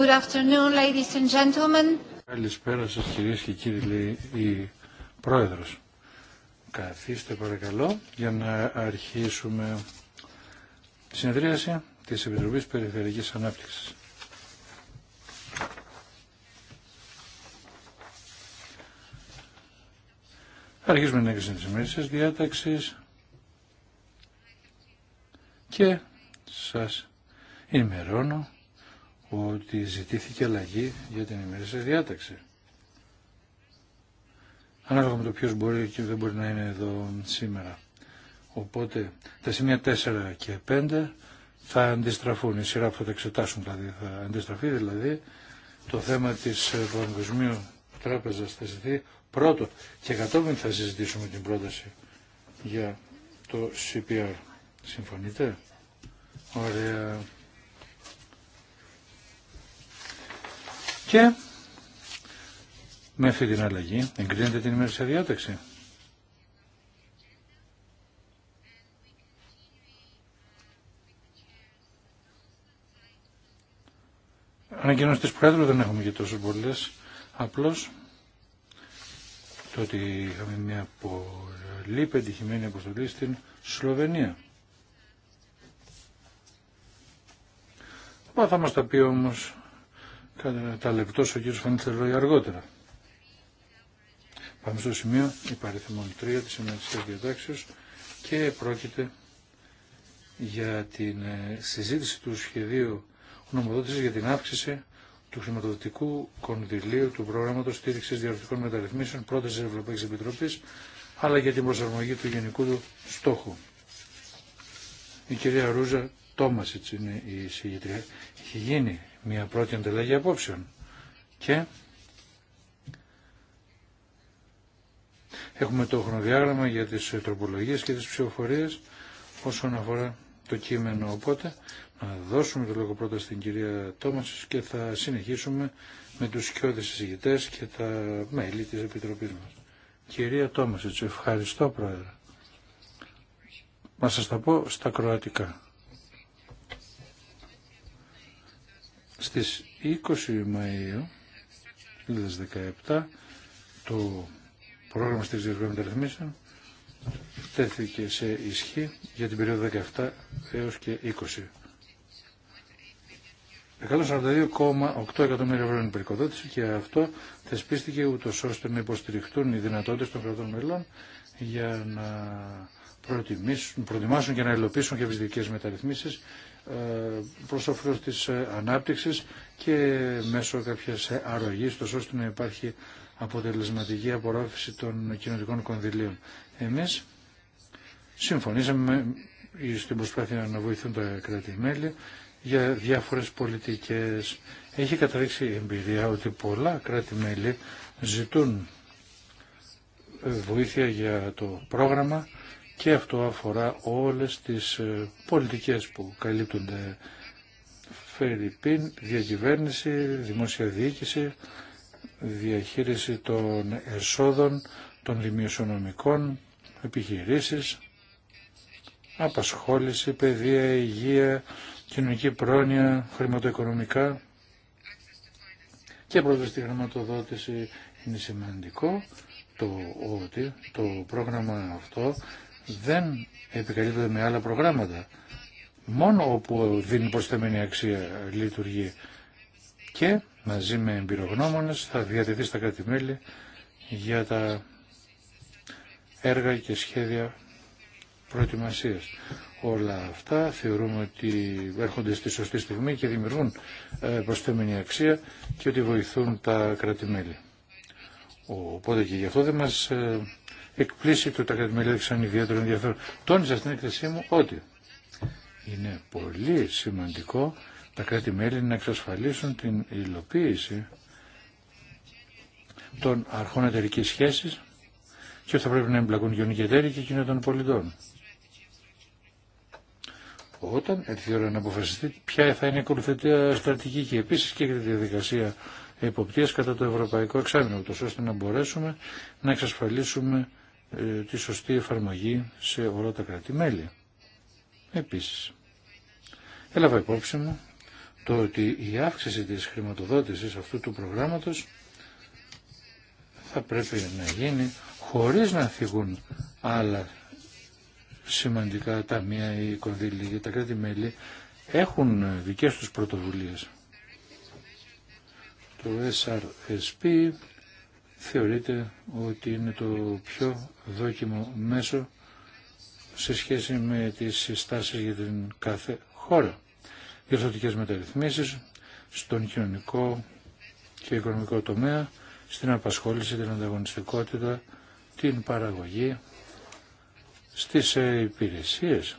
Good afternoon, ladies and gentlemen. Καλησπέρα σας κυρίες και κύριοι, λέει η Πρόεδρος. Καθίστε παρακαλώ για να αρχίσουμε τη συνεδρίαση της Επιτροπής Περιφερειακής Ανάπτυξης. Αρχίζουμε να έγκριση της ημέρησης διάταξης και σας ενημερώνω ότι ζητήθηκε αλλαγή για την ημερήσια διάταξη. Ανάλογα με το ποιος μπορεί και δεν μπορεί να είναι εδώ σήμερα. Οπότε τα σημεία 4 και 5 θα αντιστραφούν, η σειρά που θα τα εξετάσουν δηλαδή, θα αντιστραφεί δηλαδή το θέμα της ε, Παγκοσμίου Τράπεζας θα ζητηθεί πρώτο και κατόπιν θα συζητήσουμε την πρόταση για το CPR. Συμφωνείτε? Ωραία. Και με αυτή την αλλαγή εγκρίνεται την σε διάταξη. Ανακοινώσει τη Πρόεδρου δεν έχουμε και τόσο πολλέ. Απλώ το ότι είχαμε μια πολύ πετυχημένη αποστολή στην Σλοβενία. Πάθα θα μας τα πει όμως καταλεπτός ο κύριος Φανιθελόη αργότερα. Πάμε στο σημείο υπαριθμών 3 της ενεργητικής διατάξεως και πρόκειται για την ε, συζήτηση του σχεδίου νομοδότησης για την αύξηση του χρηματοδοτικού κονδυλίου του προγράμματος στήριξης διαρροτικών μεταρρυθμίσεων πρώτης της Ευρωπαϊκής Επιτροπής αλλά για την προσαρμογή του γενικού του στόχου. Η κυρία Ρούζα Τόμασιτς είναι η συγγετρία. Έχει γίνει μια πρώτη ανταλλαγή απόψεων. Και έχουμε το χρονοδιάγραμμα για τις τροπολογίες και τις ψηφοφορίες όσον αφορά το κείμενο. Οπότε να δώσουμε το λόγο πρώτα στην κυρία Τόμας και θα συνεχίσουμε με τους σκιώδες συζητητές και τα μέλη της Επιτροπής μας. Κυρία Τόμας, ευχαριστώ πρόεδρε. Να σας τα πω στα κροατικά. Στις 20 Μαΐου 2017 το πρόγραμμα στις διεργασίες μεταρρυθμίσεων τέθηκε σε ισχύ για την περίοδο 17 έως και 20. 142,8 εκατομμύρια ευρώ είναι περικοδότηση και αυτό θεσπίστηκε ούτω ώστε να υποστηριχτούν οι δυνατότητε των κρατών μελών για να προτιμάσουν και να υλοποιήσουν και τι δικέ μεταρρυθμίσει ε, προς όφελος της ε, ανάπτυξης και μέσω κάποιας ε, αρρωγής, τόσο ώστε να υπάρχει αποτελεσματική απορρόφηση των κοινωνικών κονδυλίων. Εμείς συμφωνήσαμε στην προσπάθεια να βοηθούν τα κράτη-μέλη για διάφορες πολιτικές. Έχει καταδείξει η εμπειρία ότι πολλά κράτη-μέλη ζητούν βοήθεια για το πρόγραμμα και αυτό αφορά όλες τις ε, πολιτικές που καλύπτονται Φερρυπίν, διακυβέρνηση, δημόσια διοίκηση, διαχείριση των εσόδων, των δημοσιονομικών, επιχειρήσεις, απασχόληση, παιδεία, υγεία, κοινωνική πρόνοια, χρηματοοικονομικά και πρώτα στη χρηματοδότηση είναι σημαντικό το ότι το πρόγραμμα αυτό δεν επικαλύπτονται με άλλα προγράμματα. Μόνο όπου δίνει προσθεμένη αξία λειτουργεί. Και μαζί με εμπειρογνώμονες θα διατεθεί στα κρατη για τα έργα και σχέδια προετοιμασίας. Όλα αυτά θεωρούμε ότι έρχονται στη σωστή στιγμή και δημιουργούν ε, προσθέμενη αξία και ότι βοηθούν τα κρατη Οπότε και γι' αυτό δεν μας ε, εκπλήσει το τα κράτη-μέλη δείξαν ιδιαίτερο ενδιαφέρον. Τόνιζα στην έκθεσή μου ότι είναι πολύ σημαντικό τα κράτη-μέλη να εξασφαλίσουν την υλοποίηση των αρχών εταιρική σχέσης και θα πρέπει να εμπλακούν κοινωνικοί εταίροι και κοινότητα των πολιτών. Όταν έρθει η ώρα να αποφασιστεί ποια θα είναι η ακολουθητή στρατηγική επίσης και για τη διαδικασία εποπτείας κατά το ευρωπαϊκό εξάμεινο, ώστε να μπορέσουμε να εξασφαλίσουμε ε, τη σωστή εφαρμογή σε όλα τα κράτη-μέλη. Επίσης, έλαβα υπόψη μου το ότι η αύξηση της χρηματοδότησης αυτού του προγράμματος θα πρέπει να γίνει χωρίς να θυγούν άλλα σημαντικά ταμεία ή κονδύλια για τα κράτη-μέλη έχουν δικές τους πρωτοβουλίες. Το SRSP, θεωρείται ότι είναι το πιο δόκιμο μέσο σε σχέση με τις συστάσεις για την κάθε χώρα. Διορθωτικές μεταρρυθμίσεις στον κοινωνικό και οικονομικό τομέα, στην απασχόληση, την ανταγωνιστικότητα, την παραγωγή, στις υπηρεσίες,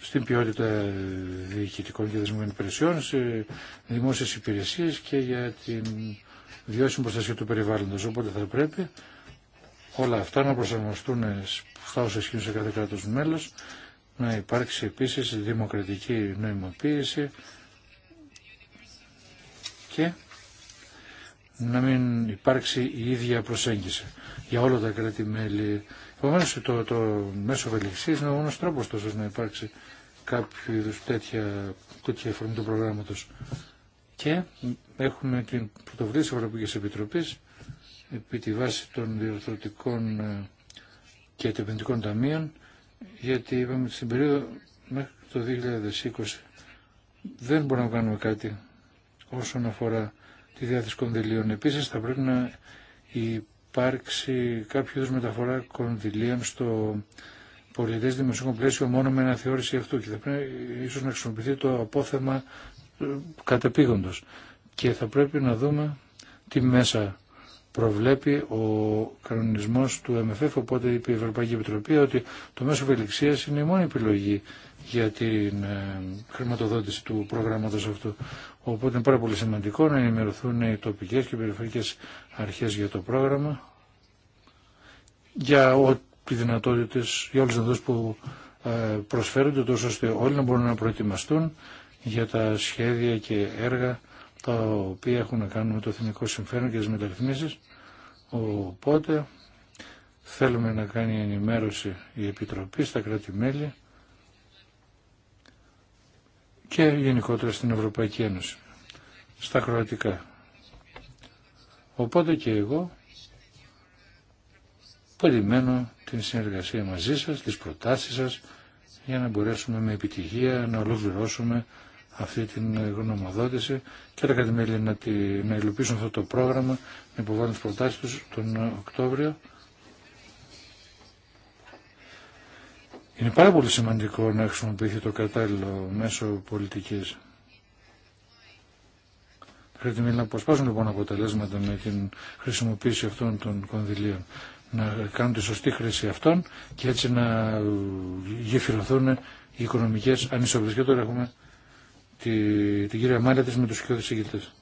στην ποιότητα διοικητικών και δεσμευμένων υπηρεσιών, σε δημόσιες υπηρεσίες και για την βιώσιμη προστασία του περιβάλλοντος. Οπότε θα πρέπει όλα αυτά να προσαρμοστούν στα όσα ισχύουν σε κάθε κράτος μέλος, να υπάρξει επίσης δημοκρατική νοημοποίηση και να μην υπάρξει η ίδια προσέγγιση για όλα τα κράτη-μέλη. Επομένω, το, το μέσο βελιξή είναι ο μόνο τρόπο τόσο να υπάρξει κάποιο είδου τέτοια, τέτοια του προγράμματο. Και έχουμε την πρωτοβουλία της Ευρωπαϊκής Επιτροπής επί τη βάση των διορθωτικών ε, και τεπεντικών ταμείων γιατί είπαμε στην περίοδο μέχρι το 2020 δεν μπορούμε να κάνουμε κάτι όσον αφορά τη διάθεση κονδυλίων. Επίσης θα πρέπει να υπάρξει κάποιο μεταφορά κονδυλίων στο πολιτές δημοσίου πλαίσιο μόνο με αναθεώρηση αυτού και θα πρέπει ίσως να χρησιμοποιηθεί το απόθεμα ε, κατεπήγοντος και θα πρέπει να δούμε τι μέσα προβλέπει ο κανονισμός του MFF, οπότε είπε η Ευρωπαϊκή Επιτροπή ότι το μέσο ευελιξίας είναι η μόνη επιλογή για την ε, χρηματοδότηση του προγράμματος αυτού. Οπότε είναι πάρα πολύ σημαντικό να ενημερωθούν οι τοπικές και περιφερειακές αρχές για το πρόγραμμα, για ό,τι δυνατότητες, για όλες τις που ε, προσφέρονται, τόσο ώστε όλοι να μπορούν να προετοιμαστούν για τα σχέδια και έργα τα οποία έχουν να κάνουν με το εθνικό συμφέρον και τις μεταρρυθμίσεις. Οπότε θέλουμε να κάνει ενημέρωση η Επιτροπή στα κράτη-μέλη και γενικότερα στην Ευρωπαϊκή Ένωση, στα Κροατικά. Οπότε και εγώ περιμένω την συνεργασία μαζί σας, τις προτάσεις σας, για να μπορέσουμε με επιτυχία να ολοκληρώσουμε αυτή την γνωμοδότηση και τα κατημέλη να, τη, να υλοποιήσουν αυτό το πρόγραμμα, να υποβάλουν τις προτάσεις τους τον Οκτώβριο. Είναι πάρα πολύ σημαντικό να χρησιμοποιηθεί το κατάλληλο μέσο πολιτικής. Πρέπει να αποσπάσουν λοιπόν αποτελέσματα με την χρησιμοποίηση αυτών των κονδυλίων. Να κάνουν τη σωστή χρήση αυτών και έτσι να γεφυρωθούν οι οικονομικές ανισότητες. Και τώρα έχουμε τη, την κυρία Μάλετης με τους κοιόδες ηγητές.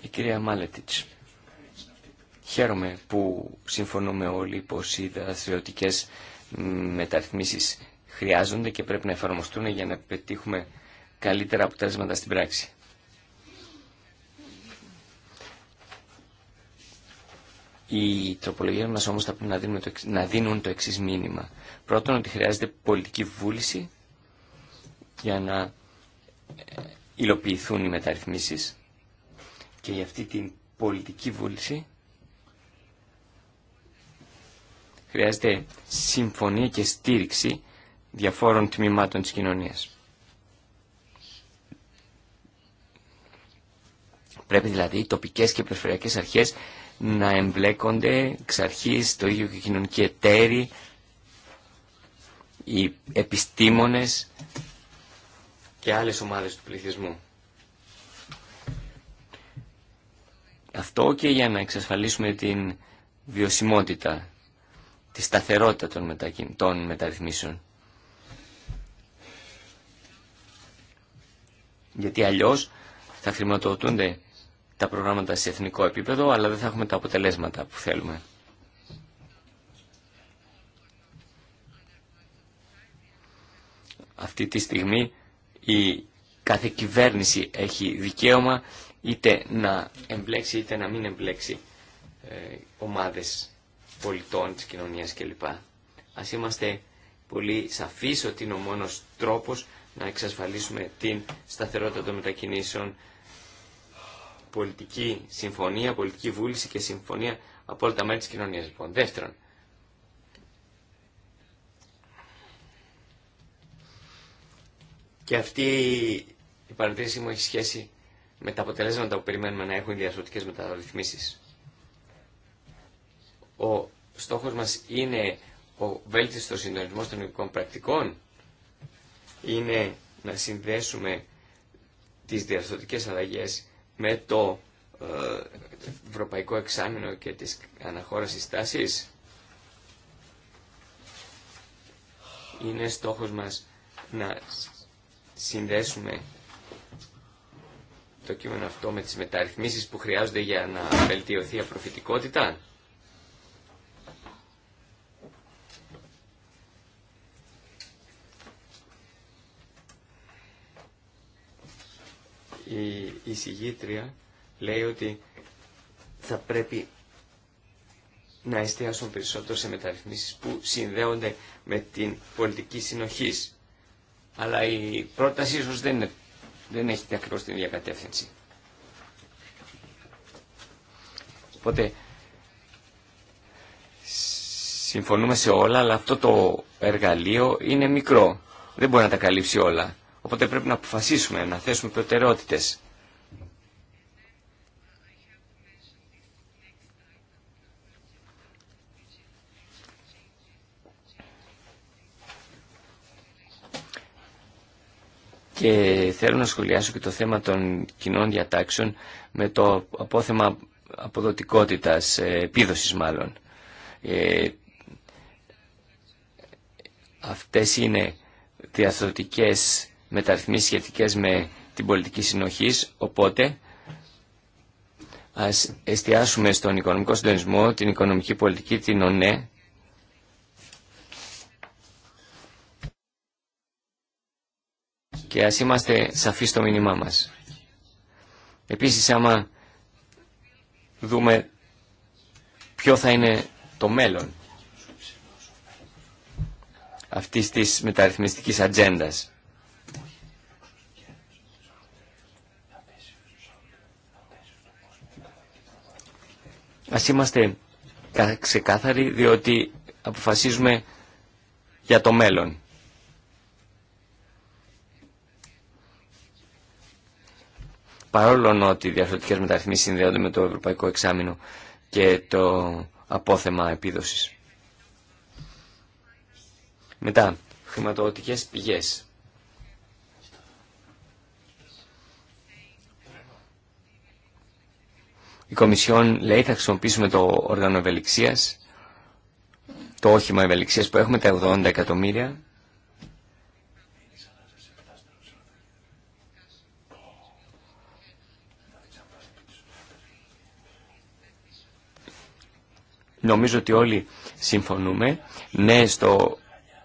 Η κυρία Μάλετης. Χαίρομαι που συμφωνούμε όλοι πως οι δραστηριωτικέ μεταρρυθμίσεις χρειάζονται και πρέπει να εφαρμοστούν για να πετύχουμε καλύτερα αποτέλεσματα στην πράξη. Οι τροπολογίε μας όμως θα πρέπει να, δίνουν το εξής μήνυμα. Πρώτον ότι χρειάζεται πολιτική βούληση για να ε, υλοποιηθούν οι μεταρρυθμίσεις και για αυτή την πολιτική βούληση χρειάζεται συμφωνία και στήριξη διαφόρων τμήματων της κοινωνίας. Πρέπει δηλαδή οι τοπικές και περιφερειακές αρχές να εμπλέκονται εξ αρχής το ίδιο και οι κοινωνικοί εταίροι, οι επιστήμονες, και άλλες ομάδες του πληθυσμού. Αυτό και για να εξασφαλίσουμε την βιωσιμότητα, τη σταθερότητα των, των μεταρρυθμίσεων. Γιατί αλλιώς θα χρηματοδοτούνται τα προγράμματα σε εθνικό επίπεδο, αλλά δεν θα έχουμε τα αποτελέσματα που θέλουμε. Αυτή τη στιγμή η κάθε κυβέρνηση έχει δικαίωμα είτε να εμπλέξει είτε να μην εμπλέξει ε, ομάδες πολιτών της κοινωνίας κλπ. Ας είμαστε πολύ σαφείς ότι είναι ο μόνος τρόπος να εξασφαλίσουμε την σταθερότητα των μετακινήσεων πολιτική συμφωνία, πολιτική βούληση και συμφωνία από όλα τα μέρη της κοινωνίας. Λοιπόν, δεύτερον, Και αυτή η παρατήρηση μου έχει σχέση με τα αποτελέσματα που περιμένουμε να έχουν οι διασωτικές μεταρρυθμίσεις. Ο στόχος μας είναι ο βέλτιστος συντονισμός των ειδικών πρακτικών, είναι να συνδέσουμε τις διαρθρωτικές αλλαγές με το ε, ευρωπαϊκό εξάμεινο και τις αναχώρασης τάσης. Είναι στόχος μας να συνδέσουμε το κείμενο αυτό με τις μεταρρυθμίσεις που χρειάζονται για να βελτιωθεί η απροφητικότητα. Η εισηγήτρια λέει ότι θα πρέπει να εστιάσουν περισσότερο σε μεταρρυθμίσεις που συνδέονται με την πολιτική συνοχής αλλά η πρόταση ίσω δεν, δεν έχει ακριβώ την ίδια κατεύθυνση. Οπότε συμφωνούμε σε όλα, αλλά αυτό το εργαλείο είναι μικρό. Δεν μπορεί να τα καλύψει όλα. Οπότε πρέπει να αποφασίσουμε, να θέσουμε προτεραιότητες. Και θέλω να σχολιάσω και το θέμα των κοινών διατάξεων με το απόθεμα αποδοτικότητας, ε, επίδοσης μάλλον. Ε, αυτές είναι διαθροτικές μεταρρυθμίσεις σχετικές με την πολιτική συνοχής, οπότε ας εστιάσουμε στον οικονομικό συντονισμό, την οικονομική πολιτική, την ΟΝΕ και ας είμαστε σαφείς στο μήνυμά μας. Επίσης, άμα δούμε ποιο θα είναι το μέλλον αυτής της μεταρρυθμιστικής ατζέντα. Ας είμαστε ξεκάθαροι διότι αποφασίζουμε για το μέλλον. παρόλο ότι οι διαφορετικές μεταρρυθμίσεις συνδέονται με το Ευρωπαϊκό Εξάμεινο και το απόθεμα επίδοσης. Μετά, χρηματοδοτικές πηγές. Η Κομισιόν λέει θα χρησιμοποιήσουμε το όργανο ευελιξίας, το όχημα ευελιξίας που έχουμε, τα 80 εκατομμύρια, νομίζω ότι όλοι συμφωνούμε, ναι στο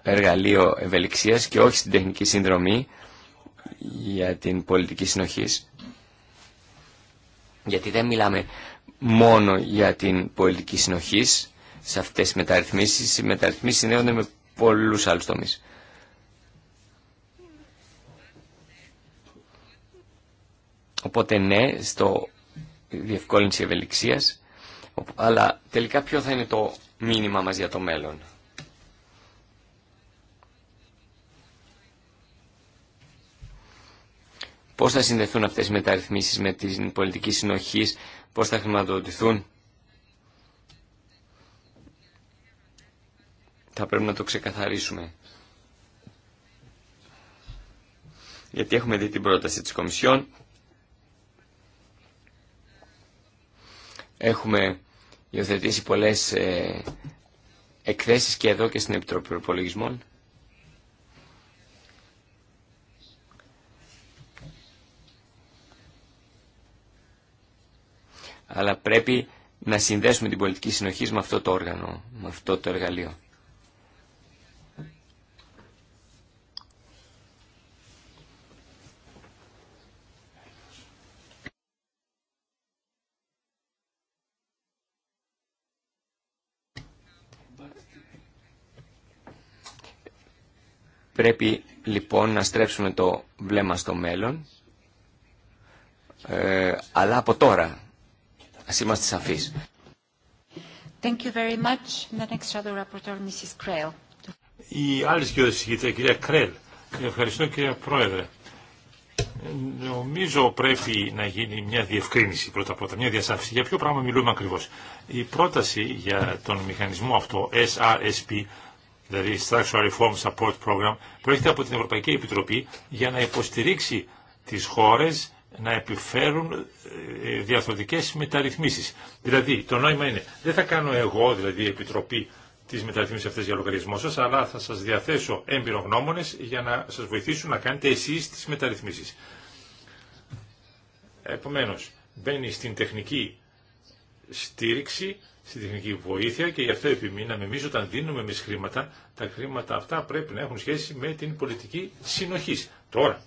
εργαλείο ευελιξίας και όχι στην τεχνική συνδρομή για την πολιτική συνοχής. Γιατί δεν μιλάμε μόνο για την πολιτική συνοχής σε αυτές τις μεταρρυθμίσεις. Οι μεταρρυθμίσεις συνδέονται με πολλούς άλλους τομείς. Οπότε ναι, στο διευκόλυνση ευελιξίας αλλά τελικά ποιο θα είναι το μήνυμα μας για το μέλλον. Πώς θα συνδεθούν αυτές οι μεταρρυθμίσεις με την πολιτική συνοχή, πώς θα χρηματοδοτηθούν. Θα πρέπει να το ξεκαθαρίσουμε. Γιατί έχουμε δει την πρόταση της Κομισιόν Έχουμε υιοθετήσει πολλές ε, εκθέσεις και εδώ και στην Επιτροπή Προπολογισμών. Αλλά πρέπει να συνδέσουμε την πολιτική συνοχή με αυτό το όργανο, με αυτό το εργαλείο. Πρέπει λοιπόν να στρέψουμε το βλέμμα στο μέλλον, ε, αλλά από τώρα ας είμαστε σαφείς. Thank you very much. The next shadow rapporteur, Mrs. Krell. Η άλλη κυρία Κρέλ. Ευχαριστώ κυρία Πρόεδρε. Νομίζω πρέπει να γίνει μια διευκρίνηση πρώτα πρώτα, μια διασάφηση. Για ποιο πράγμα μιλούμε ακριβώς. Η πρόταση για τον μηχανισμό αυτό, SRSP, δηλαδή Structural Reform Support Program, προέρχεται από την Ευρωπαϊκή Επιτροπή για να υποστηρίξει τις χώρες να επιφέρουν ε, διαφορετικές μεταρρυθμίσεις. Δηλαδή, το νόημα είναι, δεν θα κάνω εγώ, δηλαδή η Επιτροπή, τις μεταρρυθμίσεις αυτές για λογαριασμό σας, αλλά θα σας διαθέσω έμπειρο γνώμονες για να σας βοηθήσουν να κάνετε εσείς τις μεταρρυθμίσεις. Επομένως, μπαίνει στην τεχνική στήριξη στη τεχνική βοήθεια και γι' αυτό επιμείναμε εμεί όταν δίνουμε εμεί χρήματα, τα χρήματα αυτά πρέπει να έχουν σχέση με την πολιτική συνοχή. Τώρα,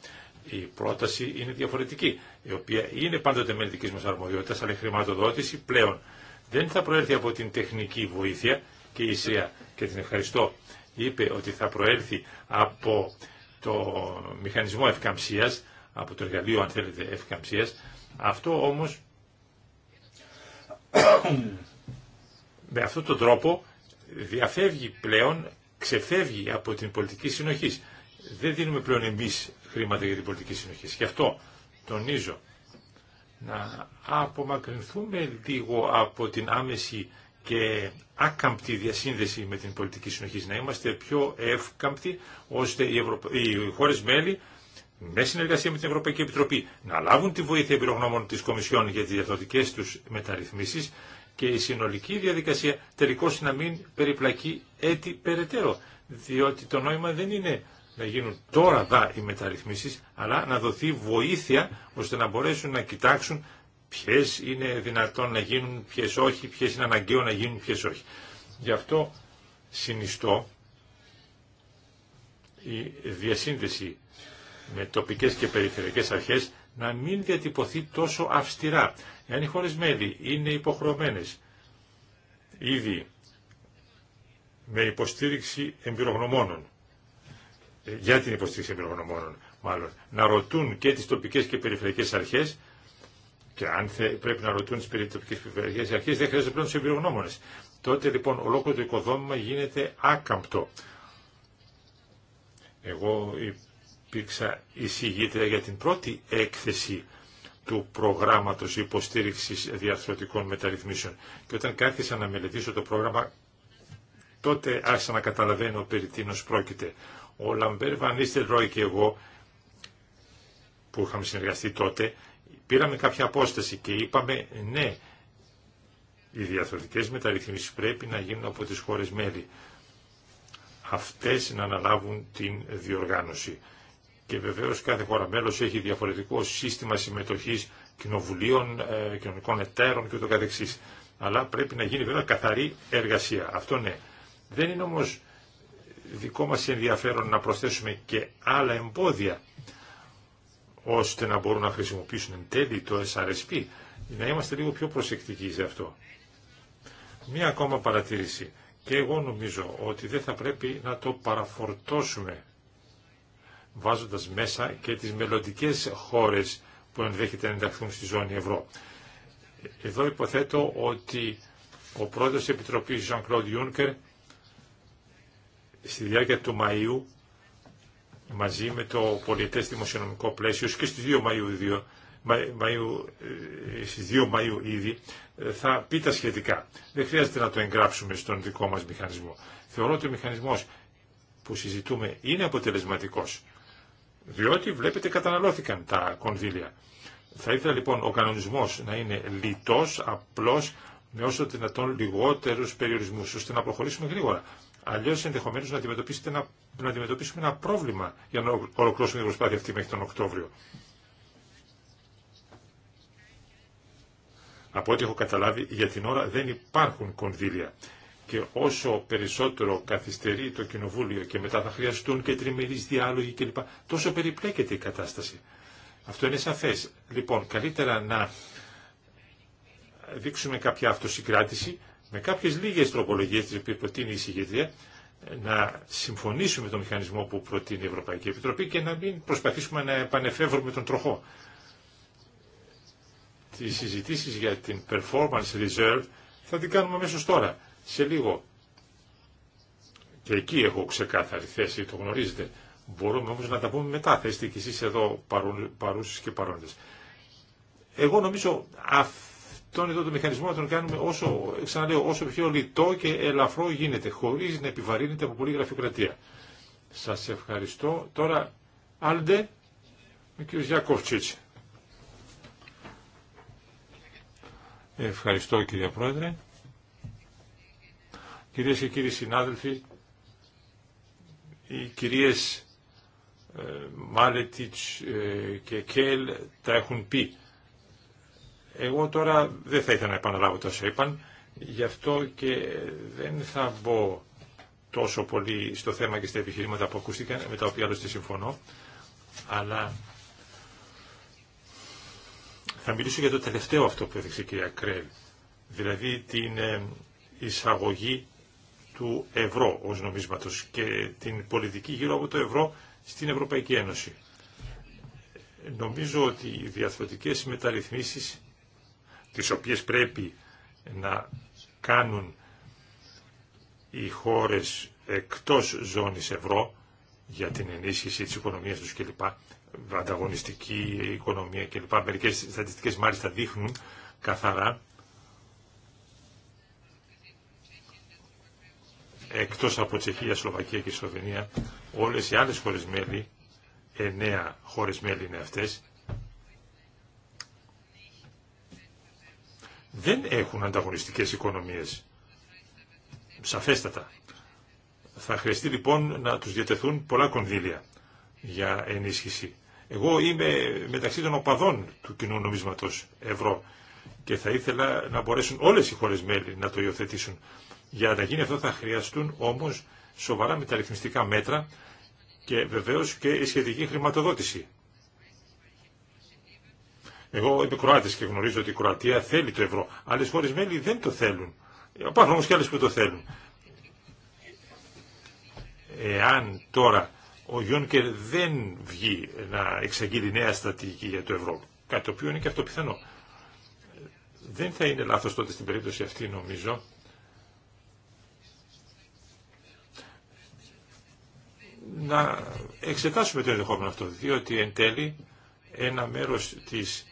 η πρόταση είναι διαφορετική, η οποία είναι πάντοτε μέλη δική μα αρμοδιότητα, αλλά η χρηματοδότηση πλέον δεν θα προέλθει από την τεχνική βοήθεια και η ΣΥΑ, και την ευχαριστώ, είπε ότι θα προέλθει από το μηχανισμό ευκαμψία, από το εργαλείο αν θέλετε ευκαμψία. Αυτό όμω με αυτόν τον τρόπο διαφεύγει πλέον, ξεφεύγει από την πολιτική συνοχή. Δεν δίνουμε πλέον εμεί χρήματα για την πολιτική συνοχή. Γι' αυτό τονίζω να απομακρυνθούμε λίγο από την άμεση και άκαμπτη διασύνδεση με την πολιτική συνοχή, να είμαστε πιο εύκαμπτοι ώστε οι, Ευρωπα... οι χώρες μέλη με συνεργασία με την Ευρωπαϊκή Επιτροπή να λάβουν τη βοήθεια εμπειρογνώμων της Κομισιόν για τις διαδοτικές τους μεταρρυθμίσεις και η συνολική διαδικασία τελικώς να μην περιπλακεί έτη περαιτέρω. Διότι το νόημα δεν είναι να γίνουν τώρα δα οι μεταρρυθμίσεις, αλλά να δοθεί βοήθεια ώστε να μπορέσουν να κοιτάξουν ποιες είναι δυνατόν να γίνουν, ποιες όχι, ποιες είναι αναγκαίο να γίνουν, ποιες όχι. Γι' αυτό συνιστώ η διασύνδεση με τοπικές και περιφερειακές αρχές να μην διατυπωθεί τόσο αυστηρά. Εάν οι χώρες μέλη είναι υποχρεωμένες ήδη με υποστήριξη εμπειρογνωμόνων, ε, για την υποστήριξη εμπειρογνωμόνων μάλλον, να ρωτούν και τις τοπικές και περιφερειακές αρχές και αν θε, πρέπει να ρωτούν τις τοπικές περιφερειακές αρχές δεν χρειάζεται πλέον τους εμπειρογνώμονες. Τότε λοιπόν ολόκληρο το οικοδόμημα γίνεται άκαμπτο. Εγώ υπήρξα εισηγήτρια για την πρώτη έκθεση του προγράμματος υποστήριξης διαρθρωτικών μεταρρυθμίσεων. Και όταν κάθισα να μελετήσω το πρόγραμμα, τότε άρχισα να καταλαβαίνω περί τίνος πρόκειται. Ο Λαμπέρ Βανίστερ Ρόι και εγώ, που είχαμε συνεργαστεί τότε, πήραμε κάποια απόσταση και είπαμε ναι, οι διαθροτικές μεταρρυθμίσεις πρέπει να γίνουν από τις χώρες μέλη. Αυτές να αναλάβουν την διοργάνωση. Και βεβαίως κάθε χώρα μέλος έχει διαφορετικό σύστημα συμμετοχής κοινοβουλίων, ε, κοινωνικών εταίρων κ.ο.κ. Αλλά πρέπει να γίνει βέβαια καθαρή εργασία. Αυτό ναι. Δεν είναι όμως δικό μας ενδιαφέρον να προσθέσουμε και άλλα εμπόδια ώστε να μπορούν να χρησιμοποιήσουν εν τέλει το SRSP. Να είμαστε λίγο πιο προσεκτικοί σε αυτό. Μία ακόμα παρατήρηση. Και εγώ νομίζω ότι δεν θα πρέπει να το παραφορτώσουμε βάζοντας μέσα και τις μελλοντικέ χώρες που ενδέχεται να ενταχθούν στη ζώνη ευρώ. Εδώ υποθέτω ότι ο πρόεδρος της Επιτροπής Jean-Claude Juncker στη διάρκεια του Μαΐου μαζί με το πολιτές δημοσιονομικό πλαίσιο και στις 2 Μαΐου, 2, Μαΐου, ε, στις 2 Μαΐου ήδη ε, θα πει τα σχετικά. Δεν χρειάζεται να το εγγράψουμε στον δικό μας μηχανισμό. Θεωρώ ότι ο μηχανισμός που συζητούμε είναι αποτελεσματικός διότι βλέπετε καταναλώθηκαν τα κονδύλια. Θα ήθελα λοιπόν ο κανονισμός να είναι λιτός, απλός, με όσο δυνατόν λιγότερους περιορισμούς, ώστε να προχωρήσουμε γρήγορα. Αλλιώς ενδεχομένως να, να, να αντιμετωπίσουμε ένα πρόβλημα για να ολοκληρώσουμε την προσπάθεια αυτή μέχρι τον Οκτώβριο. Από ό,τι έχω καταλάβει, για την ώρα δεν υπάρχουν κονδύλια και όσο περισσότερο καθυστερεί το Κοινοβούλιο και μετά θα χρειαστούν και τριμερείς διάλογοι κλπ. τόσο περιπλέκεται η κατάσταση. Αυτό είναι σαφές. Λοιπόν, καλύτερα να δείξουμε κάποια αυτοσυγκράτηση με κάποιες λίγες τροπολογίες τις οποίες προτείνει η συγκεντρία να συμφωνήσουμε με τον μηχανισμό που προτείνει η Ευρωπαϊκή Επιτροπή και να μην προσπαθήσουμε να επανεφεύρουμε τον τροχό. Τις συζητήσεις για την performance reserve θα την κάνουμε αμέσως τώρα σε λίγο. Και εκεί έχω ξεκάθαρη θέση, το γνωρίζετε. Μπορούμε όμως να τα πούμε μετά, θα είστε κι εσείς εδώ παρούσες και παρόντες. Εγώ νομίζω αυτόν εδώ το μηχανισμό να τον κάνουμε όσο, ξαναλέω, όσο πιο λιτό και ελαφρό γίνεται, χωρίς να επιβαρύνεται από πολλή γραφειοκρατία. Σας ευχαριστώ. Τώρα, Άλντε, ο κ. Γιακόφτσιτς. Ευχαριστώ κύριε Πρόεδρε. Κυρίες και κύριοι συνάδελφοι, οι κυρίες ε, Μάλετιτς ε, και Κέλ τα έχουν πει. Εγώ τώρα δεν θα ήθελα να επαναλάβω τα όσα είπαν, γι' αυτό και δεν θα μπω τόσο πολύ στο θέμα και στα επιχειρήματα που ακούστηκαν, με τα οποία άλλωστε συμφωνώ, αλλά θα μιλήσω για το τελευταίο αυτό που έδειξε η κυρία Κρέλ, δηλαδή την ε, εισαγωγή του ευρώ ως νομίσματος και την πολιτική γύρω από το ευρώ στην Ευρωπαϊκή Ένωση. Νομίζω ότι οι διαθροτικές μεταρρυθμίσεις, τις οποίες πρέπει να κάνουν οι χώρες εκτός ζώνης ευρώ για την ενίσχυση της οικονομίας τους κλπ, ανταγωνιστική οικονομία κλπ, μερικές στατιστικές μάλιστα δείχνουν καθαρά εκτός από Τσεχία, Σλοβακία και Σλοβενία, όλες οι άλλες χώρες μέλη, εννέα χώρες μέλη είναι αυτές, δεν έχουν ανταγωνιστικές οικονομίες. Σαφέστατα. Θα χρειαστεί λοιπόν να τους διατεθούν πολλά κονδύλια για ενίσχυση. Εγώ είμαι μεταξύ των οπαδών του κοινού νομίσματος ευρώ και θα ήθελα να μπορέσουν όλες οι χώρες μέλη να το υιοθετήσουν. Για να γίνει αυτό θα χρειαστούν όμως σοβαρά μεταρρυθμιστικά μέτρα και βεβαίως και η σχετική χρηματοδότηση. Εγώ είμαι Κροάτης και γνωρίζω ότι η Κροατία θέλει το ευρώ. Άλλες χώρες μέλη δεν το θέλουν. Υπάρχουν όμως και άλλες που το θέλουν. Εάν τώρα ο Γιόνκερ δεν βγει να εξαγγείλει νέα στρατηγική για το ευρώ, κάτι το οποίο είναι και αυτό πιθανό, δεν θα είναι λάθος τότε στην περίπτωση αυτή νομίζω να εξετάσουμε το ενδεχόμενο αυτό, διότι εν τέλει ένα μέρος της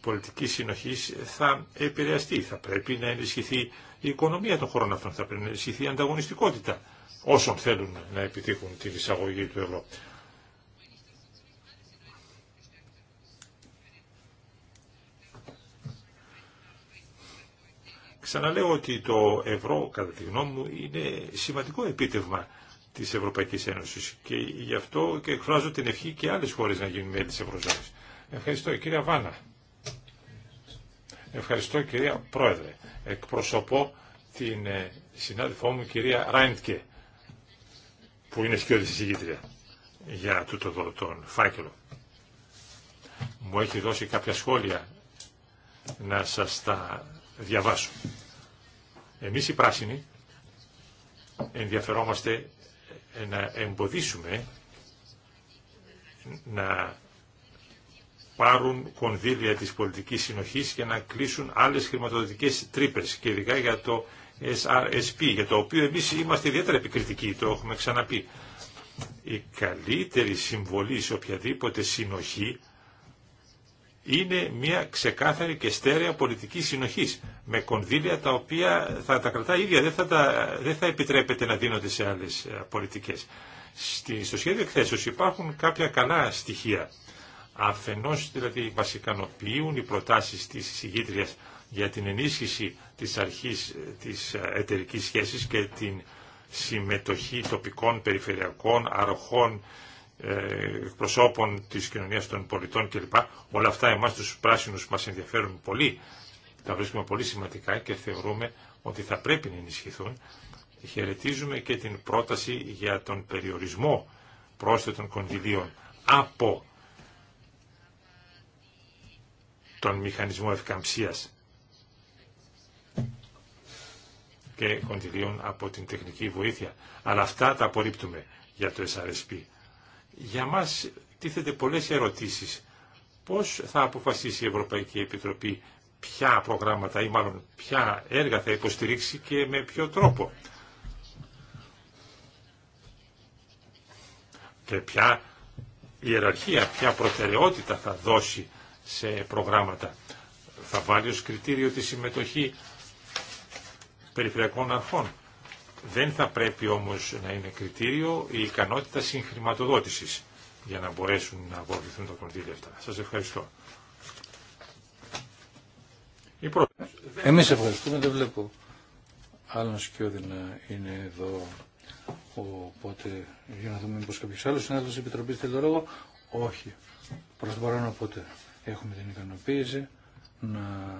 πολιτικής συνοχής θα επηρεαστεί. Θα πρέπει να ενισχυθεί η οικονομία των χωρών αυτών, θα πρέπει να ενισχυθεί η ανταγωνιστικότητα όσων θέλουν να επιτύχουν την εισαγωγή του ευρώ. Ξαναλέω ότι το ευρώ, κατά τη γνώμη μου, είναι σημαντικό επίτευγμα της Ευρωπαϊκής Ένωσης και γι' αυτό και εκφράζω την ευχή και άλλες χώρες να γίνουν μέλη της Ευρωζώνης. Ευχαριστώ κυρία Βάνα. Ευχαριστώ κυρία Πρόεδρε. Εκπροσωπώ την ε, συνάδελφό μου κυρία Ράιντκε που είναι η συζητήτρια για τούτο τον φάκελο. Μου έχει δώσει κάποια σχόλια να σας τα διαβάσω. Εμείς οι πράσινοι ενδιαφερόμαστε να εμποδίσουμε να πάρουν κονδύλια της πολιτικής συνοχής και να κλείσουν άλλες χρηματοδοτικές τρύπες και ειδικά για το SRSP, για το οποίο εμείς είμαστε ιδιαίτερα επικριτικοί, το έχουμε ξαναπεί. Η καλύτερη συμβολή σε οποιαδήποτε συνοχή είναι μια ξεκάθαρη και στέρεα πολιτική συνοχή με κονδύλια τα οποία θα τα κρατάει ίδια, δεν θα, επιτρέπεται να δίνονται σε άλλε πολιτικέ. Στο σχέδιο εκθέσεω υπάρχουν κάποια καλά στοιχεία. Αφενό δηλαδή βασικανοποιούν οι προτάσει τη συγκίτρια για την ενίσχυση της αρχής ε, της ε, εταιρική σχέση και την συμμετοχή τοπικών περιφερειακών αρχών εκπροσώπων της κοινωνίας των πολιτών κλπ. Όλα αυτά εμά τους πράσινους μας ενδιαφέρουν πολύ, τα βρίσκουμε πολύ σημαντικά και θεωρούμε ότι θα πρέπει να ενισχυθούν. Χαιρετίζουμε και την πρόταση για τον περιορισμό πρόσθετων κονδυλίων από τον μηχανισμό ευκαμψίας και κονδυλίων από την τεχνική βοήθεια. Αλλά αυτά τα απορρίπτουμε για το SRSP. Για μας τίθεται πολλές ερωτήσεις. Πώς θα αποφασίσει η Ευρωπαϊκή Επιτροπή ποια προγράμματα ή μάλλον ποια έργα θα υποστηρίξει και με ποιο τρόπο. Και ποια ιεραρχία, ποια προτεραιότητα θα δώσει σε προγράμματα. Θα βάλει ως κριτήριο τη συμμετοχή περιφερειακών αρχών. Δεν θα πρέπει όμως να είναι κριτήριο η ικανότητα συγχρηματοδότησης για να μπορέσουν να αποβληθούν τα κονδύλια αυτά. Σας ευχαριστώ. Εμείς ευχαριστούμε, δεν βλέπω άλλον σκιώδη να είναι εδώ. Οπότε, για να δούμε μήπως κάποιος άλλος συνάδελφος άλλος Επιτροπής θέλει το λόγο. Όχι. Προς το παρόν, οπότε, έχουμε την ικανοποίηση να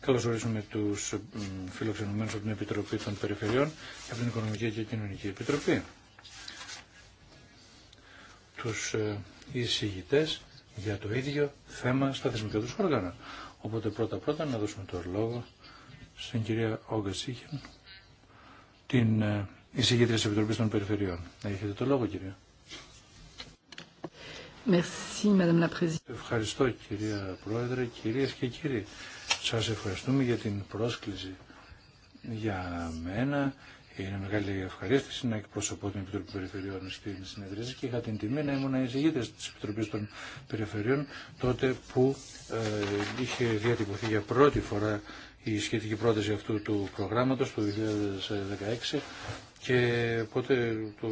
Καλώς ορίσουμε τους φιλοξενουμένους από την Επιτροπή των Περιφερειών και από την Οικονομική και Κοινωνική Επιτροπή. Τους ε, εισηγητές για το ίδιο θέμα στα θεσμικά του όργανα. Οπότε πρώτα-πρώτα να δώσουμε το λόγο στην κυρία Όγκα Σίχεν, την ε, εισηγήτρια της Επιτροπής των Περιφερειών. Έχετε το λόγο κυρία. Merci, Madame la Ευχαριστώ κυρία Πρόεδρε, κυρίες και κύριοι. Σας ευχαριστούμε για την πρόσκληση. Για μένα είναι μεγάλη ευχαρίστηση να εκπροσωπώ την Επιτροπή Περιφερειών στην συνεδρίαση και είχα την τιμή να ήμουν εισηγήτρια τη Επιτροπή των Περιφερειών τότε που ε, είχε διατυπωθεί για πρώτη φορά η σχετική πρόταση αυτού του προγράμματος το 2016 και πότε το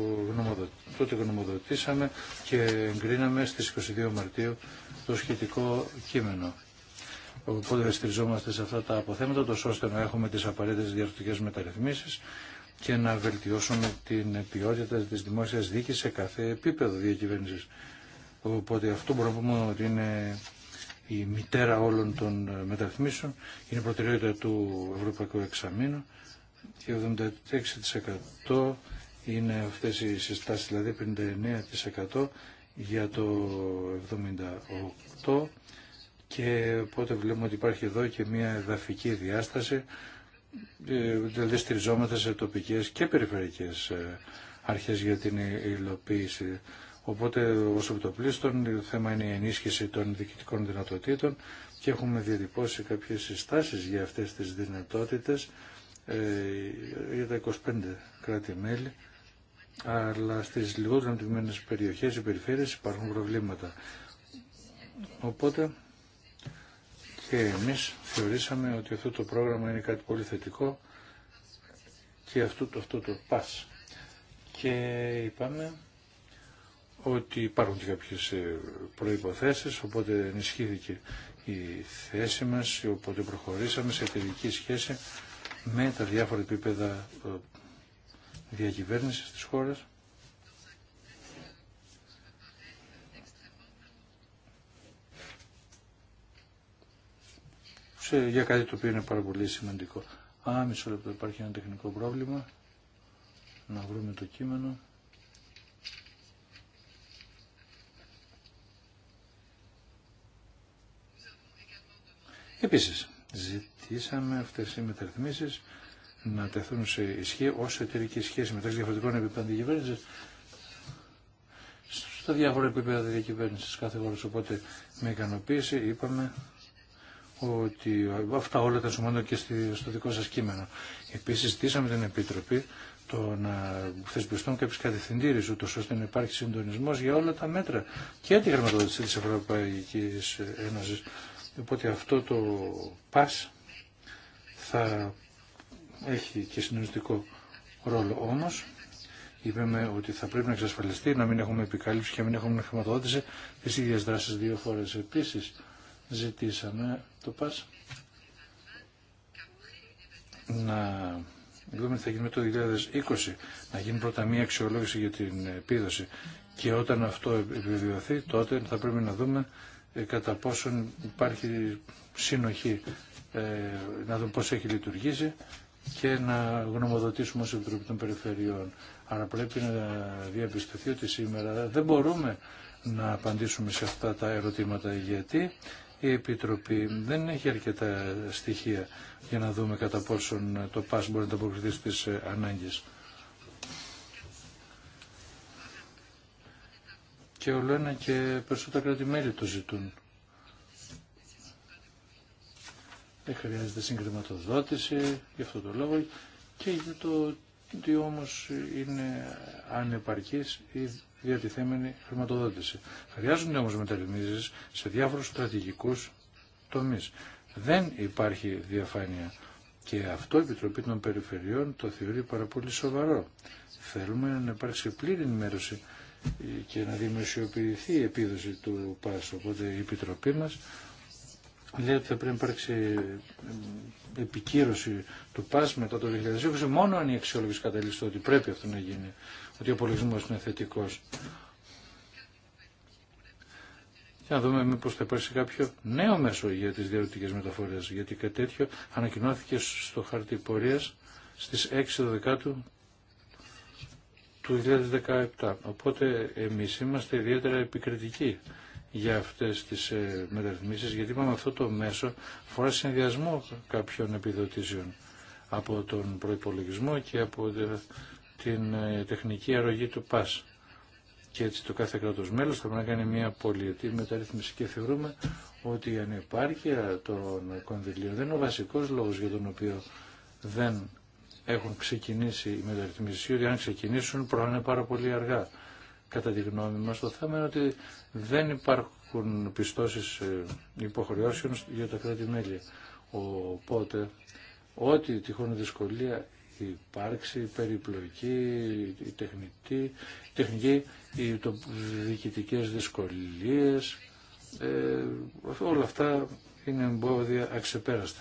τότε γνωμοδοτήσαμε και εγκρίναμε στις 22 Μαρτίου το σχετικό κείμενο. Οπότε στηριζόμαστε σε αυτά τα αποθέματα, τόσο ώστε να έχουμε τις απαραίτητες διαρροτικές μεταρρυθμίσεις και να βελτιώσουμε την ποιότητα της δημόσιας δίκης σε κάθε επίπεδο διακυβέρνησης. Οπότε αυτό μπορούμε να πούμε ότι είναι η μητέρα όλων των ε, μεταρρυθμίσεων, είναι προτεραιότητα του Ευρωπαϊκού Εξαμήνου και 76% είναι αυτές οι συστάσεις, δηλαδή 59% για το 78% και οπότε βλέπουμε ότι υπάρχει εδώ και μια εδαφική διάσταση, ε, δηλαδή στηριζόμαστε σε τοπικές και περιφερειακές ε, αρχές για την υλοποίηση. Οπότε ως επιτοπλίστων το θέμα είναι η ενίσχυση των διοικητικών δυνατοτήτων και έχουμε διατυπώσει κάποιες συστάσεις για αυτές τις δυνατότητες ε, για τα 25 κράτη-μέλη αλλά στις λιγότερο αναπτυγμένες περιοχές, ή περιφέρειες υπάρχουν προβλήματα. Οπότε και εμείς θεωρήσαμε ότι αυτό το πρόγραμμα είναι κάτι πολύ θετικό και αυτό, αυτό το ΠΑΣ. Και είπαμε ότι υπάρχουν και κάποιες ε, προϋποθέσεις, οπότε ενισχύθηκε η θέση μας, οπότε προχωρήσαμε σε εταιρική σχέση με τα διάφορα επίπεδα ε, διακυβέρνησης της χώρας Ε, για κάτι το οποίο είναι πάρα πολύ σημαντικό. Α, μισό λεπτό υπάρχει ένα τεχνικό πρόβλημα. Να βρούμε το κείμενο. Επίσης, ζητήσαμε αυτές οι μεταρρυθμίσεις να τεθούν σε ισχύ ως εταιρική σχέση μεταξύ διαφορετικών επιπέδων διακυβέρνησης στα διάφορα επίπεδα διακυβέρνησης κάθε χώρα. Οπότε με ικανοποίηση είπαμε ότι αυτά όλα τα σωμάτων και στο δικό σας κείμενο. Επίσης ζητήσαμε την Επίτροπη το να θεσπιστούν κάποιε κατευθυντήρε, ούτω ώστε να υπάρχει συντονισμό για όλα τα μέτρα και τη χρηματοδότηση τη Ευρωπαϊκή Ένωση. Οπότε αυτό το ΠΑΣ θα έχει και συντονιστικό ρόλο. Όμω είπαμε ότι θα πρέπει να εξασφαλιστεί να μην έχουμε επικάλυψη και να μην έχουμε χρηματοδότηση τη ίδια δράση δύο φορέ. Επίση, ζητήσαμε το ΠΑΣ να δούμε τι θα γίνει με το 2020, να γίνει πρώτα μία αξιολόγηση για την επίδοση και όταν αυτό επιβιωθεί τότε θα πρέπει να δούμε ε, κατά πόσον υπάρχει συνοχή, ε, να δούμε πώς έχει λειτουργήσει και να γνωμοδοτήσουμε ως Επιτροπή των Περιφερειών. Άρα πρέπει να διαπιστωθεί ότι σήμερα δεν μπορούμε να απαντήσουμε σε αυτά τα ερωτήματα γιατί η Επιτροπή δεν έχει αρκετά στοιχεία για να δούμε κατά πόσον το ΠΑΣ μπορεί να αποκριθεί στις ε, ανάγκες. Και όλο ένα και περισσότερα κράτη-μέλη το ζητούν. Δεν χρειάζεται συγκριματοδότηση για αυτό το λόγο και το ότι όμως είναι ανεπαρκής η διατηθέμενη χρηματοδότηση. Χρειάζονται όμως μεταρρυθμίσεις σε διάφορους στρατηγικούς τομείς. Δεν υπάρχει διαφάνεια και αυτό η Επιτροπή των Περιφερειών το θεωρεί πάρα πολύ σοβαρό. Θέλουμε να υπάρξει πλήρη ενημέρωση και να δημοσιοποιηθεί η επίδοση του ΠΑΣ. Οπότε η Επιτροπή μας λέει ότι θα πρέπει να υπάρξει επικύρωση του ΠΑΣ μετά το 2020 μόνο αν η αξιόλογηση καταλήξει ότι πρέπει αυτό να γίνει, ότι ο απολογισμό είναι θετικό. Και να δούμε μήπω θα υπάρξει κάποιο νέο μέσο για τι διαρροτικέ μεταφορέ. Γιατί κάτι τέτοιο ανακοινώθηκε στο χάρτη πορεία στι 6 Δεκάτου του 2017. Οπότε εμεί είμαστε ιδιαίτερα επικριτικοί για αυτές τις ε, μεταρρυθμίσεις, γιατί είπαμε αυτό το μέσο φορά συνδυασμό κάποιων επιδοτήσεων από τον προϋπολογισμό και από ε, την ε, τεχνική αρρωγή του ΠΑΣ. Και έτσι το κάθε κράτος μέλος θα πρέπει να κάνει μια πολιετή μεταρρύθμιση και θεωρούμε ότι η ανεπάρκεια των κονδυλίων δεν είναι ο βασικός λόγος για τον οποίο δεν έχουν ξεκινήσει οι μεταρρυθμίσεις, ότι αν ξεκινήσουν προχωράνε πάρα πολύ αργά κατά τη γνώμη μας το θέμα είναι ότι δεν υπάρχουν πιστώσεις ε, υποχρεώσεων για τα κράτη-μέλη. Οπότε, ό,τι τυχόν δυσκολία υπάρξει, περιπλοκή, η η τεχνική, οι το, διοικητικές δυσκολίες, ε, όλα αυτά είναι εμπόδια αξεπέραστα.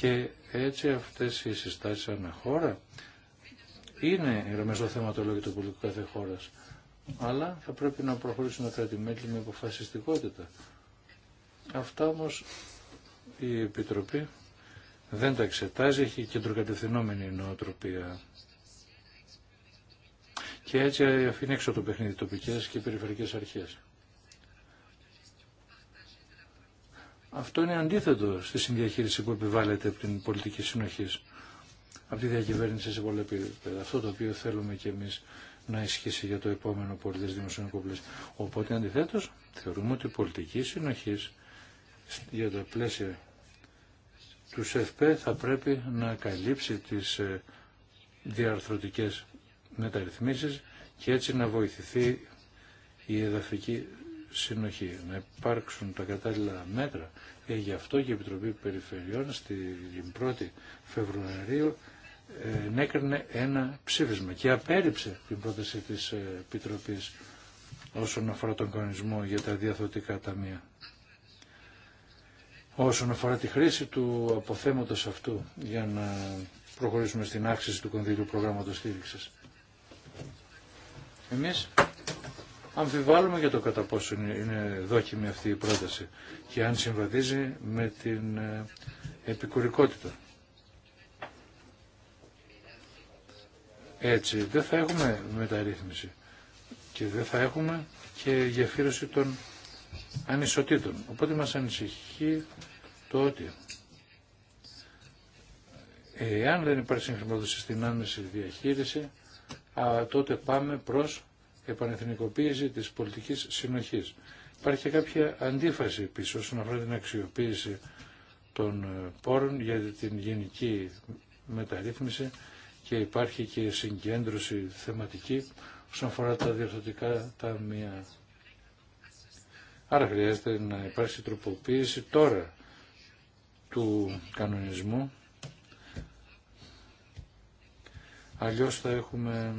Και έτσι αυτές οι συστάσεις αναχώρα είναι θέμα το λόγιο του πολιτικού κάθε χώρα. Αλλά θα πρέπει να προχωρήσουν τα κράτη-μέλη με αποφασιστικότητα. Αυτά όμω η Επιτροπή δεν τα εξετάζει, έχει κεντροκατευθυνόμενη νοοτροπία. Και έτσι αφήνει έξω το παιχνίδι τοπικέ και περιφερειακές αρχέ. Αυτό είναι αντίθετο στη συνδιαχείριση που επιβάλλεται από την πολιτική συνοχή από τη διακυβέρνηση σε πολλά επίπεδα. Αυτό το οποίο θέλουμε και εμείς να ισχύσει για το επόμενο πολιτή δημοσιονομικό πλαίσιο. Οπότε αντιθέτω, θεωρούμε ότι η πολιτική συνοχή για τα πλαίσια του ΣΕΦΠΕ θα πρέπει να καλύψει τις ε, διαρθρωτικές μεταρρυθμίσεις και έτσι να βοηθηθεί η εδαφική συνοχή, να υπάρξουν τα κατάλληλα μέτρα. Ε, γι' αυτό και η Επιτροπή Περιφερειών στην 1η Φεβρουαρίου ενέκρινε ένα ψήφισμα και απέριψε την πρόταση της Επιτροπής όσον αφορά τον κανονισμό για τα διαθωτικά ταμεία. Όσον αφορά τη χρήση του αποθέματος αυτού για να προχωρήσουμε στην άξιση του κονδύλιου προγράμματος στήριξης. Εμείς αμφιβάλλουμε για το κατά πόσο είναι δόκιμη αυτή η πρόταση και αν συμβαδίζει με την ε, επικουρικότητα. Έτσι δεν θα έχουμε μεταρρύθμιση και δεν θα έχουμε και γεφύρωση των ανισοτήτων. Οπότε μας ανησυχεί το ότι εάν δεν υπάρχει συγχρηματοδοσία στην άμεση διαχείριση, α, τότε πάμε προς επανεθνικοποίηση της πολιτικής συνοχής. Υπάρχει και κάποια αντίφαση πίσω όσον αφορά την αξιοποίηση των ε, πόρων για την γενική μεταρρύθμιση και υπάρχει και συγκέντρωση θεματική όσον αφορά τα διορθωτικά ταμεία. Άρα χρειάζεται να υπάρξει τροποποίηση τώρα του κανονισμού. Αλλιώς θα έχουμε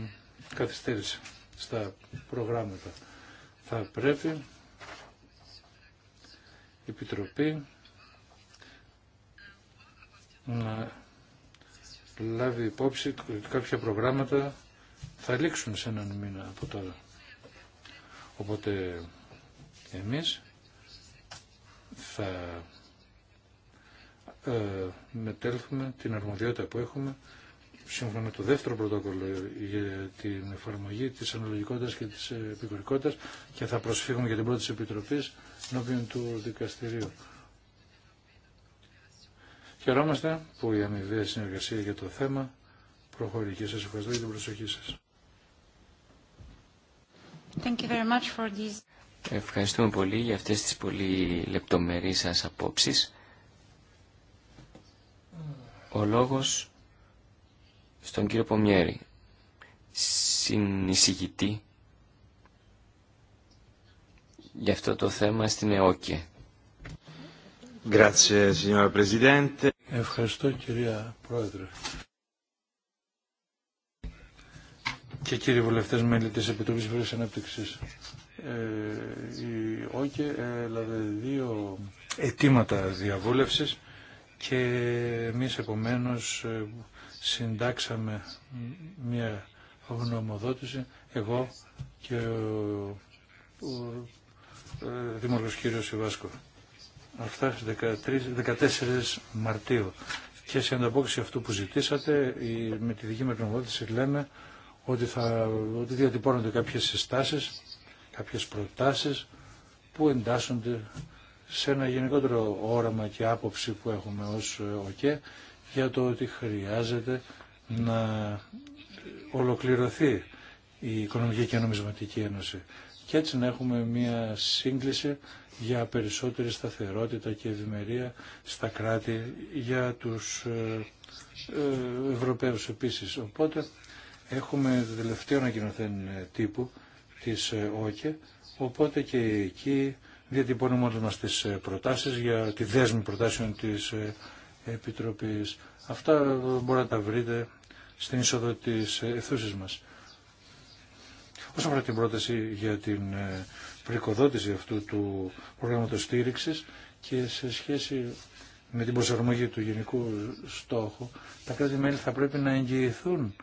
καθυστέρηση στα προγράμματα. Θα πρέπει η Επιτροπή να λάβει υπόψη ότι κάποια προγράμματα θα λήξουν σε έναν μήνα από τώρα. Οπότε εμείς θα ε, μετέλθουμε την αρμοδιότητα που έχουμε σύμφωνα με το δεύτερο πρωτόκολλο για την εφαρμογή της αναλογικότητας και της επικουρικότητας και θα προσφύγουμε για την πρώτη της Επιτροπής ενώπιον του δικαστηρίου. Χαιρόμαστε που η αμοιβαία συνεργασία για το θέμα προχωρεί και σας ευχαριστώ για την προσοχή σας. Thank you very much for Ευχαριστούμε πολύ για αυτές τις πολύ λεπτομερείς σας απόψεις. Ο λόγος στον κύριο Πομιέρη, συνεισηγητή για αυτό το θέμα στην ΕΟΚΕ. Ευχαριστώ κυρία Πρόεδρε. Και κύριοι βουλευτές μέλη τη Επιτροπή Βουλή Ανάπτυξης. Ε, η ΟΚΕ έλαβε δύο αιτήματα διαβούλευση και εμεί επομένω ε, συντάξαμε μια γνωμοδότηση, εγώ και ο, ο, ε, ο, ο κύριος Ιβάσκο. Αυτά στις 13, 14 Μαρτίου. Και σε ανταπόκριση αυτού που ζητήσατε, με τη δική μου πνευματική λέμε ότι, θα, ότι διατυπώνονται κάποιες συστάσεις, κάποιες προτάσεις που εντάσσονται σε ένα γενικότερο όραμα και άποψη που έχουμε ως ΟΚΕ για το ότι χρειάζεται να ολοκληρωθεί η Οικονομική και Νομισματική Ένωση και έτσι να έχουμε μια σύγκληση για περισσότερη σταθερότητα και ευημερία στα κράτη για τους ε, ε, Ευρωπαίους επίσης. Οπότε έχουμε το τελευταίο ανακοινωθέν τύπου της ε, ΟΚΕ, οπότε και εκεί διατυπώνουμε όλες μας τις προτάσεις για τη δέσμη προτάσεων της Επιτροπής. Αυτά μπορείτε να τα βρείτε στην είσοδο της αιθούσης μας. Όσον αφορά την πρόταση για την πρικοδότηση αυτού του προγράμματος στήριξης και σε σχέση με την προσαρμογή του γενικού στόχου, τα κράτη-μέλη θα πρέπει να εγγυηθούν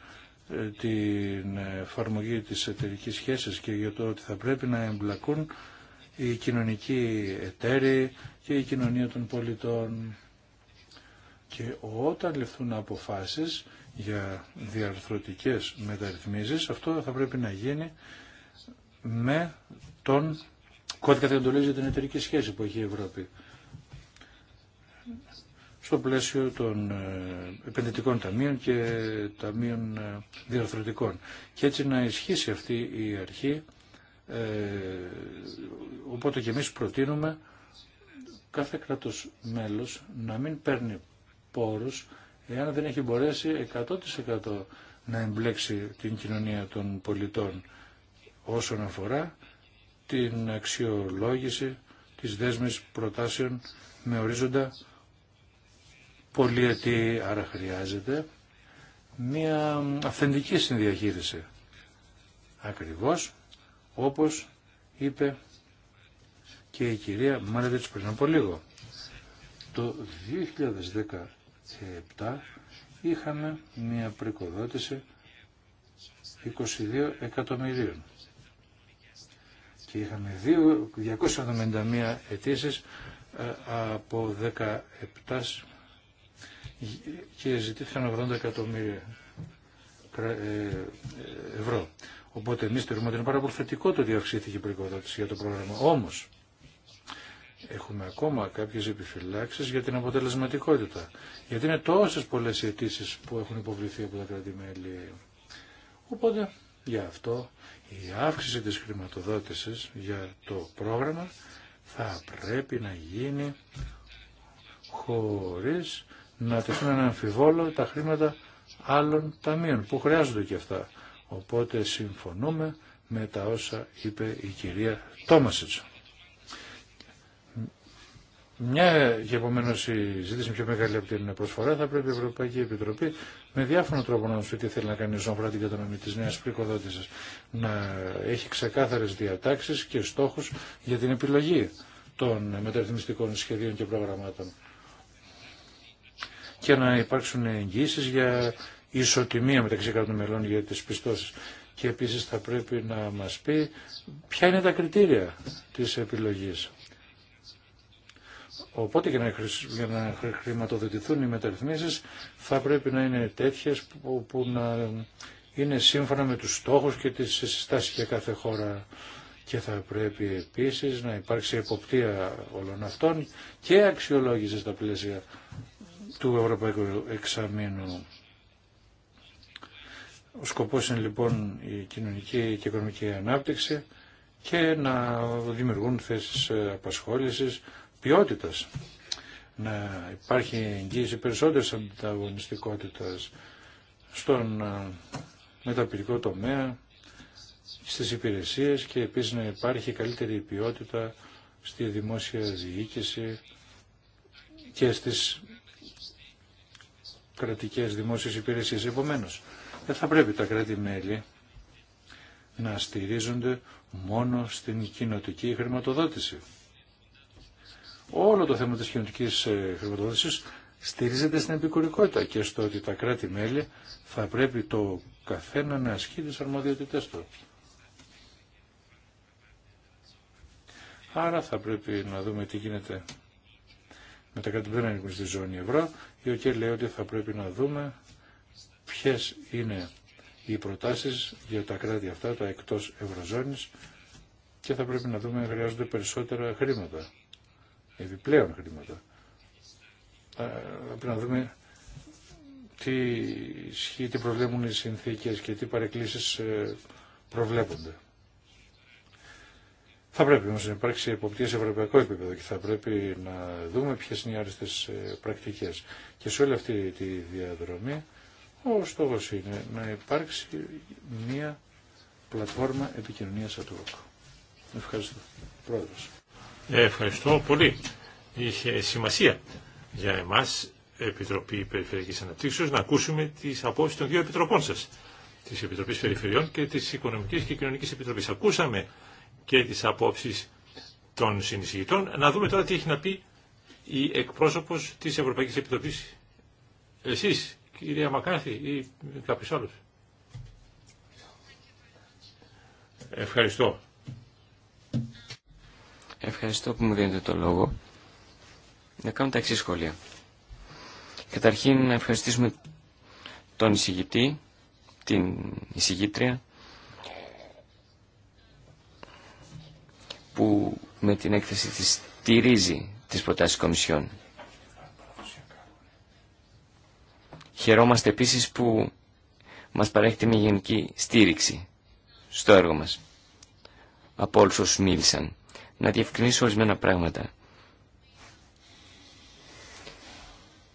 ε, την εφαρμογή της εταιρικής σχέσης και για το ότι θα πρέπει να εμπλακούν οι κοινωνικοί εταίροι και η κοινωνία των πολιτών. Και όταν ληφθούν αποφάσεις για διαρθρωτικές μεταρρυθμίσεις, αυτό θα πρέπει να γίνει με τον κώδικα διοντολίζει την εταιρική σχέση που έχει η Ευρώπη στο πλαίσιο των ε, επενδυτικών ταμείων και ταμείων ε, διαρθρωτικών. Και έτσι να ισχύσει αυτή η αρχή, ε, οπότε και εμείς προτείνουμε κάθε κράτος μέλος να μην παίρνει πόρους εάν δεν έχει μπορέσει 100% να εμπλέξει την κοινωνία των πολιτών όσον αφορά την αξιολόγηση της δέσμης προτάσεων με ορίζοντα πολυετή, άρα χρειάζεται μια αυθεντική συνδιαχείριση. Ακριβώς όπως είπε και η κυρία Μάρετιτς πριν από λίγο. Το 2017 είχαμε μια πρικοδότηση 22 εκατομμυρίων και είχαμε 271 αιτήσει ε, από 17 και ζητήθηκαν 80 εκατομμύρια ε, ε, ευρώ. Οπότε εμεί θεωρούμε ότι είναι πάρα πολύ θετικό το ότι αυξήθηκε η προοικοδότηση για το πρόγραμμα. Όμω έχουμε ακόμα κάποιε επιφυλάξει για την αποτελεσματικότητα. Γιατί είναι τόσε πολλέ οι αιτήσει που έχουν υποβληθεί από τα κράτη-μέλη. Οπότε για αυτό η αύξηση της χρηματοδότησης για το πρόγραμμα θα πρέπει να γίνει χωρίς να τεθούν να αμφιβόλο τα χρήματα άλλων ταμείων που χρειάζονται και αυτά. Οπότε συμφωνούμε με τα όσα είπε η κυρία Τόμασιτσο. Μια και επομένω η ζήτηση πιο μεγάλη από την προσφορά θα πρέπει η Ευρωπαϊκή Επιτροπή με διάφορο τρόπο να μα πει τι θέλει να κάνει η αφορά την κατανομή τη νέα πρικοδότηση. Να έχει ξεκάθαρε διατάξει και στόχου για την επιλογή των μεταρρυθμιστικών σχεδίων και προγραμμάτων. Και να υπάρξουν εγγύσει για ισοτιμία μεταξύ κρατών μελών για τι πιστώσει. Και επίση θα πρέπει να μα πει ποια είναι τα κριτήρια τη επιλογή Οπότε για να χρηματοδοτηθούν οι μεταρρυθμίσεις θα πρέπει να είναι τέτοιες που, που να είναι σύμφωνα με τους στόχους και τις συστάσεις για κάθε χώρα. Και θα πρέπει επίσης να υπάρξει εποπτεία όλων αυτών και αξιολόγηση στα πλαίσια του Ευρωπαϊκού Εξαμήνου. Ο σκοπός είναι λοιπόν η κοινωνική και οικονομική ανάπτυξη και να δημιουργούν θέσεις απασχόλησης, ποιότητας, να υπάρχει εγγύηση περισσότερης ανταγωνιστικότητας στον μεταπηρικό τομέα, στις υπηρεσίες και επίσης να υπάρχει καλύτερη ποιότητα στη δημόσια διοίκηση και στις κρατικές δημόσιες υπηρεσίες. Επομένως, δεν θα πρέπει τα κράτη-μέλη να στηρίζονται μόνο στην κοινοτική χρηματοδότηση όλο το θέμα της κοινωνικής ε, χρηματοδότησης στηρίζεται στην επικουρικότητα και στο ότι τα κράτη-μέλη θα πρέπει το καθένα να ασκεί τις αρμοδιότητές του. Άρα θα πρέπει να δούμε τι γίνεται με τα κράτη που δεν ανήκουν στη ζώνη ευρώ. Η ΟΚΕ λέει ότι θα πρέπει να δούμε ποιες είναι οι προτάσεις για τα κράτη αυτά, τα εκτός ευρωζώνης και θα πρέπει να δούμε αν χρειάζονται περισσότερα χρήματα επιπλέον χρήματα. Ε, πρέπει να δούμε τι ισχύει, τι προβλέπουν οι συνθήκες και τι παρεκκλήσεις ε, προβλέπονται. Θα πρέπει όμως να υπάρξει εποπτεία σε ευρωπαϊκό επίπεδο και θα πρέπει να δούμε ποιες είναι οι άριστες ε, πρακτικές. Και σε όλη αυτή τη διαδρομή ο στόχος είναι να υπάρξει μια πλατφόρμα επικοινωνίας ατουρκ. Ευχαριστώ. Πρόεδρος. Ευχαριστώ πολύ. Είχε σημασία για εμάς, Επιτροπή Περιφερειακής Αναπτύξεως, να ακούσουμε τις απόψεις των δύο επιτροπών σας, της Επιτροπής Περιφερειών και της Οικονομικής και Κοινωνικής Επιτροπής. Ακούσαμε και τις απόψεις των συνεισηγητών. Να δούμε τώρα τι έχει να πει η εκπρόσωπος της Ευρωπαϊκής Επιτροπής. Εσείς, κυρία Μακάθη, ή κάποιος άλλος. Ευχαριστώ. Ευχαριστώ που μου δίνετε το λόγο. Να κάνω τα εξή σχόλια. Καταρχήν να ευχαριστήσουμε τον εισηγητή, την εισηγήτρια, που με την έκθεση της στηρίζει τις προτάσεις Κομισιόν. Χαιρόμαστε επίσης που μας παρέχεται μια γενική στήριξη στο έργο μας από όλους μίλησαν να διευκρινίσω ορισμένα πράγματα.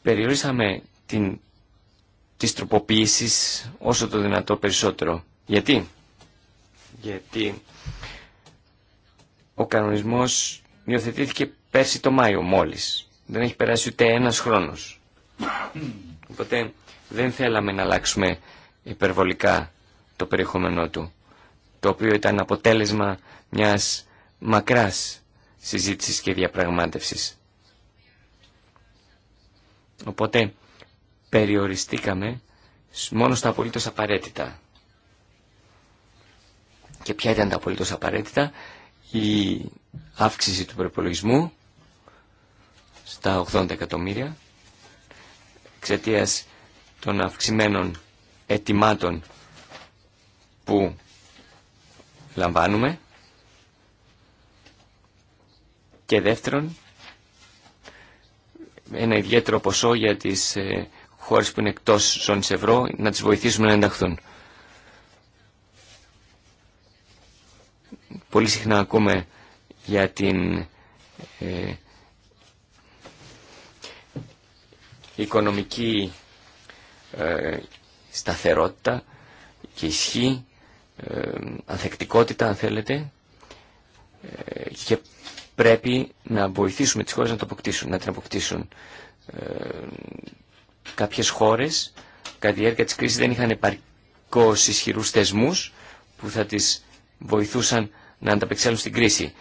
Περιορίσαμε την, τις τροποποιήσεις όσο το δυνατό περισσότερο. Γιατί? Γιατί ο κανονισμός υιοθετήθηκε πέρσι το Μάιο μόλις. Δεν έχει περάσει ούτε ένας χρόνος. Οπότε δεν θέλαμε να αλλάξουμε υπερβολικά το περιεχόμενό του, το οποίο ήταν αποτέλεσμα μιας μακράς συζήτησης και διαπραγμάτευσης. Οπότε περιοριστήκαμε μόνο στα απολύτως απαραίτητα. Και ποια ήταν τα απολύτως απαραίτητα, η αύξηση του προπολογισμού στα 80 εκατομμύρια εξαιτία των αυξημένων ετοιμάτων που λαμβάνουμε και δεύτερον ένα ιδιαίτερο ποσό για τις ε, χώρες που είναι εκτός ζώνης ευρώ να τις βοηθήσουμε να ενταχθούν. Πολύ συχνά ακούμε για την ε, οικονομική ε, σταθερότητα και ισχύ, ε, ανθεκτικότητα αν θέλετε και πρέπει να βοηθήσουμε τις χώρες να το αποκτήσουν, να την αποκτήσουν. Ε, κάποιες χώρες κατά τη διάρκεια της κρίσης δεν είχαν επαρκώς ισχυρούς θεσμούς που θα τις βοηθούσαν να ανταπεξέλθουν στην κρίση.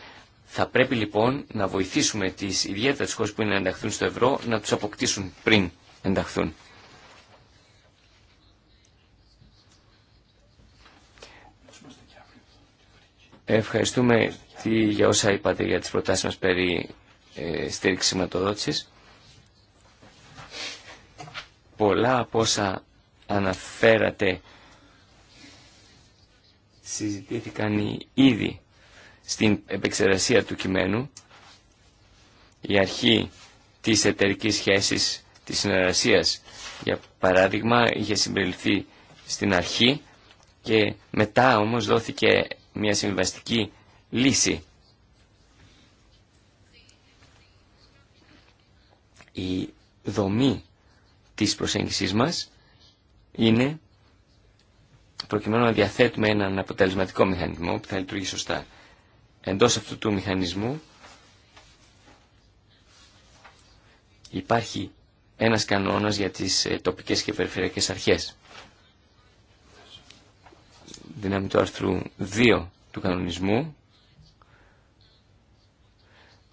Θα πρέπει λοιπόν να βοηθήσουμε τις ιδιαίτερα χώρες που είναι να ενταχθούν στο ευρώ να τους αποκτήσουν πριν ενταχθούν. Ευχαριστούμε για όσα είπατε για τις προτάσεις μας περί ε, στήριξη σηματοδότησης. Πολλά από όσα αναφέρατε συζητήθηκαν ήδη στην επεξεργασία του κειμένου. Η αρχή της εταιρική σχέσης της συνεργασίας, για παράδειγμα, είχε συμπεριληφθεί στην αρχή και μετά όμως δόθηκε μια συμβαστική λύση. Η δομή της προσέγγισης μας είναι προκειμένου να διαθέτουμε έναν αποτελεσματικό μηχανισμό που θα λειτουργεί σωστά. Εντός αυτού του μηχανισμού υπάρχει ένας κανόνας για τις ε, τοπικές και περιφερειακές αρχές. Δυνάμει του άρθρου 2 του κανονισμού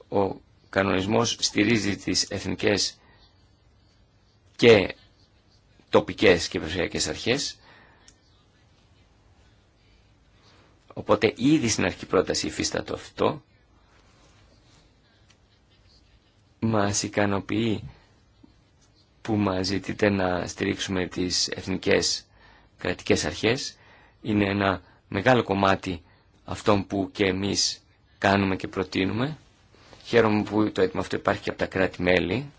ο κανονισμός στηρίζει τις εθνικές και τοπικές και περιφερειακές αρχές. Οπότε ήδη στην αρχή πρόταση υφίστατο αυτό. Μας ικανοποιεί που μας ζητείτε να στηρίξουμε τις εθνικές κρατικές αρχές. Είναι ένα μεγάλο κομμάτι αυτών που και εμείς κάνουμε και προτείνουμε. Χαίρομαι που το έτοιμο αυτό υπάρχει και από τα κράτη-μέλη.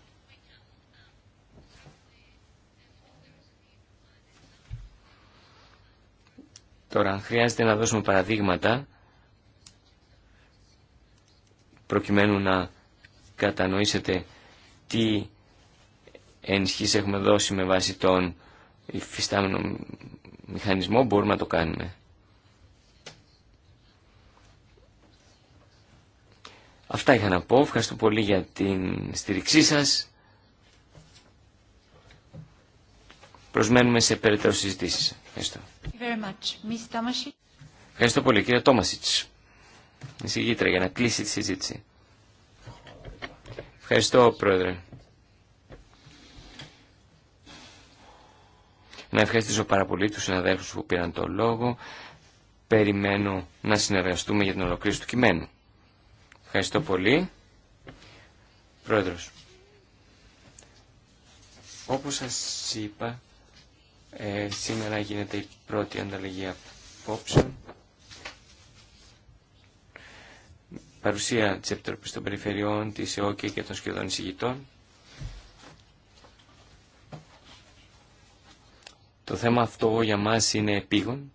Τώρα, αν χρειάζεται να δώσουμε παραδείγματα, προκειμένου να κατανοήσετε τι ενισχύσεις έχουμε δώσει με βάση τον υφιστάμενο μηχανισμό, μπορούμε να το κάνουμε. Αυτά είχα να πω. Ευχαριστώ πολύ για την στήριξή σας. Προσμένουμε σε περαιτέρω συζητήσεις. Ευχαριστώ. Ευχαριστώ πολύ κύριε Τόμασιτς. Εισηγήτρια για να κλείσει τη συζήτηση. Ευχαριστώ πρόεδρε. Να ευχαριστήσω πάρα πολύ τους συναδέλφους που πήραν το λόγο. Περιμένω να συνεργαστούμε για την ολοκλήρωση του κειμένου. Ευχαριστώ πολύ. Πρόεδρος, όπως σας είπα, ε, σήμερα γίνεται η πρώτη ανταλλαγή απόψεων. Παρουσία της Επιτροπής των Περιφερειών, της ΕΟΚΕ και των σχεδόν εισηγητών. Το θέμα αυτό για μας είναι επίγον.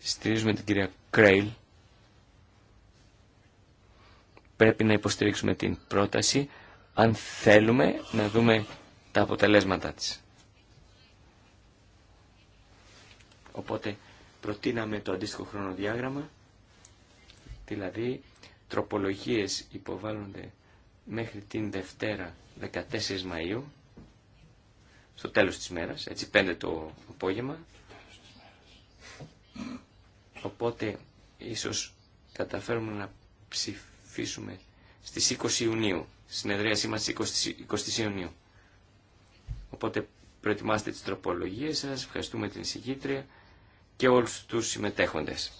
Στηρίζουμε την κυρία Κρέιλ πρέπει να υποστηρίξουμε την πρόταση αν θέλουμε να δούμε τα αποτελέσματα της. Οπότε προτείναμε το αντίστοιχο χρονοδιάγραμμα, δηλαδή τροπολογίες υποβάλλονται μέχρι την Δευτέρα 14 Μαΐου, στο τέλος της μέρας, έτσι 5 το απόγευμα. Οπότε ίσως καταφέρουμε να ψηφίσουμε ψηφίσουμε στις 20 Ιουνίου. Συνεδρίασή μας στις 20 Ιουνίου. Οπότε προετοιμάστε τις τροπολογίες σας, ευχαριστούμε την συγκήτρια και όλους τους συμμετέχοντες.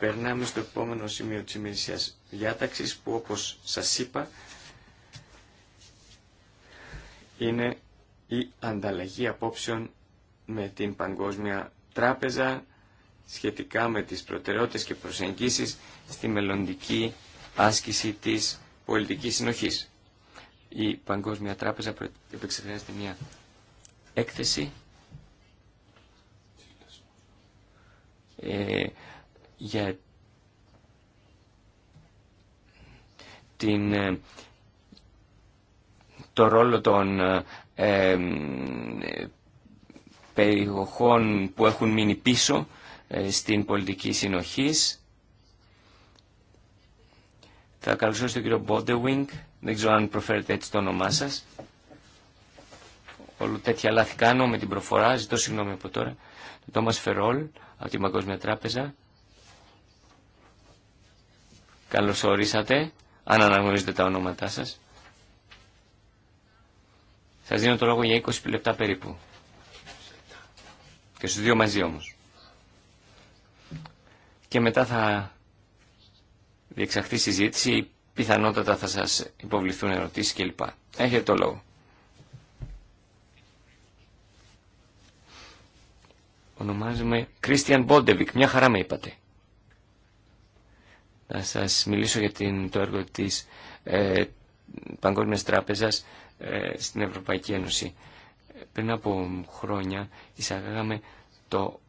Περνάμε στο επόμενο σημείο της ημερησίας διάταξης που όπως σας είπα είναι η ανταλλαγή απόψεων με την Παγκόσμια Τράπεζα σχετικά με τις προτεραιότητες και προσεγγίσεις στη μελλοντική άσκηση της πολιτικής συνοχής. Η Παγκόσμια Τράπεζα επεξεργάζεται μια έκθεση ε, για την, ε, το ρόλο των ε, ε, περιοχών που έχουν μείνει πίσω ε, στην πολιτική συνοχή. Θα καλωσορίσω τον κύριο Μπόντεουινγκ, δεν ξέρω αν προφέρετε έτσι το όνομά σα. Όλου τέτοια λάθη κάνω με την προφορά, ζητώ συγγνώμη από τώρα. Τον Τόμας Φερόλ από την Παγκόσμια Τράπεζα. Καλωσορίσατε, αν αναγνωρίζετε τα ονόματά σα, Σας δίνω το λόγο για 20 λεπτά περίπου. Και στους δύο μαζί όμως και μετά θα διεξαχθεί συζήτηση, πιθανότατα θα σας υποβληθούν ερωτήσεις κλπ. Έχετε το λόγο. Ονομάζομαι Κρίστιαν Μπόντεβικ, μια χαρά με είπατε. Θα σας μιλήσω για την, το έργο της ε, Παγκόσμιας Τράπεζας ε, στην Ευρωπαϊκή Ένωση. Πριν από χρόνια εισαγάγαμε το,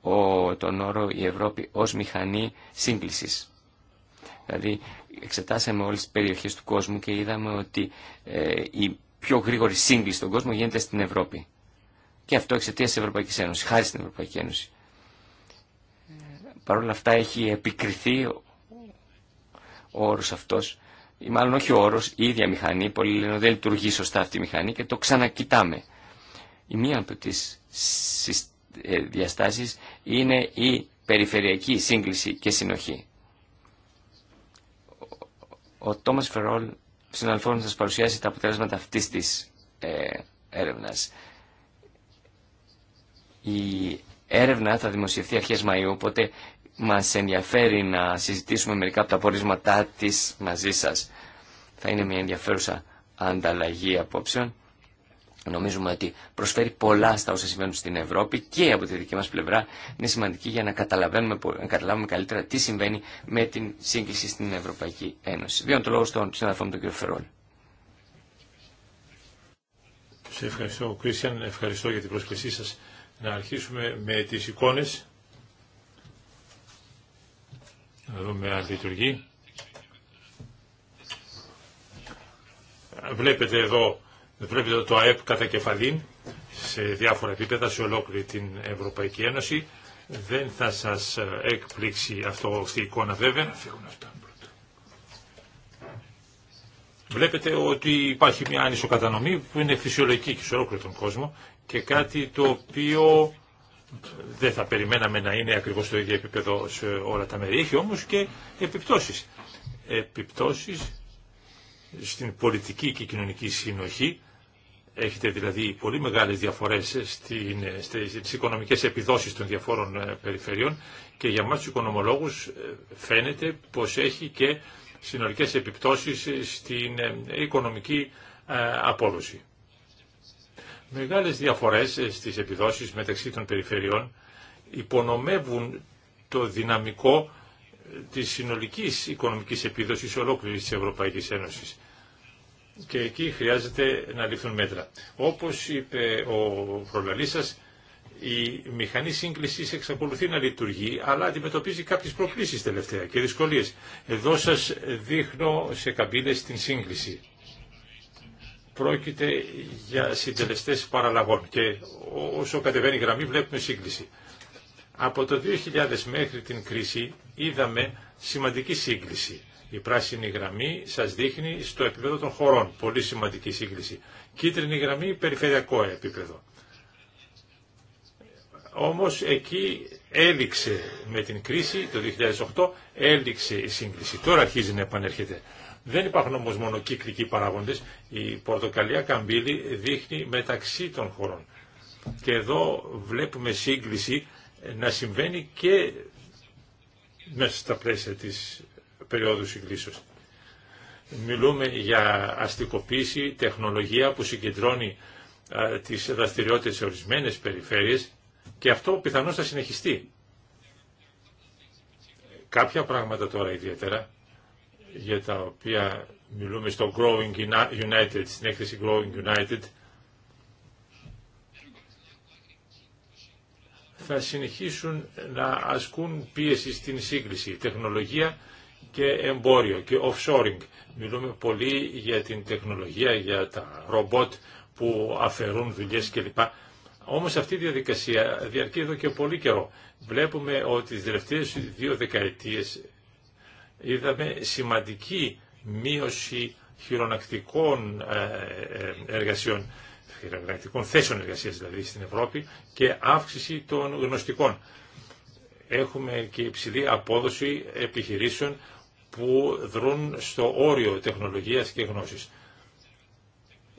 τον όρο η Ευρώπη ως μηχανή σύγκλησης. Δηλαδή εξετάσαμε όλες τις περιοχές του κόσμου και είδαμε ότι ε, η πιο γρήγορη σύγκληση στον κόσμο γίνεται στην Ευρώπη. Και αυτό εξαιτία της Ευρωπαϊκής Ένωσης, χάρη στην Ευρωπαϊκή Ένωση. Ε, παρ' όλα αυτά έχει επικριθεί ο, όρο όρος αυτός, ή μάλλον όχι ο όρος, η ίδια μηχανή, πολλοί λένε δεν λειτουργεί σωστά αυτή η μηχανή και το ξανακοιτάμε. Η μία από ε, διαστάσεις είναι η περιφερειακή σύγκληση και συνοχή. Ο Τόμας Φερόλ συναλφόρων θα σας παρουσιάσει τα αποτελέσματα αυτής της ε, έρευνας. Η έρευνα θα δημοσιευθεί αρχές Μαΐου, οπότε μας ενδιαφέρει να συζητήσουμε μερικά από τα πόρισματά της μαζί σας. Θα είναι μια ενδιαφέρουσα ανταλλαγή απόψεων. Νομίζουμε ότι προσφέρει πολλά στα όσα συμβαίνουν στην Ευρώπη και από τη δική μας πλευρά είναι σημαντική για να, καταλαβαίνουμε, να καταλάβουμε καλύτερα τι συμβαίνει με την σύγκληση στην Ευρωπαϊκή Ένωση. Δύο το λόγο στον συναδελφό μου τον κύριο Φερόλ. Σε ευχαριστώ, Κρίσιαν. Ευχαριστώ για την πρόσκλησή σας. Να αρχίσουμε με τις εικόνες. Να δούμε αν λειτουργεί. Βλέπετε εδώ βλέπετε το ΑΕΠ κατά κεφαλήν σε διάφορα επίπεδα σε ολόκληρη την Ευρωπαϊκή Ένωση. Δεν θα σας ε, εκπλήξει αυτό αυτή η εικόνα βέβαια. Βλέπετε ότι υπάρχει μια ανισοκατανομή που είναι φυσιολογική και σε ολόκληρο τον κόσμο και κάτι το οποίο δεν θα περιμέναμε να είναι ακριβώς το ίδιο επίπεδο σε όλα τα μέρη. Έχει όμως και επιπτώσεις. Επιπτώσεις στην πολιτική και κοινωνική συνοχή Έχετε δηλαδή πολύ μεγάλες διαφορές στην, στις οικονομικές επιδόσεις των διαφόρων ε, περιφερειών και για μας τους οικονομολόγους ε, φαίνεται πως έχει και συνολικές επιπτώσεις στην ε, οικονομική απόδοση. Μεγάλες διαφορές στις επιδόσεις μεταξύ των περιφερειών υπονομεύουν το δυναμικό της συνολικής οικονομικής επίδοσης ολόκληρης της Ευρωπαϊκής Ένωσης και εκεί χρειάζεται να ληφθούν μέτρα. Όπως είπε ο προλαλής σας, η μηχανή σύγκληση εξακολουθεί να λειτουργεί, αλλά αντιμετωπίζει κάποιες προκλήσει τελευταία και δυσκολίες. Εδώ σας δείχνω σε καμπίνες την σύγκληση. Πρόκειται για συντελεστές παραλλαγών και όσο κατεβαίνει η γραμμή βλέπουμε σύγκληση. Από το 2000 μέχρι την κρίση είδαμε σημαντική σύγκληση. Η πράσινη γραμμή σας δείχνει στο επίπεδο των χωρών, πολύ σημαντική σύγκριση. Κίτρινη γραμμή, περιφερειακό επίπεδο. Όμως εκεί έληξε με την κρίση το 2008, έδειξε η σύγκριση. Τώρα αρχίζει να επανέρχεται. Δεν υπάρχουν όμω μόνο κύκλικοί παράγοντε. Η πορτοκαλία καμπύλη δείχνει μεταξύ των χωρών. Και εδώ βλέπουμε σύγκριση να συμβαίνει και μέσα στα πλαίσια της περίοδου συγκλήσεω. Μιλούμε για αστικοποίηση, τεχνολογία που συγκεντρώνει τι τις δραστηριότητες σε ορισμένες περιφέρειες και αυτό πιθανώς θα συνεχιστεί. Κάποια πράγματα τώρα ιδιαίτερα για τα οποία μιλούμε στο Growing United, στην έκθεση Growing United, θα συνεχίσουν να ασκούν πίεση στην σύγκληση. Η τεχνολογία και εμπόριο και offshoring. Μιλούμε πολύ για την τεχνολογία, για τα ρομπότ που αφαιρούν δουλειές κλπ. Όμως αυτή η διαδικασία διαρκεί εδώ και πολύ καιρό. Βλέπουμε ότι τις τελευταίες δύο δεκαετίες είδαμε σημαντική μείωση χειρονακτικών ε, ε, εργασιών, χειρονακτικών θέσεων εργασίας δηλαδή στην Ευρώπη και αύξηση των γνωστικών. Έχουμε και υψηλή απόδοση επιχειρήσεων που δρούν στο όριο τεχνολογίας και γνώσης.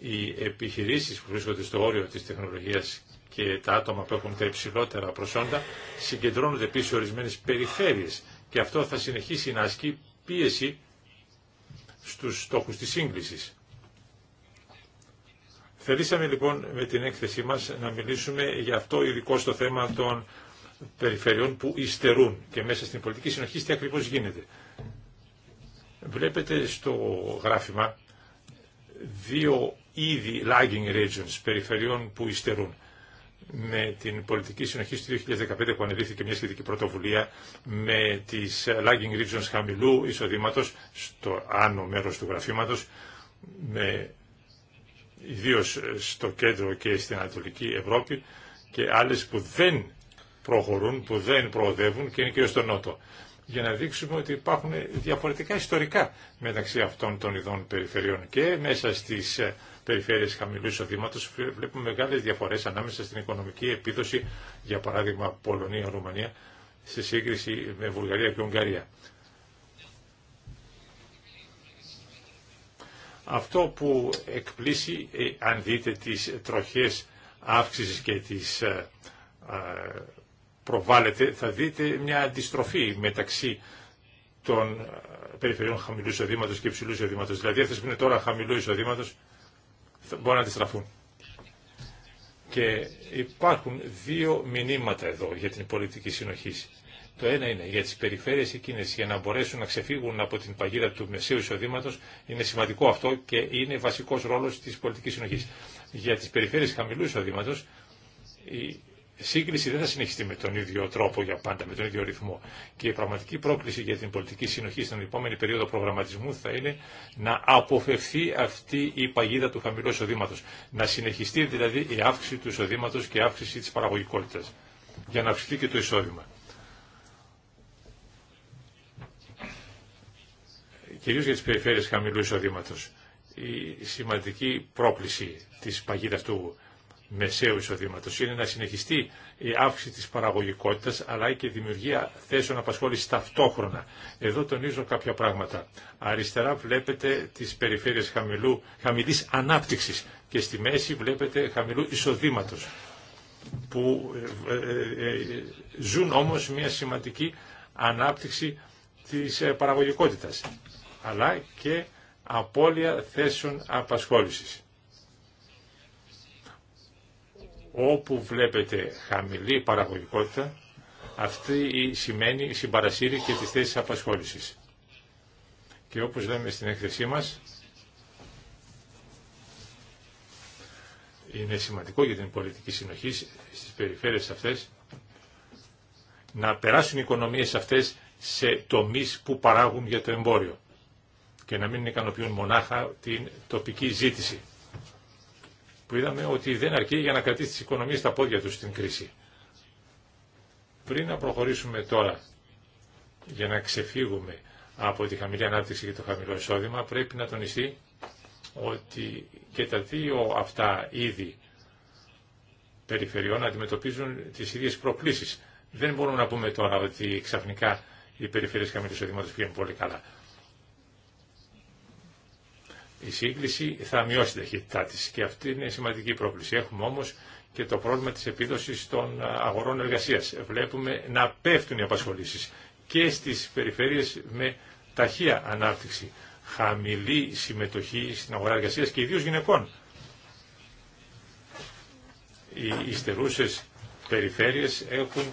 Οι επιχειρήσεις που βρίσκονται στο όριο της τεχνολογίας και τα άτομα που έχουν τα υψηλότερα προσόντα συγκεντρώνονται επίσης σε ορισμένες περιφέρειες και αυτό θα συνεχίσει να ασκεί πίεση στους στόχους της σύγκλησης. Θελήσαμε λοιπόν με την έκθεσή μας να μιλήσουμε για αυτό ειδικό στο θέμα των περιφερειών που υστερούν και μέσα στην πολιτική συνοχή τι ακριβώς γίνεται. Βλέπετε στο γράφημα δύο είδη lagging regions, περιφερειών που υστερούν. Με την πολιτική συνοχή του 2015 που και μια σχετική πρωτοβουλία με τις lagging regions χαμηλού εισοδήματο στο άνω μέρος του γραφήματος, με ιδίως στο κέντρο και στην Ανατολική Ευρώπη και άλλες που δεν προχωρούν, που δεν προοδεύουν και είναι και στο Νότο για να δείξουμε ότι υπάρχουν διαφορετικά ιστορικά μεταξύ αυτών των ειδών περιφερειών και μέσα στις ε, περιφέρειες χαμηλού εισοδήματος βλέπουμε μεγάλες διαφορές ανάμεσα στην οικονομική επίδοση, για παράδειγμα Πολωνία-Ρουμανία, σε σύγκριση με Βουλγαρία και Ουγγαρία. Αυτό που εκπλήσει, ε, αν δείτε τις τροχές αύξησης και τις ε, θα δείτε μια αντιστροφή μεταξύ των ε, περιφερειών χαμηλού εισοδήματο και υψηλού εισοδήματο. Δηλαδή αυτέ που είναι τώρα χαμηλού εισοδήματο μπορούν να αντιστραφούν. Και υπάρχουν δύο μηνύματα εδώ για την πολιτική συνοχή. Το ένα είναι για τι περιφέρειε εκείνε για να μπορέσουν να ξεφύγουν από την παγίδα του μεσαίου εισοδήματο. Είναι σημαντικό αυτό και είναι βασικό ρόλο τη πολιτική συνοχή. Για τι περιφέρειε χαμηλού εισοδήματο σύγκριση δεν θα συνεχιστεί με τον ίδιο τρόπο για πάντα, με τον ίδιο ρυθμό. Και η πραγματική πρόκληση για την πολιτική συνοχή στην επόμενη περίοδο προγραμματισμού θα είναι να αποφευθεί αυτή η παγίδα του χαμηλού εισοδήματο. Να συνεχιστεί δηλαδή η αύξηση του εισοδήματο και η αύξηση τη παραγωγικότητα. Για να αυξηθεί και το εισόδημα. Κυρίω για τι περιφέρειε χαμηλού εισοδήματο. Η σημαντική πρόκληση τη παγίδα του μεσαίου εισοδήματο, Είναι να συνεχιστεί η αύξηση της παραγωγικότητα, αλλά και η δημιουργία θέσεων απασχόλησης ταυτόχρονα. Εδώ τονίζω κάποια πράγματα. Αριστερά βλέπετε τις περιφέρειες χαμηλή ανάπτυξη ανάπτυξης και στη μέση βλέπετε χαμηλού εισοδήματο, που ε, ε, ε, ζουν όμως μια σημαντική ανάπτυξη της παραγωγικότητας αλλά και απώλεια θέσεων απασχόλησης. όπου βλέπετε χαμηλή παραγωγικότητα, αυτή σημαίνει συμπαρασύρει και τις θέσεις απασχόλησης. Και όπως λέμε στην έκθεσή μας, είναι σημαντικό για την πολιτική συνοχή στις περιφέρειες αυτές να περάσουν οι οικονομίες αυτές σε τομείς που παράγουν για το εμπόριο και να μην ικανοποιούν μονάχα την τοπική ζήτηση που είδαμε ότι δεν αρκεί για να κρατήσει τις οικονομίες στα πόδια του στην κρίση. Πριν να προχωρήσουμε τώρα για να ξεφύγουμε από τη χαμηλή ανάπτυξη και το χαμηλό εισόδημα, πρέπει να τονιστεί ότι και τα δύο αυτά είδη περιφερειών αντιμετωπίζουν τις ίδιες προκλήσεις. Δεν μπορούμε να πούμε τώρα ότι ξαφνικά οι περιφερειές χαμηλού εισοδήματος πήγαν πολύ καλά η σύγκληση θα μειώσει την ταχύτητά της και αυτή είναι σημαντική πρόκληση. Έχουμε όμως και το πρόβλημα της επίδοσης των ε, αγορών εργασίας. Βλέπουμε να πέφτουν οι απασχολήσεις και στις περιφέρειες με ταχεία ανάπτυξη, χαμηλή συμμετοχή στην αγορά εργασίας και ιδίως γυναικών. Οι υστερούσες περιφέρειες έχουν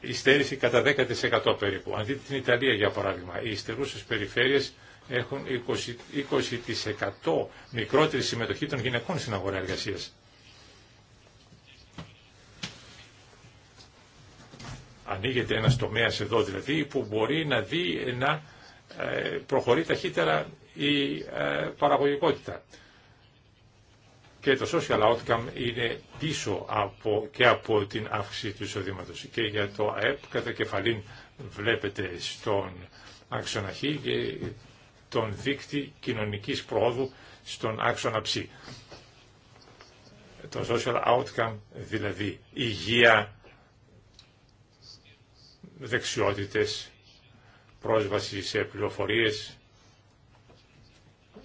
υστέρηση κατά 10% περίπου. Αν δείτε την Ιταλία για παράδειγμα, οι υστερούσες περιφέρειες έχουν 20%, 20 μικρότερη συμμετοχή των γυναικών στην αγορά εργασίας. Ανοίγεται ένας τομέας εδώ δηλαδή που μπορεί να δει να ε, προχωρεί ταχύτερα η ε, παραγωγικότητα. Και το social outcome είναι πίσω από, και από την αύξηση του εισοδήματο. Και για το ΑΕΠ κατά κεφαλήν βλέπετε στον αξιοναχή. Ε, τον δίκτυ κοινωνικής πρόοδου στον άξονα ψη. Το social outcome δηλαδή υγεία, δεξιότητες, πρόσβαση σε πληροφορίες,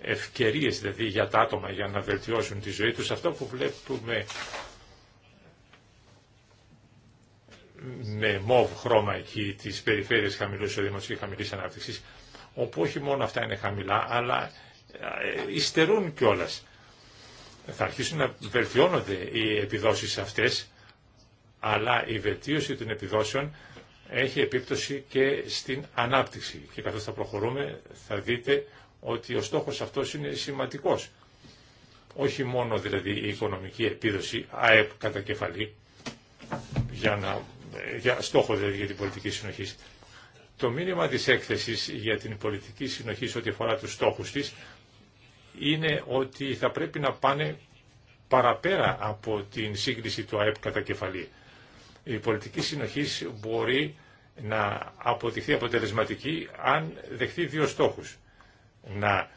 ευκαιρίες δηλαδή για τα άτομα για να βελτιώσουν τη ζωή τους. Αυτό που βλέπουμε με μοβ χρώμα εκεί τις περιφέρειες χαμηλού εισοδήματος και χαμηλής ανάπτυξης όπου όχι μόνο αυτά είναι χαμηλά, αλλά ε, υστερούν κιόλα. Θα αρχίσουν να βελτιώνονται οι επιδόσεις αυτές, αλλά η βελτίωση των επιδόσεων έχει επίπτωση και στην ανάπτυξη. Και καθώς θα προχωρούμε θα δείτε ότι ο στόχος αυτός είναι σημαντικός. Όχι μόνο δηλαδή η οικονομική επίδοση ΑΕΠ κατά κεφαλή, για, να, ε, για στόχο δηλαδή για την πολιτική συνοχή. Το μήνυμα της έκθεσης για την πολιτική συνοχή ό,τι αφορά τους στόχους της είναι ότι θα πρέπει να πάνε παραπέρα από την σύγκριση του ΑΕΠ κατά κεφαλή. Η πολιτική συνοχή μπορεί να αποδειχθεί αποτελεσματική αν δεχθεί δύο στόχους. Να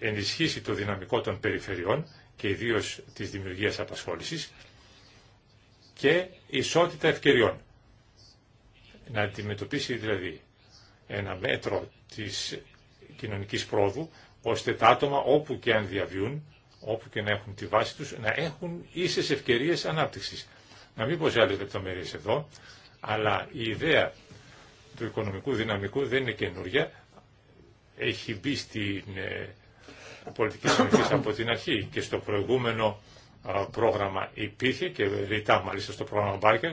ενισχύσει το δυναμικό των περιφερειών και ιδίως της δημιουργίας απασχόλησης και ισότητα ευκαιριών να αντιμετωπίσει δηλαδή ένα μέτρο της κοινωνικής πρόοδου, ώστε τα άτομα όπου και αν διαβιούν, όπου και να έχουν τη βάση τους, να έχουν ίσες ευκαιρίες ανάπτυξης. Να μην πω σε άλλες λεπτομέρειες εδώ, αλλά η ιδέα του οικονομικού δυναμικού δεν είναι καινούρια. Έχει μπει στην ε, πολιτική συνοχή από την αρχή και στο προηγούμενο ε, πρόγραμμα υπήρχε και ρητά μάλιστα στο πρόγραμμα Μπάρκερ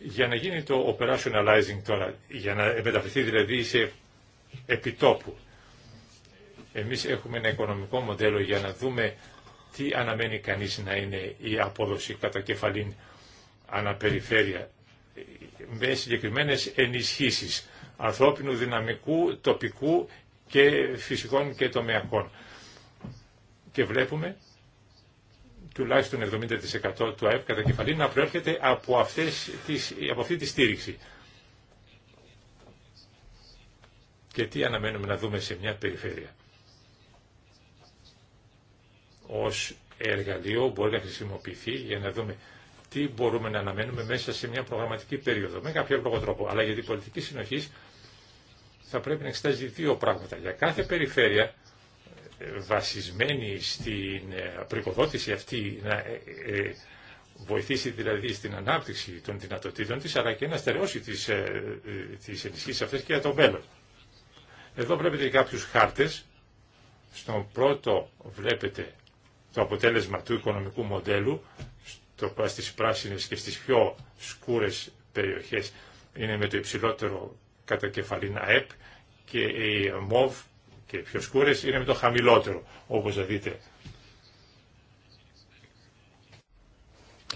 Για να γίνει το operationalizing τώρα, για να μεταφερθεί δηλαδή σε επιτόπου, εμείς έχουμε ένα οικονομικό μοντέλο για να δούμε τι αναμένει κανείς να είναι η απόδοση κατά κεφαλήν αναπεριφέρεια με συγκεκριμένες ενισχύσεις ανθρώπινου δυναμικού, τοπικού και φυσικών και τομεακών. Και βλέπουμε τουλάχιστον 70% του ΑΕΠ κατά κεφαλή να προέρχεται από, αυτές τις, από αυτή τη στήριξη. Και τι αναμένουμε να δούμε σε μια περιφέρεια. Ως εργαλείο μπορεί να χρησιμοποιηθεί για να δούμε τι μπορούμε να αναμένουμε μέσα σε μια προγραμματική περίοδο, με κάποιο λόγο τρόπο. Αλλά για την πολιτική συνοχή θα πρέπει να εξετάζει δύο πράγματα. Για κάθε περιφέρεια βασισμένη στην ε, πρικοδότηση αυτή να ε, ε, βοηθήσει δηλαδή στην ανάπτυξη των δυνατοτήτων της αλλά και να στερεώσει τις, τις ενισχύσεις αυτές και για το μέλλον. Εδώ βλέπετε κάποιους χάρτες. Στον πρώτο βλέπετε το αποτέλεσμα του οικονομικού μοντέλου στο, στις πράσινες και στις πιο σκούρες περιοχές είναι με το υψηλότερο κατακεφαλήν ΑΕΠ και η ΜΟΒ και οι πιο σκούρες είναι με το χαμηλότερο, όπως θα δείτε.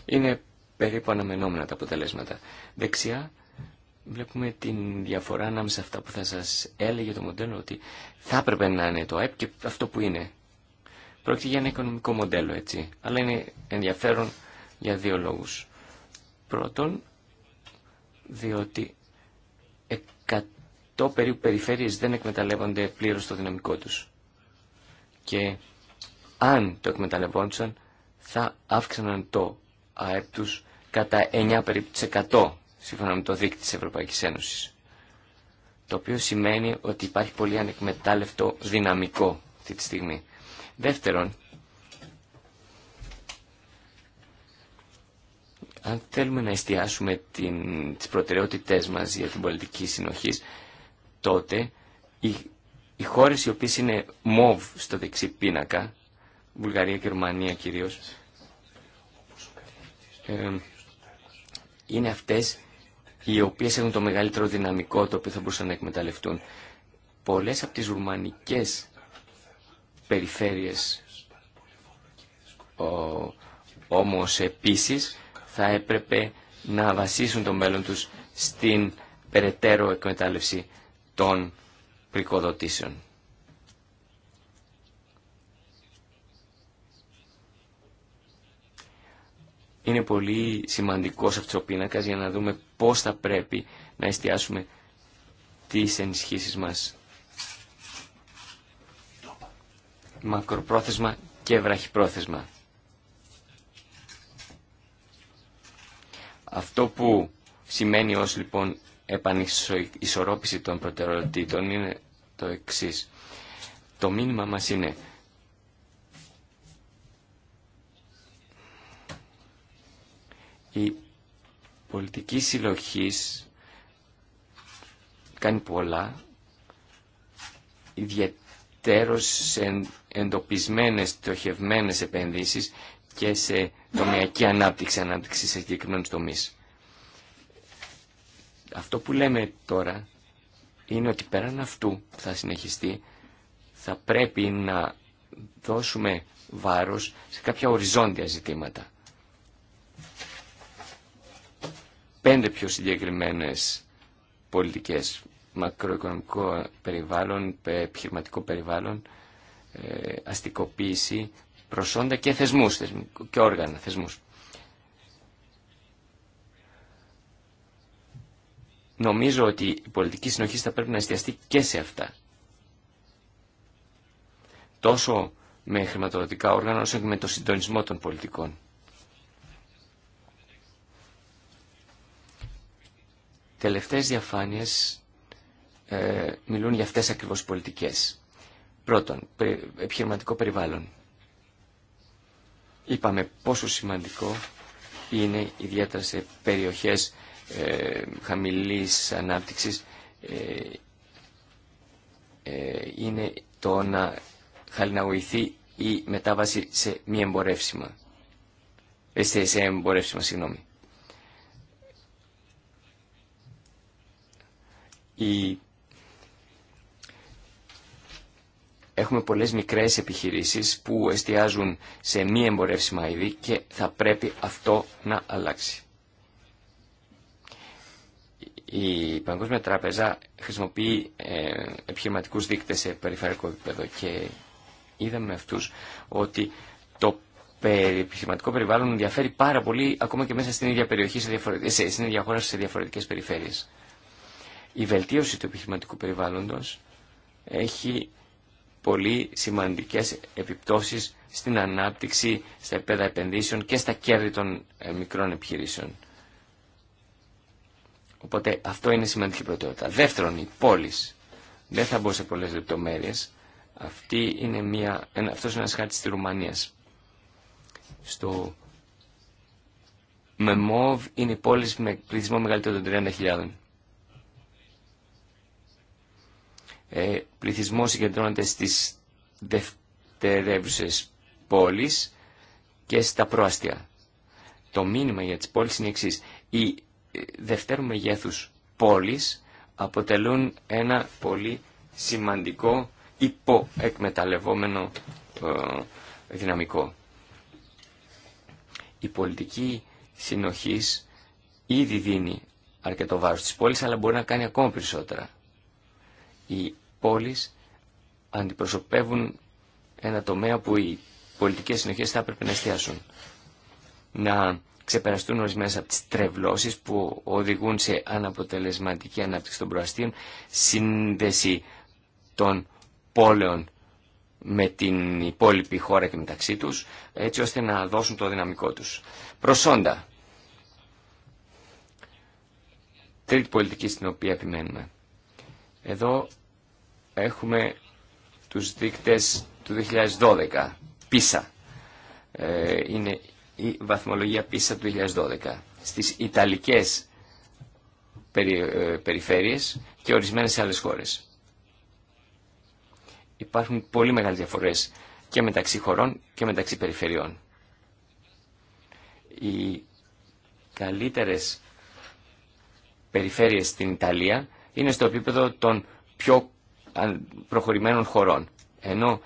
Είναι περίπου αναμενόμενα τα αποτελέσματα. Δεξιά βλέπουμε την διαφορά ανάμεσα αυτά που θα σας έλεγε το μοντέλο ότι θα έπρεπε να είναι το ΑΕΠ και αυτό που είναι. Πρόκειται για ένα οικονομικό μοντέλο, έτσι. Αλλά είναι ενδιαφέρον για δύο λόγους. Πρώτον, διότι το περίπου περιφέρειες δεν εκμεταλλεύονται πλήρως το δυναμικό τους. Και αν το εκμεταλλευόντουσαν, θα αύξαναν το ΑΕΠ τους κατά 9 περίπου 100, σύμφωνα με το δίκτυο της Ευρωπαϊκής Ένωσης. Το οποίο σημαίνει ότι υπάρχει πολύ ανεκμετάλλευτο δυναμικό αυτή τη στιγμή. Δεύτερον, αν θέλουμε να εστιάσουμε την, τις προτεραιότητές μας για την πολιτική συνοχής, τότε οι, οι χώρες οι οποίες είναι μοβ στο δεξί πίνακα, Βουλγαρία και Ρουμανία κυρίως, είναι αυτές οι οποίες έχουν το μεγαλύτερο δυναμικό το οποίο θα μπορούσαν να εκμεταλλευτούν. Πολλές από τις ρουμανικές περιφέρειες ο, όμως επίσης θα έπρεπε να βασίσουν το μέλλον τους στην περαιτέρω εκμετάλλευση των πρικοδοτήσεων. Είναι πολύ σημαντικός αυτός ο πίνακας για να δούμε πώς θα πρέπει να εστιάσουμε τις ενισχύσεις μας. Μακροπρόθεσμα και βραχυπρόθεσμα. Αυτό που σημαίνει ως λοιπόν επανισορρόπηση των προτεραιοτήτων είναι το εξής. Το μήνυμα μας είναι η πολιτική συλλογή κάνει πολλά ιδιαίτερως εντοπισμένες, στοχευμένες επενδύσεις και σε τομιακή ανάπτυξη, ανάπτυξη σε συγκεκριμένους τομείς. Αυτό που λέμε τώρα είναι ότι πέραν αυτού που θα συνεχιστεί θα πρέπει να δώσουμε βάρος σε κάποια οριζόντια ζητήματα. Πέντε πιο συγκεκριμένες πολιτικές, μακροοικονομικό περιβάλλον, επιχειρηματικό περιβάλλον, ε, αστικοποίηση, προσόντα και θεσμούς και όργανα θεσμούς. νομίζω ότι η πολιτική συνοχή θα πρέπει να εστιαστεί και σε αυτά. Τόσο με χρηματοδοτικά όργανα όσο και με το συντονισμό των πολιτικών. Τελευταίες διαφάνειες ε, μιλούν για αυτές ακριβώς πολιτικές. Πρώτον, επιχειρηματικό περιβάλλον. Είπαμε πόσο σημαντικό είναι ιδιαίτερα σε περιοχές ε, χαμηλής ανάπτυξης ε, ε, είναι το να χαλιναγωγηθεί η μετάβαση σε μη εμπορεύσιμα. Ε, σε, σε εμπορεύσιμα, συγγνώμη. Η... Έχουμε πολλές μικρές επιχειρήσεις που εστιάζουν σε μη εμπορεύσιμα είδη και θα πρέπει αυτό να αλλάξει. Η Παγκόσμια Τράπεζα χρησιμοποιεί ε, επιχειρηματικούς δείκτες σε περιφερειακό επίπεδο και είδαμε με αυτούς ότι το επιχειρηματικό περιβάλλον ενδιαφέρει πάρα πολύ ακόμα και μέσα στην ίδια περιοχή, ε, σε στην ίδια χώρα, σε διαφορετικές περιφέρειες. Η βελτίωση του επιχειρηματικού περιβάλλοντος έχει πολύ σημαντικές επιπτώσεις στην ανάπτυξη, στα επίπεδα επενδύσεων και στα κέρδη των ε, μικρών επιχειρήσεων. Οπότε αυτό είναι σημαντική προτεραιότητα. Δεύτερον, η πόλεις. Δεν θα μπω σε πολλές λεπτομέρειες. Αυτή είναι μια, αυτός είναι ένας χάρτης της Ρουμανίας. Στο ΜΕΜΟΒ είναι η πόλη με πληθυσμό μεγαλύτερο των 30.000. Ε, πληθυσμό συγκεντρώνεται στις δευτερεύουσες πόλεις και στα πρόαστια. Το μήνυμα για τις πόλεις είναι εξής δευτέρου μεγέθους πόλεις αποτελούν ένα πολύ σημαντικό υποεκμεταλλευόμενο ε, δυναμικό. Η πολιτική συνοχής ήδη δίνει αρκετό βάρος στις πόλεις, αλλά μπορεί να κάνει ακόμα περισσότερα. Οι πόλεις αντιπροσωπεύουν ένα τομέα που οι πολιτικές συνοχές θα έπρεπε να εστιάσουν. Να ξεπεραστούν ορισμένες από τις τρευλώσεις που οδηγούν σε αναποτελεσματική ανάπτυξη των προαστίων, σύνδεση των πόλεων με την υπόλοιπη χώρα και μεταξύ τους, έτσι ώστε να δώσουν το δυναμικό τους. Προσόντα. Τρίτη πολιτική στην οποία επιμένουμε. Εδώ έχουμε τους δείκτες του 2012, πίσα. Ε, είναι η βαθμολογία πίσω του 2012 στις Ιταλικές ε, περιφέρειες και ορισμένες σε άλλες χώρες. Υπάρχουν πολύ μεγάλες διαφορές και μεταξύ χωρών και μεταξύ περιφερειών. Οι καλύτερες περιφέρειες στην Ιταλία είναι στο επίπεδο των πιο προχωρημένων χωρών, ενώ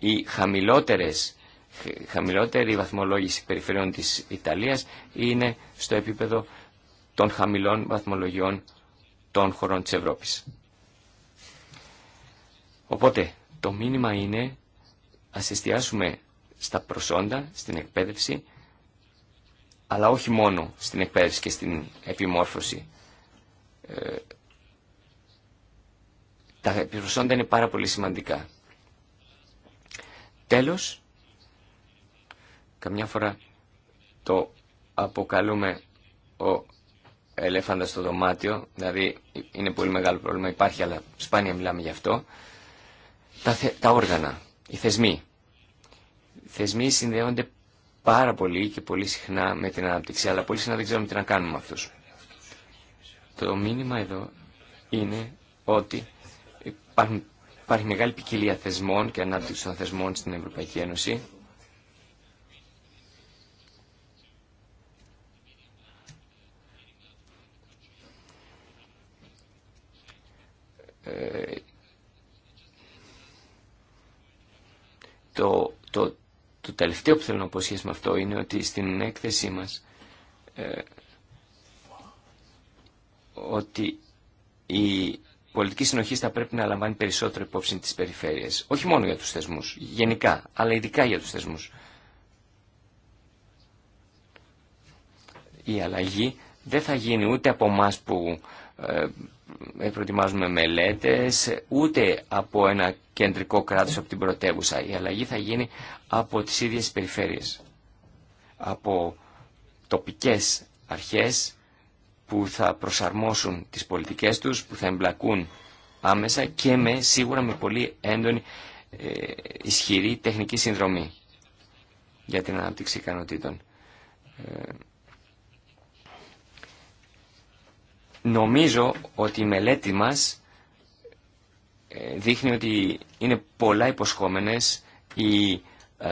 οι χαμηλότερες χαμηλότερη βαθμολόγηση περιφερειών της Ιταλίας είναι στο επίπεδο των χαμηλών βαθμολογιών των χωρών της Ευρώπης. Οπότε, το μήνυμα είναι ας εστιάσουμε στα προσόντα, στην εκπαίδευση, αλλά όχι μόνο στην εκπαίδευση και στην επιμόρφωση. Ε, τα προσόντα είναι πάρα πολύ σημαντικά. Τέλος, Καμιά φορά το αποκαλούμε ο ελέφαντας στο δωμάτιο, δηλαδή είναι πολύ μεγάλο πρόβλημα, υπάρχει αλλά σπάνια μιλάμε γι' αυτό. Τα, τα όργανα, οι θεσμοί. Οι θεσμοί συνδέονται πάρα πολύ και πολύ συχνά με την ανάπτυξη, αλλά πολύ συχνά δεν ξέρουμε τι να κάνουμε με αυτούς. Το μήνυμα εδώ είναι ότι υπάρχει μεγάλη ποικιλία θεσμών και ανάπτυξη των θεσμών στην Ευρωπαϊκή Ένωση Ε, το, το, το τελευταίο που θέλω να πω σχέση με αυτό είναι ότι στην έκθεσή μας ε, ότι η πολιτική συνοχή θα πρέπει να λαμβάνει περισσότερο υπόψη τις περιφέρειες. Όχι μόνο για τους θεσμούς, γενικά, αλλά ειδικά για τους θεσμούς. Η αλλαγή δεν θα γίνει ούτε από εμά που ε, ε, προετοιμάζουμε μελέτες, ούτε από ένα κεντρικό κράτος από την πρωτεύουσα. Η αλλαγή θα γίνει από τις ίδιες περιφέρειες, από τοπικές αρχές που θα προσαρμόσουν τις πολιτικές τους, που θα εμπλακούν άμεσα και με σίγουρα με πολύ έντονη ε, ισχυρή τεχνική συνδρομή για την ανάπτυξη ικανοτήτων. Ε, Νομίζω ότι η μελέτη μας ε, δείχνει ότι είναι πολλά υποσχόμενες οι ε,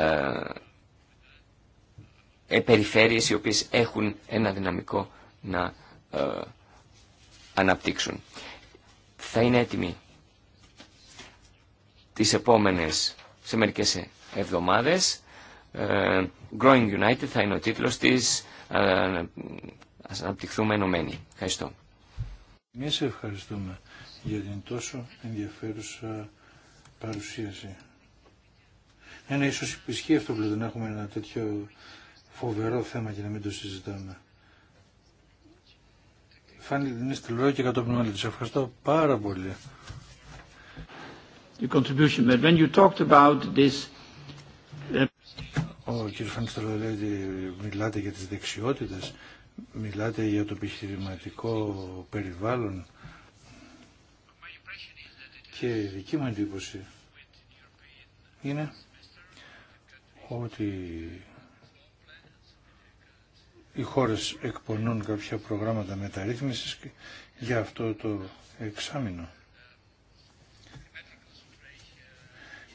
ε, περιφέρειες οι οποίες έχουν ένα δυναμικό να ε, αναπτύξουν. Θα είναι έτοιμη τις επόμενες, σε μερικές εβδομάδες. Growing United θα είναι ο τίτλος της. Ας αναπτυχθούμε ενωμένοι. Ευχαριστώ. Εμεί ευχαριστούμε για την τόσο ενδιαφέρουσα παρουσίαση. Ναι, ίσω ναι, ίσως ισχύει αυτό που λέτε, να έχουμε ένα τέτοιο φοβερό θέμα και να μην το συζητάμε. Φάνη είναι στη λόγια και κατόπιν μάλλον. Σε ευχαριστώ πάρα πολύ. The contribution. But when you talked about this... Uh, Ο κ. μιλάτε για τις δεξιότητες Μιλάτε για το επιχειρηματικό περιβάλλον και η δική μου εντύπωση είναι ότι οι χώρες εκπονούν κάποια προγράμματα μεταρρύθμισης για αυτό το εξάμεινο.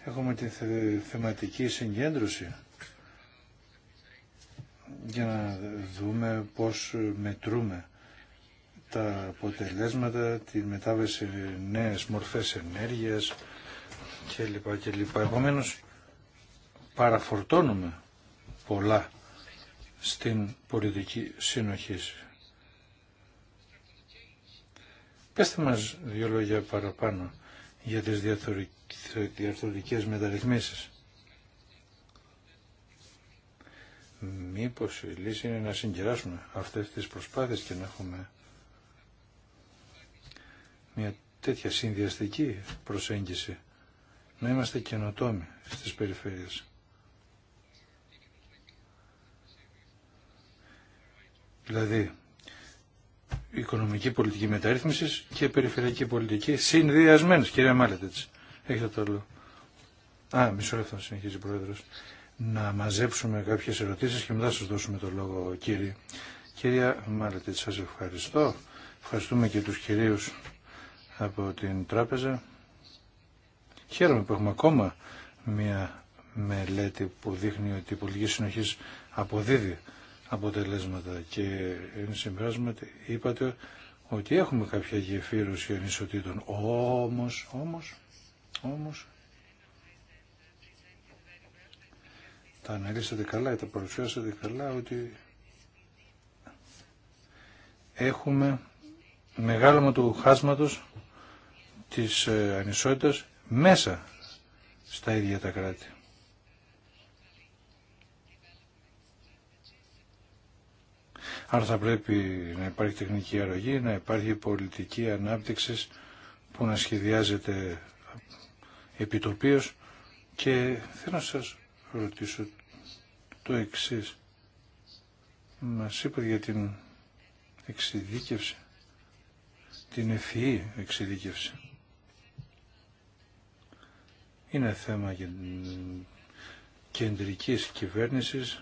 Έχουμε την θεματική συγκέντρωση για να δούμε πώς μετρούμε τα αποτελέσματα, τη μετάβαση νέες μορφές ενέργειας κλπ. κλπ. Επομένως παραφορτώνουμε πολλά στην πολιτική συνοχή. Πέστε μας δύο λόγια παραπάνω για τις διαρθρωτικές μεταρρυθμίσεις. μήπως η λύση είναι να συγκεράσουμε αυτές τις προσπάθειες και να έχουμε μια τέτοια συνδυαστική προσέγγιση να είμαστε καινοτόμοι στις περιφέρειες. Δηλαδή, οικονομική πολιτική μεταρρύθμισης και περιφερειακή πολιτική συνδυασμένες. Κυρία έτσι. έχετε το λόγο. Α, μισό λεπτό συνεχίζει ο Πρόεδρος να μαζέψουμε κάποιες ερωτήσεις και μετά σας δώσουμε το λόγο κύριε. Κυρία Μάλετη, σας ευχαριστώ. Ευχαριστούμε και τους κυρίους από την τράπεζα. Χαίρομαι που έχουμε ακόμα μια μελέτη που δείχνει ότι η πολιτική συνοχή αποδίδει αποτελέσματα και είναι ότι είπατε ότι έχουμε κάποια γεφύρωση ανισοτήτων. Όμως, όμως, όμως, τα αναλύσατε καλά, τα παρουσιάσατε καλά ότι έχουμε μεγάλωμα του χάσματος της ε, ανισότητας μέσα στα ίδια τα κράτη. Άρα θα πρέπει να υπάρχει τεχνική αρρωγή, να υπάρχει πολιτική ανάπτυξη που να σχεδιάζεται επιτοπίως και θέλω να σας ρωτήσω το εξή. Μας είπε για την εξειδίκευση, την ευφυή εξειδίκευση. Είναι θέμα για κεντρικής κυβέρνησης,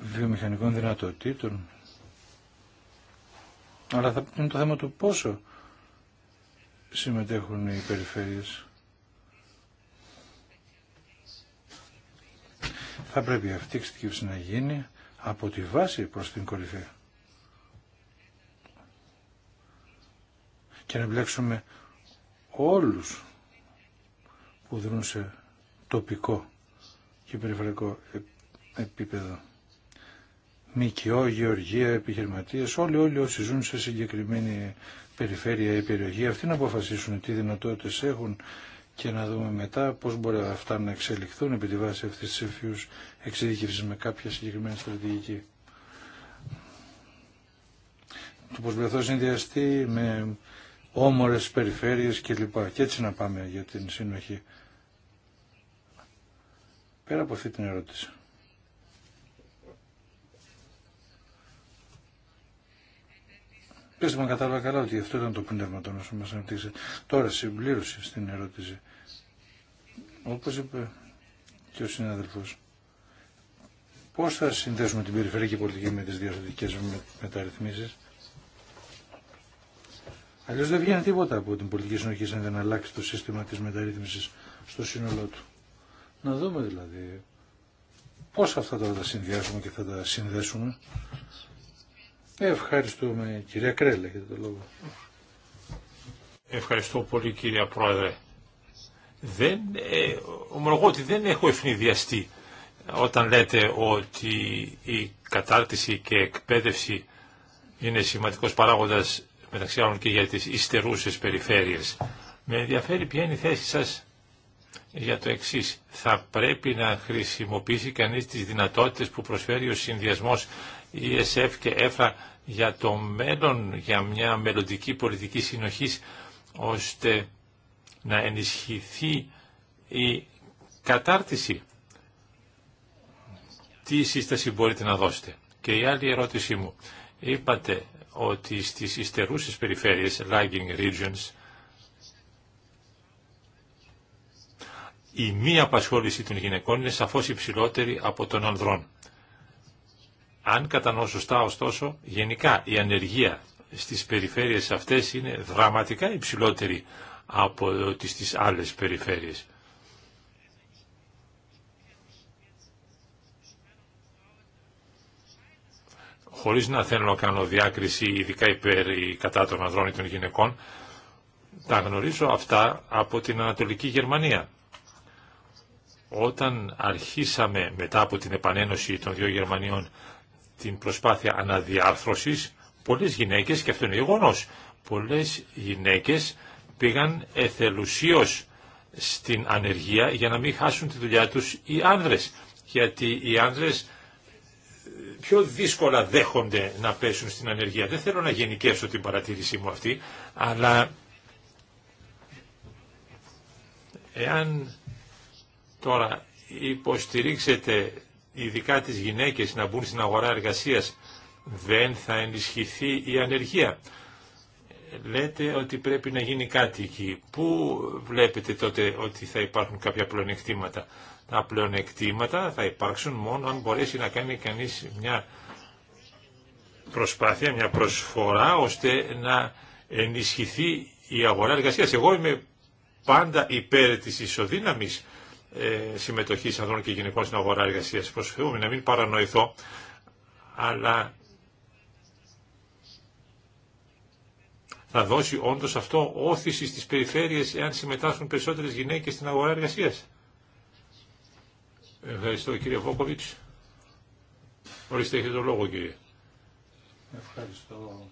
βιομηχανικών δυνατοτήτων, αλλά θα είναι το θέμα του πόσο συμμετέχουν οι περιφέρειες. θα πρέπει αυτή η να γίνει από τη βάση προς την κορυφή. Και να εμπλέξουμε όλους που δρούν σε τοπικό και περιφερειακό επίπεδο. μικιό γεωργία, επιχειρηματίες, όλοι, όλοι όσοι ζουν σε συγκεκριμένη περιφέρεια ή περιοχή, αυτοί να αποφασίσουν τι δυνατότητες έχουν και να δούμε μετά πώς μπορεί αυτά να εξελιχθούν επί τη βάση αυτής της ευφύους εξειδικευσης με κάποια συγκεκριμένη στρατηγική. Το πώς μπορεί αυτό συνδυαστεί με όμορες περιφέρειες κλπ. Και έτσι να πάμε για την συνοχή. Πέρα από αυτή την ερώτηση. Πέστε να κατάλαβα καλά ότι αυτό ήταν το πνεύμα των όσων μας αναπτύξε. Τώρα συμπλήρωσε στην ερώτηση. Όπως είπε και ο συνάδελφος, πώς θα συνδέσουμε την περιφερειακή πολιτική με τις διαστατικές μεταρρυθμίσει, Αλλιώ δεν βγαίνει τίποτα από την πολιτική συνοχή αν δεν αλλάξει το σύστημα τη μεταρρύθμισης στο σύνολό του. Να δούμε δηλαδή πώς αυτά τώρα τα συνδυάσουμε και θα τα συνδέσουμε Ευχαριστούμε κυρία Κρέλα για το λόγο. Ευχαριστώ πολύ κυρία Πρόεδρε. Δεν, ε, ομολογώ ότι δεν έχω ευνηδιαστεί όταν λέτε ότι η κατάρτιση και εκπαίδευση είναι σημαντικός παράγοντας μεταξύ άλλων και για τις ιστερούσες περιφέρειες. Με ενδιαφέρει ποια είναι η θέση σας για το εξή. Θα πρέπει να χρησιμοποιήσει κανείς τις δυνατότητες που προσφέρει ο συνδυασμός ESF και EFRA για το μέλλον, για μια μελλοντική πολιτική συνοχής, ώστε να ενισχυθεί η κατάρτιση. Τι σύσταση μπορείτε να δώσετε. Και η άλλη ερώτησή μου. Είπατε ότι στις ιστερούσες περιφέρειες, lagging regions, η μη απασχόληση των γυναικών είναι σαφώς υψηλότερη από των ανδρών. Αν κατανοώ σωστά, ωστόσο, γενικά η ανεργία στις περιφέρειες αυτές είναι δραματικά υψηλότερη από τις στις άλλες περιφέρειες. χωρίς να θέλω να κάνω διάκριση ειδικά υπέρ ή κατά των ανδρών ή των γυναικών, τα γνωρίζω αυτά από την Ανατολική Γερμανία. Όταν αρχίσαμε μετά από την επανένωση των δύο Γερμανιών την προσπάθεια αναδιάρθρωσης, πολλές γυναίκες, και αυτό είναι γεγονό, πολλές γυναίκες πήγαν εθελουσίως στην ανεργία για να μην χάσουν τη δουλειά τους οι άνδρες. Γιατί οι άνδρες πιο δύσκολα δέχονται να πέσουν στην ανεργία. Δεν θέλω να γενικεύσω την παρατήρησή μου αυτή, αλλά εάν τώρα υποστηρίξετε ειδικά τις γυναίκες να μπουν στην αγορά εργασίας, δεν θα ενισχυθεί η ανεργία. Λέτε ότι πρέπει να γίνει κάτι εκεί. Πού βλέπετε τότε ότι θα υπάρχουν κάποια πλεονεκτήματα. Τα πλεονεκτήματα θα υπάρξουν μόνο αν μπορέσει να κάνει κανείς μια προσπάθεια, μια προσφορά ώστε να ενισχυθεί η αγορά εργασίας. Εγώ είμαι πάντα υπέρ της ισοδύναμης ε, συμμετοχής ανδρών και γυναικών στην αγορά εργασία. Προσφέρουμε να μην παρανοηθώ, αλλά θα δώσει όντως αυτό όθηση στι περιφέρειε εάν συμμετάσχουν περισσότερες γυναίκες στην αγορά εργασία. Ευχαριστώ κύριε Βόκοβιτς. Ορίστε έχετε το λόγο κύριε. Ευχαριστώ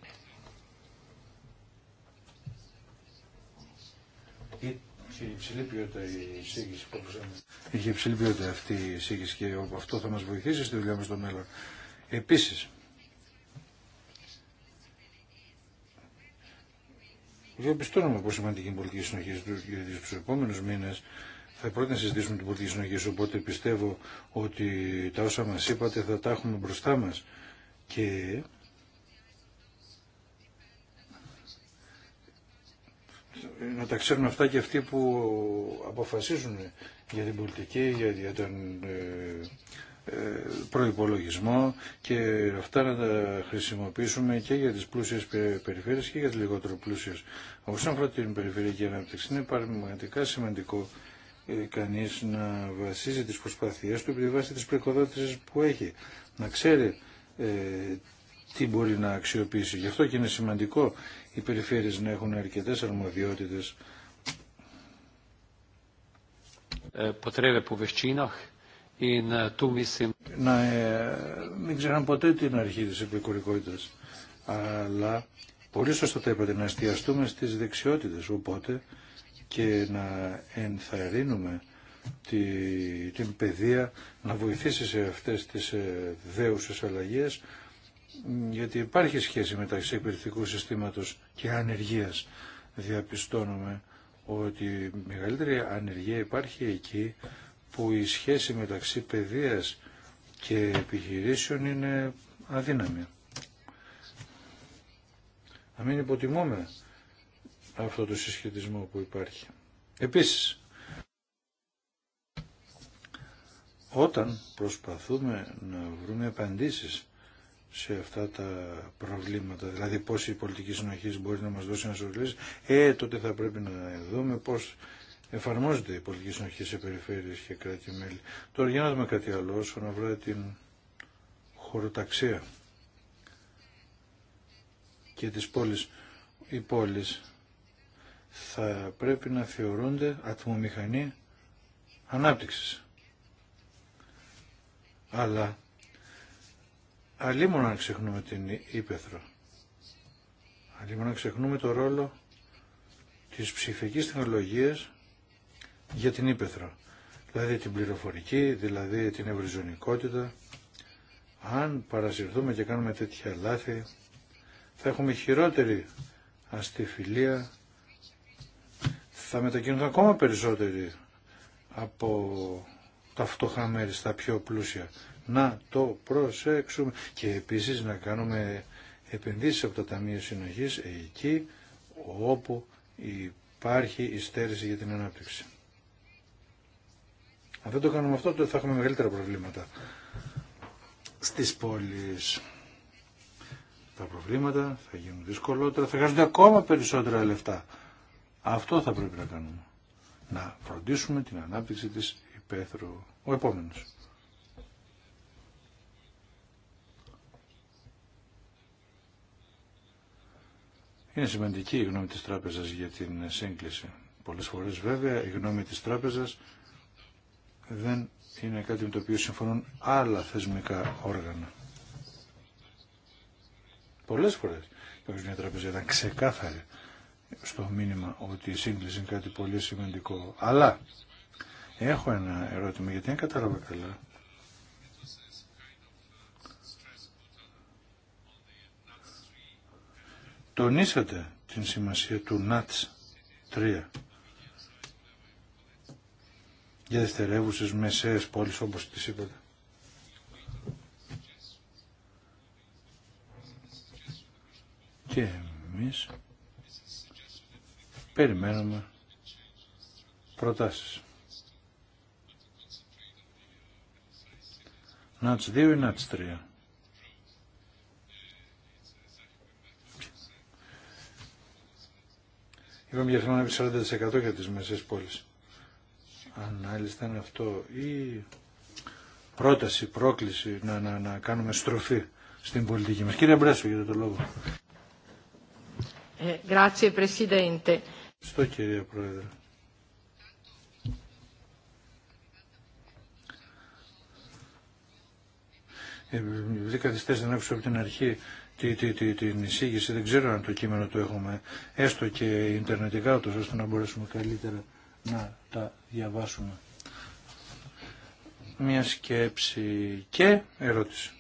υψηλή η εισήγηση Είχε υψηλή ποιότητα αυτή η εισήγηση και αυτό θα μας βοηθήσει στη δουλειά μας στο μέλλον. Επίσης, διαπιστώνουμε πόσο σημαντική είναι η πολιτική συνοχή στους επόμενους μήνες θα πρώτα να συζητήσουμε την πολιτική συνοχή, οπότε πιστεύω ότι τα όσα μας είπατε θα τα έχουμε μπροστά μας και να τα ξέρουν αυτά και αυτοί που αποφασίζουν για την πολιτική, για, τον ε, ε, προϋπολογισμό και αυτά να τα χρησιμοποιήσουμε και για τις πλούσιες περιφέρειες και για τις λιγότερο πλούσιες. Όσον αφορά την περιφερειακή ανάπτυξη είναι πραγματικά σημαντικό κανεί κανείς να βασίζει τις προσπαθίες του επί βάση της που έχει. Να ξέρει ε, τι μπορεί να αξιοποιήσει. Γι' αυτό και είναι σημαντικό οι περιφέρειες να έχουν αρκετές αρμοδιότητες. Ε, ε, να ε, μην ξέραν ποτέ την αρχή της επικουρικότητας, αλλά πολύ σωστά θα είπατε να εστιαστούμε στις δεξιότητες, οπότε και να ενθαρρύνουμε τη, την παιδεία να βοηθήσει σε αυτές τις ε, δέουσες αλλαγές γιατί υπάρχει σχέση μεταξύ εκπαιδευτικού συστήματος και ανεργίας. Διαπιστώνουμε ότι μεγαλύτερη ανεργία υπάρχει εκεί που η σχέση μεταξύ παιδείας και επιχειρήσεων είναι αδύναμη. Να μην υποτιμούμε αυτό το συσχετισμό που υπάρχει. Επίσης, όταν προσπαθούμε να βρούμε απαντήσεις σε αυτά τα προβλήματα, δηλαδή πώς η πολιτική συνοχή μπορεί να μας δώσει ένα σωρό ε, τότε θα πρέπει να δούμε πώς εφαρμόζεται η πολιτική συνοχή σε περιφέρειες και κράτη-μέλη. Τώρα για να δούμε κάτι άλλο να αφορά την χωροταξία και τις πόλεις. Οι πόλεις θα πρέπει να θεωρούνται ατμομηχανή ανάπτυξης. Αλλά Αλίμονα να ξεχνούμε την Ήπεθρο. Αλλήμον να ξεχνούμε το ρόλο της ψηφιακής τεχνολογίας για την Ήπεθρο. Δηλαδή την πληροφορική, δηλαδή την ευρυζωνικότητα. Αν παρασυρθούμε και κάνουμε τέτοια λάθη, θα έχουμε χειρότερη αστιφιλία, θα μετακινούνται ακόμα περισσότεροι από τα φτωχά μέρη στα πιο πλούσια να το προσέξουμε και επίσης να κάνουμε επενδύσεις από τα Ταμεία Συνοχής εκεί όπου υπάρχει η στέρηση για την ανάπτυξη. Αν δεν το κάνουμε αυτό, τότε θα έχουμε μεγαλύτερα προβλήματα στις πόλεις. Τα προβλήματα θα γίνουν δυσκολότερα, θα χρειάζονται ακόμα περισσότερα λεφτά. Αυτό θα πρέπει να κάνουμε. Να φροντίσουμε την ανάπτυξη της υπαίθρου. Ο επόμενος. Είναι σημαντική η γνώμη της τράπεζας για την σύγκληση. Πολλές φορές βέβαια η γνώμη της τράπεζας δεν είναι κάτι με το οποίο συμφωνούν άλλα θεσμικά όργανα. Πολλές φορές η μια τράπεζα ήταν ξεκάθαρη στο μήνυμα ότι η σύγκληση είναι κάτι πολύ σημαντικό. Αλλά έχω ένα ερώτημα γιατί δεν κατάλαβα καλά τονίσατε την σημασία του ΝΑΤΣ 3 για δευτερεύουσες μεσαίες πόλεις όπως τις είπατε. Και εμείς περιμένουμε προτάσεις. ΝΑΤΣ 2 ή ΝΑΤΣ 3. Είπαμε για να 40% για τις μεσές πόλεις. Ανάλυση είναι αυτό ή πρόταση, πρόκληση να, να, να κάνουμε στροφή στην πολιτική μας. Κύριε Μπρέσο, για το λόγο. Ε, Ευχαριστώ κύριε Πρόεδρε. δεν καθιστέ να άκουσα από την αρχή τη, τη, τη, την εισήγηση. Δεν ξέρω αν το κείμενο το έχουμε έστω και ιντερνετικά, ούτως ώστε να μπορέσουμε καλύτερα να τα διαβάσουμε. Μια σκέψη και ερώτηση.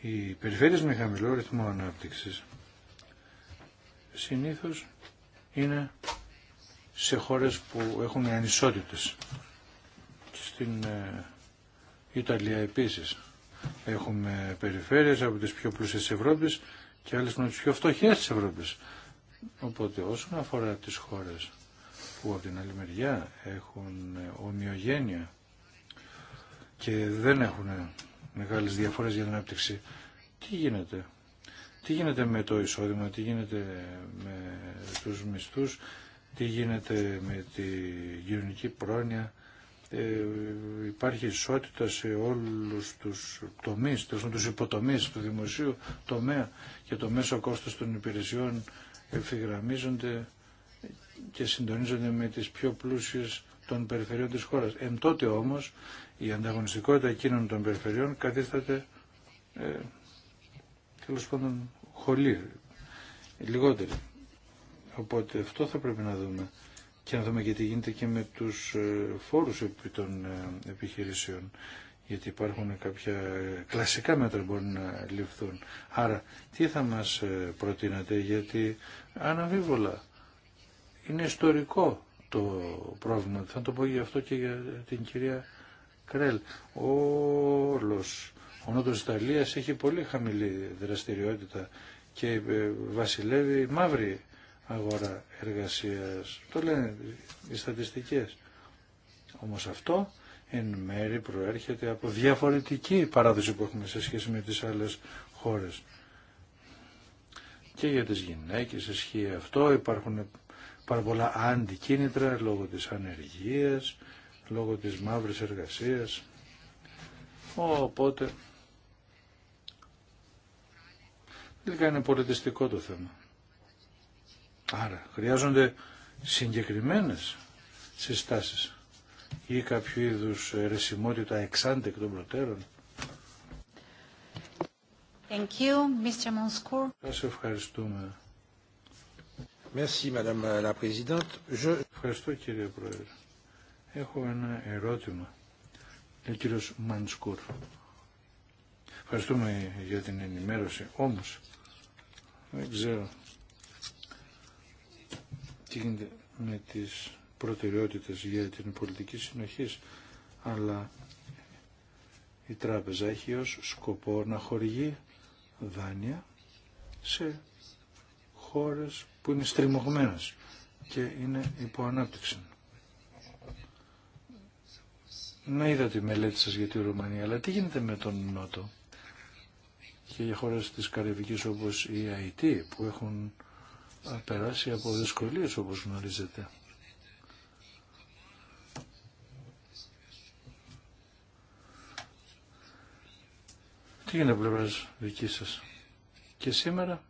Οι περιφέρειες με χαμηλό ρυθμό ανάπτυξης συνήθως είναι σε χώρες που έχουν ανισότητες. Στην ε, Ιταλία επίσης έχουμε περιφέρειες από τις πιο πλούσιες Ευρώπης και άλλες από τις πιο φτωχές της Ευρώπης. Οπότε όσον αφορά τις χώρες που από την άλλη μεριά έχουν ομοιογένεια και δεν έχουν μεγάλες διαφορές για την ανάπτυξη, τι γίνεται. Τι γίνεται με το εισόδημα, τι γίνεται με τους μισθούς, τι γίνεται με τη γυναική πρόνοια, ε, υπάρχει ισότητα σε όλους τους τομείς, τόσο τους υποτομείς του δημοσίου τομέα και το μέσο κόστος των υπηρεσιών εφηγραμμίζονται και συντονίζονται με τις πιο πλούσιες των περιφερειών της χώρας. Εν τότε όμως η ανταγωνιστικότητα εκείνων των περιφερειών καθίσταται ε, πάντων χολή, λιγότερη. Οπότε αυτό θα πρέπει να δούμε και να δούμε και γίνεται και με τους ε, φόρους επί των ε, επιχειρήσεων γιατί υπάρχουν κάποια ε, κλασικά μέτρα που μπορούν να ληφθούν. Άρα, τι θα μας προτείνατε, γιατί αναβίβολα είναι ιστορικό το πρόβλημα. Θα το πω γι' αυτό και για την κυρία Κρέλ. Όλος ο Νότος Ιταλίας έχει πολύ χαμηλή δραστηριότητα και βασιλεύει μαύρη αγορά εργασίας. Το λένε οι στατιστικές. Όμως αυτό εν μέρη προέρχεται από διαφορετική παράδοση που έχουμε σε σχέση με τις άλλες χώρες. Και για τις γυναίκες ισχύει αυτό, υπάρχουν πάρα πολλά αντικίνητρα λόγω της ανεργίας, λόγω της μαύρης εργασίας. Οπότε, τελικά είναι πολιτιστικό το θέμα. Άρα χρειάζονται συγκεκριμένες συστάσεις ή κάποιο είδους ερεσιμότητα εξάντεκ των προτέρων. Thank Σας ευχαριστούμε. Ευχαριστώ, κύριε Πρόεδρε. Έχω ένα ερώτημα. Ο κύριος Μανσκούρ. Ευχαριστούμε για την ενημέρωση. Όμως, δεν ξέρω τι γίνεται με τις προτεραιότητες για την πολιτική συνοχή. αλλά η τράπεζα έχει ως σκοπό να χορηγεί δάνεια σε χώρες που είναι στριμωγμένες και είναι υπό ανάπτυξη. Να είδα τη μελέτη σας για τη Ρουμανία, αλλά τι γίνεται με τον Νότο και για χώρες της Καρυβικής όπως η ΑΙΤ που έχουν περάσει από δυσκολίες όπως γνωρίζετε. Τι είναι πλευράς πλευρά δική σας. Και σήμερα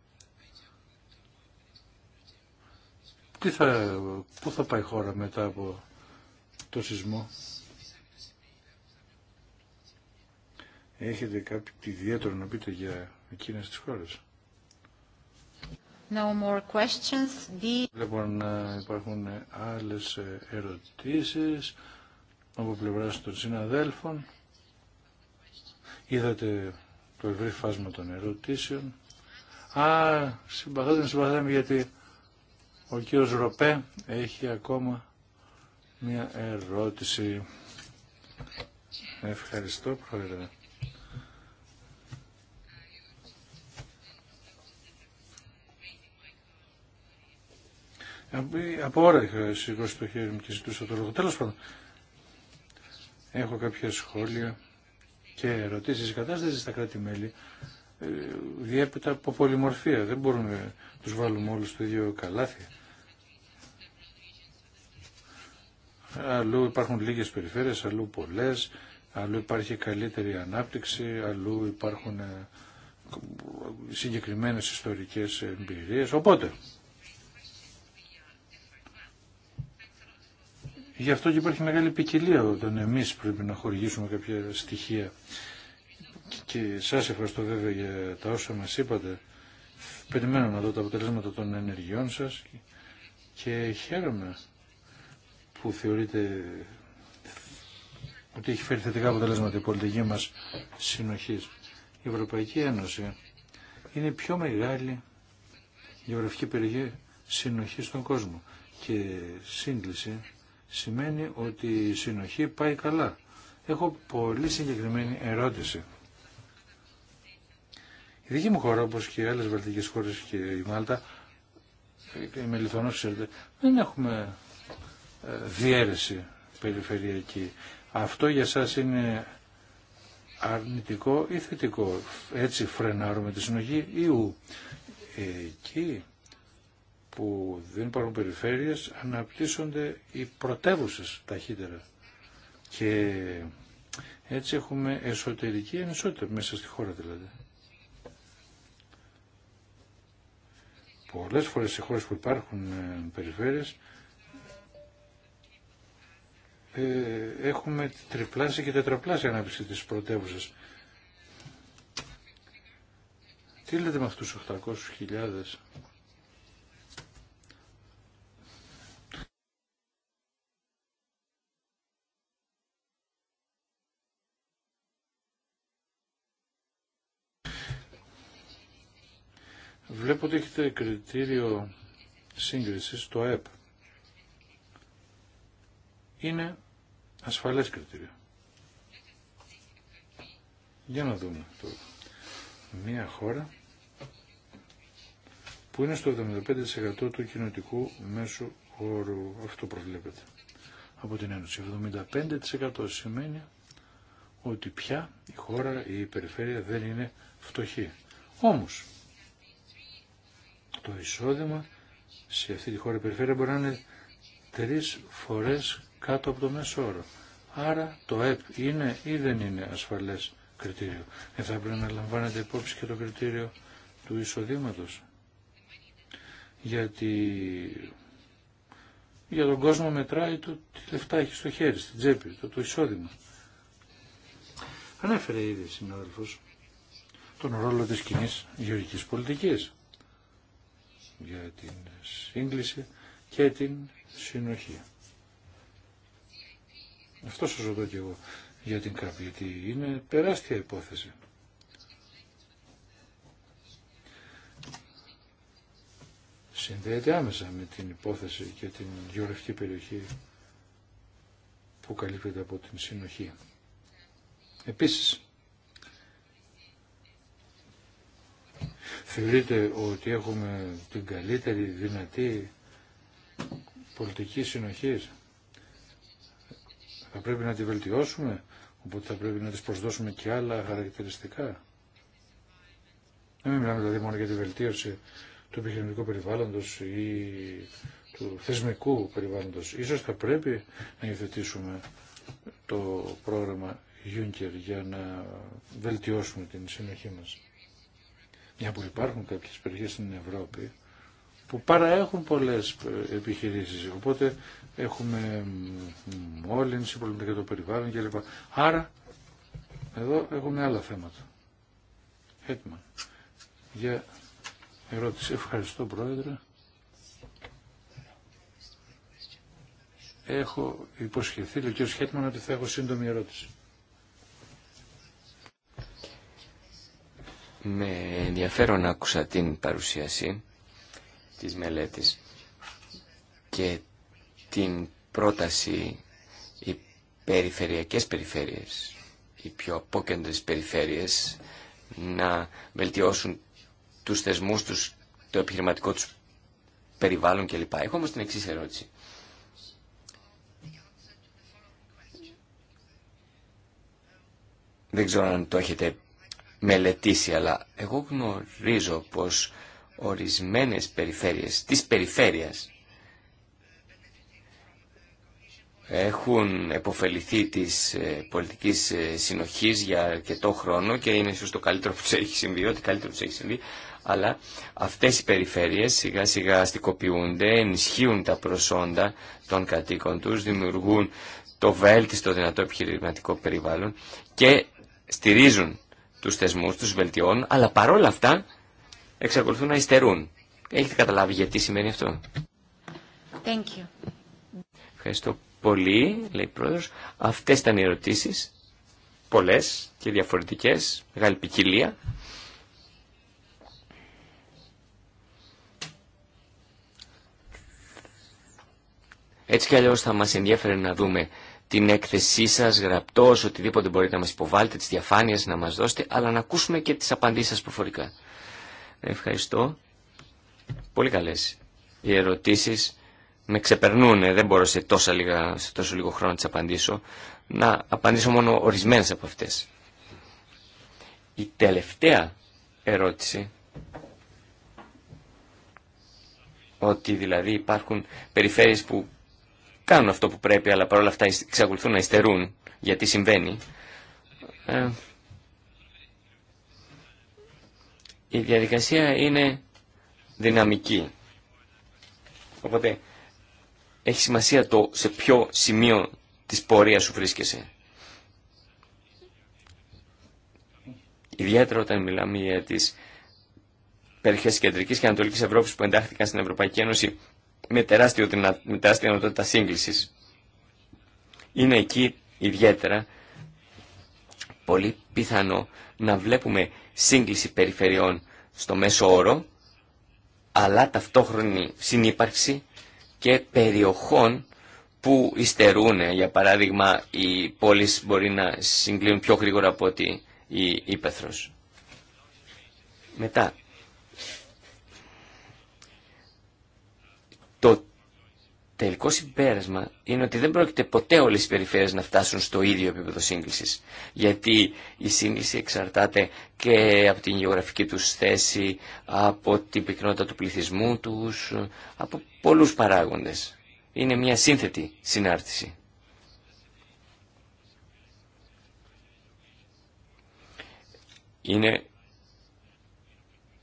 τι θα, πού θα πάει η χώρα μετά από το σεισμό. Έχετε κάτι ιδιαίτερο να πείτε για εκείνες τις χώρες. No Βλέπω λοιπόν, να υπάρχουν άλλες ερωτήσεις από πλευρά των συναδέλφων. Είδατε το ευρύ φάσμα των ερωτήσεων. Α, συμπαθάτε, συμπαθάτε γιατί ο κύριος Ροπέ έχει ακόμα μια ερώτηση. Ευχαριστώ, Πρόεδρε. Από ώρα είχα σηκώσει το χέρι μου και ζητούσα το λόγο. Τέλος πάντων, έχω κάποια σχόλια και ερωτήσεις. Η κατάσταση στα κράτη-μέλη ε, διέπεται από πολυμορφία. Δεν μπορούμε να τους βάλουμε όλους στο ίδιο καλάθι. Αλλού υπάρχουν λίγες περιφέρειες, αλλού πολλές, αλλού υπάρχει καλύτερη ανάπτυξη, αλλού υπάρχουν ε, συγκεκριμένες ιστορικές εμπειρίες. Οπότε, Γι' αυτό και υπάρχει μεγάλη ποικιλία όταν εμείς πρέπει να χορηγήσουμε κάποια στοιχεία. Και σας ευχαριστώ βέβαια για τα όσα μας είπατε. Περιμένω να δω τα αποτελέσματα των ενεργειών σας και χαίρομαι που θεωρείτε ότι έχει φέρει θετικά αποτελέσματα η πολιτική μας συνοχής. Η Ευρωπαϊκή Ένωση είναι η πιο μεγάλη γεωγραφική περιοχή συνοχή στον κόσμο και σύγκληση σημαίνει ότι η συνοχή πάει καλά. Έχω πολύ συγκεκριμένη ερώτηση. Η δική μου χώρα, όπως και οι άλλες βαλτικές χώρες και η Μάλτα, και με ξέρετε, δεν έχουμε ε, διέρεση περιφερειακή. Αυτό για σας είναι αρνητικό ή θετικό. Έτσι φρενάρουμε τη συνοχή ή ου. Εκεί που δεν υπάρχουν περιφέρειες αναπτύσσονται οι πρωτεύουσες ταχύτερα. Και έτσι έχουμε εσωτερική ενισότητα μέσα στη χώρα δηλαδή. Πολλές φορές σε χώρες που υπάρχουν ε, περιφέρειες ε, έχουμε τριπλάσια και τετραπλάσια ανάπτυξη της πρωτεύουσα. Τι λέτε με αυτούς 800.000 Βλέπω ότι έχετε κριτήριο σύγκρισης το ΕΠ. Είναι ασφαλές κριτήριο. Για να δούμε Μία χώρα που είναι στο 75% του κοινοτικού μέσου όρου. Αυτό προβλέπεται από την Ένωση. 75% σημαίνει ότι πια η χώρα, η περιφέρεια δεν είναι φτωχή. Όμως, το εισόδημα σε αυτή τη χώρα περιφέρεια μπορεί να είναι τρεις φορές κάτω από το μέσο όρο. Άρα το ΕΠ είναι ή δεν είναι ασφαλές κριτήριο. Δεν θα πρέπει να λαμβάνεται υπόψη και το κριτήριο του εισοδήματος. Γιατί για τον κόσμο μετράει το τι λεφτά έχει στο χέρι, στην τσέπη, το, το εισόδημα. Ανέφερε ήδη συνάδελφος τον ρόλο της κοινή γεωργικής πολιτικής για την σύγκληση και την συνοχή. Αυτό σας ρωτώ και εγώ για την ΚΑΠ, γιατί είναι τεράστια υπόθεση. Συνδέεται άμεσα με την υπόθεση και την γεωρευτική περιοχή που καλύπτεται από την συνοχή. Επίσης, Θεωρείτε ότι έχουμε την καλύτερη δυνατή πολιτική συνοχής. Θα πρέπει να τη βελτιώσουμε, οπότε θα πρέπει να της προσδώσουμε και άλλα χαρακτηριστικά. Να μην μιλάμε δηλαδή μόνο για τη βελτίωση του επιχειρηματικού περιβάλλοντος ή του θεσμικού περιβάλλοντος. Ίσως θα πρέπει να υιοθετήσουμε το πρόγραμμα Juncker για να βελτιώσουμε την συνοχή μας μια που υπάρχουν κάποιες περιοχές στην Ευρώπη που παραέχουν πολλές ε, επιχειρήσεις. Οπότε έχουμε μόλυνση, προβλήματα για το περιβάλλον κλπ. Άρα εδώ έχουμε άλλα θέματα. Έτοιμα. Για ερώτηση. Ευχαριστώ Πρόεδρε. Έχω υποσχεθεί, λέει ο κ. Χέτμαν, ότι θα έχω σύντομη ερώτηση. Με ενδιαφέρον άκουσα την παρουσίαση της μελέτης και την πρόταση οι περιφερειακές περιφέρειες, οι πιο απόκεντρες περιφέρειες να βελτιώσουν τους θεσμούς τους, το επιχειρηματικό τους περιβάλλον κλπ. Έχω όμως την εξή ερώτηση. Δεν ξέρω αν το έχετε μελετήσει, αλλά εγώ γνωρίζω πως ορισμένες περιφέρειες της περιφέρειας έχουν επωφεληθεί της ε, πολιτικής ε, συνοχής για αρκετό χρόνο και είναι ίσως το καλύτερο που τους έχει συμβεί, ό,τι καλύτερο που έχει συμβεί, αλλά αυτές οι περιφέρειες σιγά σιγά αστικοποιούνται, ενισχύουν τα προσόντα των κατοίκων τους, δημιουργούν το βέλτιστο δυνατό επιχειρηματικό περιβάλλον και στηρίζουν τους θεσμούς, τους βελτιών, αλλά παρόλα αυτά εξακολουθούν να υστερούν. Έχετε καταλάβει γιατί σημαίνει αυτό. Thank you. Ευχαριστώ πολύ, λέει η Πρόεδρος. Αυτές ήταν οι ερωτήσεις, πολλές και διαφορετικές, μεγάλη ποικιλία. Έτσι κι αλλιώς θα μας ενδιαφέρει να δούμε την έκθεσή σας γραπτό, οτιδήποτε μπορείτε να μας υποβάλλετε, τις διαφάνειες να μας δώσετε, αλλά να ακούσουμε και τις απαντήσεις σα προφορικά. Ευχαριστώ. Πολύ καλέ οι ερωτήσεις. Με ξεπερνούν, δεν μπορώ σε, τόσα λίγα, σε τόσο λίγο χρόνο να τι απαντήσω. Να απαντήσω μόνο ορισμένες από αυτές. Η τελευταία ερώτηση, ότι δηλαδή υπάρχουν περιφέρειες που κάνουν αυτό που πρέπει, αλλά παρόλα αυτά εξακολουθούν να υστερούν, γιατί συμβαίνει. Ε, η διαδικασία είναι δυναμική. Οπότε, έχει σημασία το σε ποιο σημείο της πορείας σου βρίσκεσαι. Ιδιαίτερα όταν μιλάμε για τις περιοχές κεντρικής και ανατολικής Ευρώπης που εντάχθηκαν στην Ευρωπαϊκή Ένωση με, τεράστιο, με τεράστια δυνατότητα σύγκληση. Είναι εκεί ιδιαίτερα πολύ πιθανό να βλέπουμε σύγκληση περιφερειών στο μέσο όρο, αλλά ταυτόχρονη συνύπαρξη και περιοχών που υστερούν. Για παράδειγμα, οι πόλεις μπορεί να συγκλίνουν πιο γρήγορα από ότι η ύπεθρος. Μετά, Το τελικό συμπέρασμα είναι ότι δεν πρόκειται ποτέ όλες οι περιφέρειες να φτάσουν στο ίδιο επίπεδο σύγκληση. Γιατί η σύγκληση εξαρτάται και από την γεωγραφική του θέση, από την πυκνότητα του πληθυσμού τους, από πολλούς παράγοντες. Είναι μια σύνθετη συνάρτηση. Είναι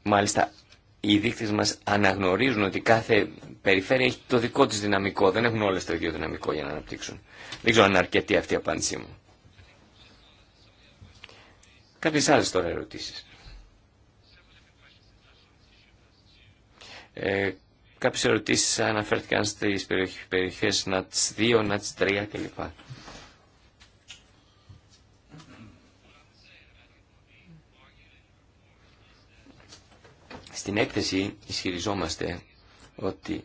μάλιστα οι δείκτες μας αναγνωρίζουν ότι κάθε περιφέρεια έχει το δικό της δυναμικό. Δεν έχουν όλες το ίδιο δυναμικό για να αναπτύξουν. Δεν ξέρω αν αρκετή αυτή η απάντησή μου. Κάποιες άλλες τώρα ερωτήσεις. Ε, κάποιες ερωτήσεις αναφέρθηκαν στις περιοχές ΝΑΤΣ 2, ΝΑΤΣ 3 κλπ. Στην έκθεση ισχυριζόμαστε ότι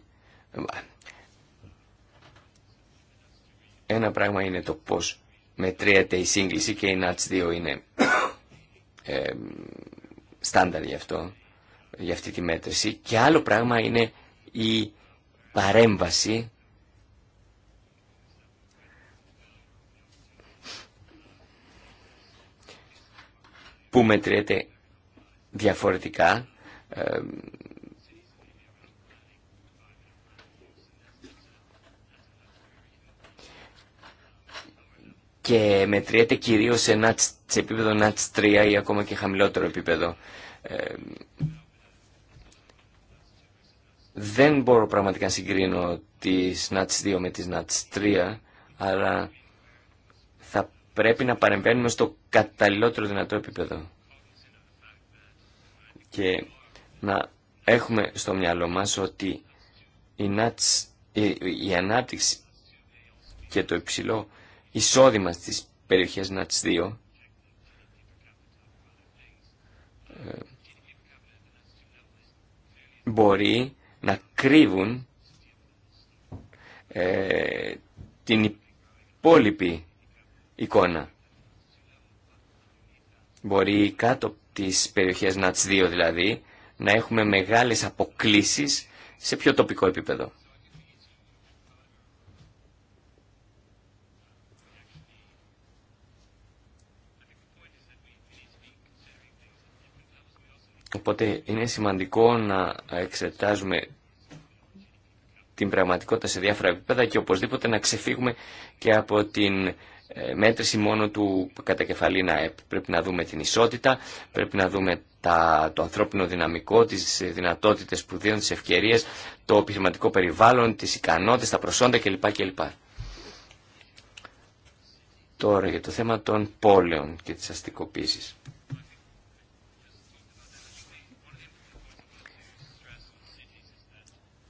ένα πράγμα είναι το πώς μετριέται η σύγκληση και η ΝΑΤΣ 2 είναι ε, στάνταρ αυτό, για αυτή τη μέτρηση και άλλο πράγμα είναι η παρέμβαση που μετριέται διαφορετικά και μετριέται κυρίως σε, επίπεδο ΝΑΤΣ 3 ή ακόμα και χαμηλότερο επίπεδο. Ε, δεν μπορώ πραγματικά να συγκρίνω τις ΝΑΤΣ 2 με τις ΝΑΤΣ 3, αλλά θα πρέπει να παρεμβαίνουμε στο καταλληλότερο δυνατό επίπεδο. Και να έχουμε στο μυαλό μας ότι η, νάτς, η, ανάπτυξη και το υψηλό εισόδημα στις περιοχές ΝΑΤΣ 2 ε, μπορεί να κρύβουν ε, την υπόλοιπη εικόνα. Μπορεί κάτω από τις περιοχές ΝΑΤΣ 2 δηλαδή να έχουμε μεγάλες αποκλίσεις σε πιο τοπικό επίπεδο. Οπότε είναι σημαντικό να εξετάζουμε την πραγματικότητα σε διάφορα επίπεδα και οπωσδήποτε να ξεφύγουμε και από την ε, μέτρηση μόνο του κεφαλή Πρέπει να δούμε την ισότητα, πρέπει να δούμε το ανθρώπινο δυναμικό, τις ε, δυνατότητες που δίνουν, τις ευκαιρίες, το επιχειρηματικό περιβάλλον, τις ικανότητες, τα προσόντα κλπ. Τώρα για το θέμα των πόλεων και της αστικοποίησης.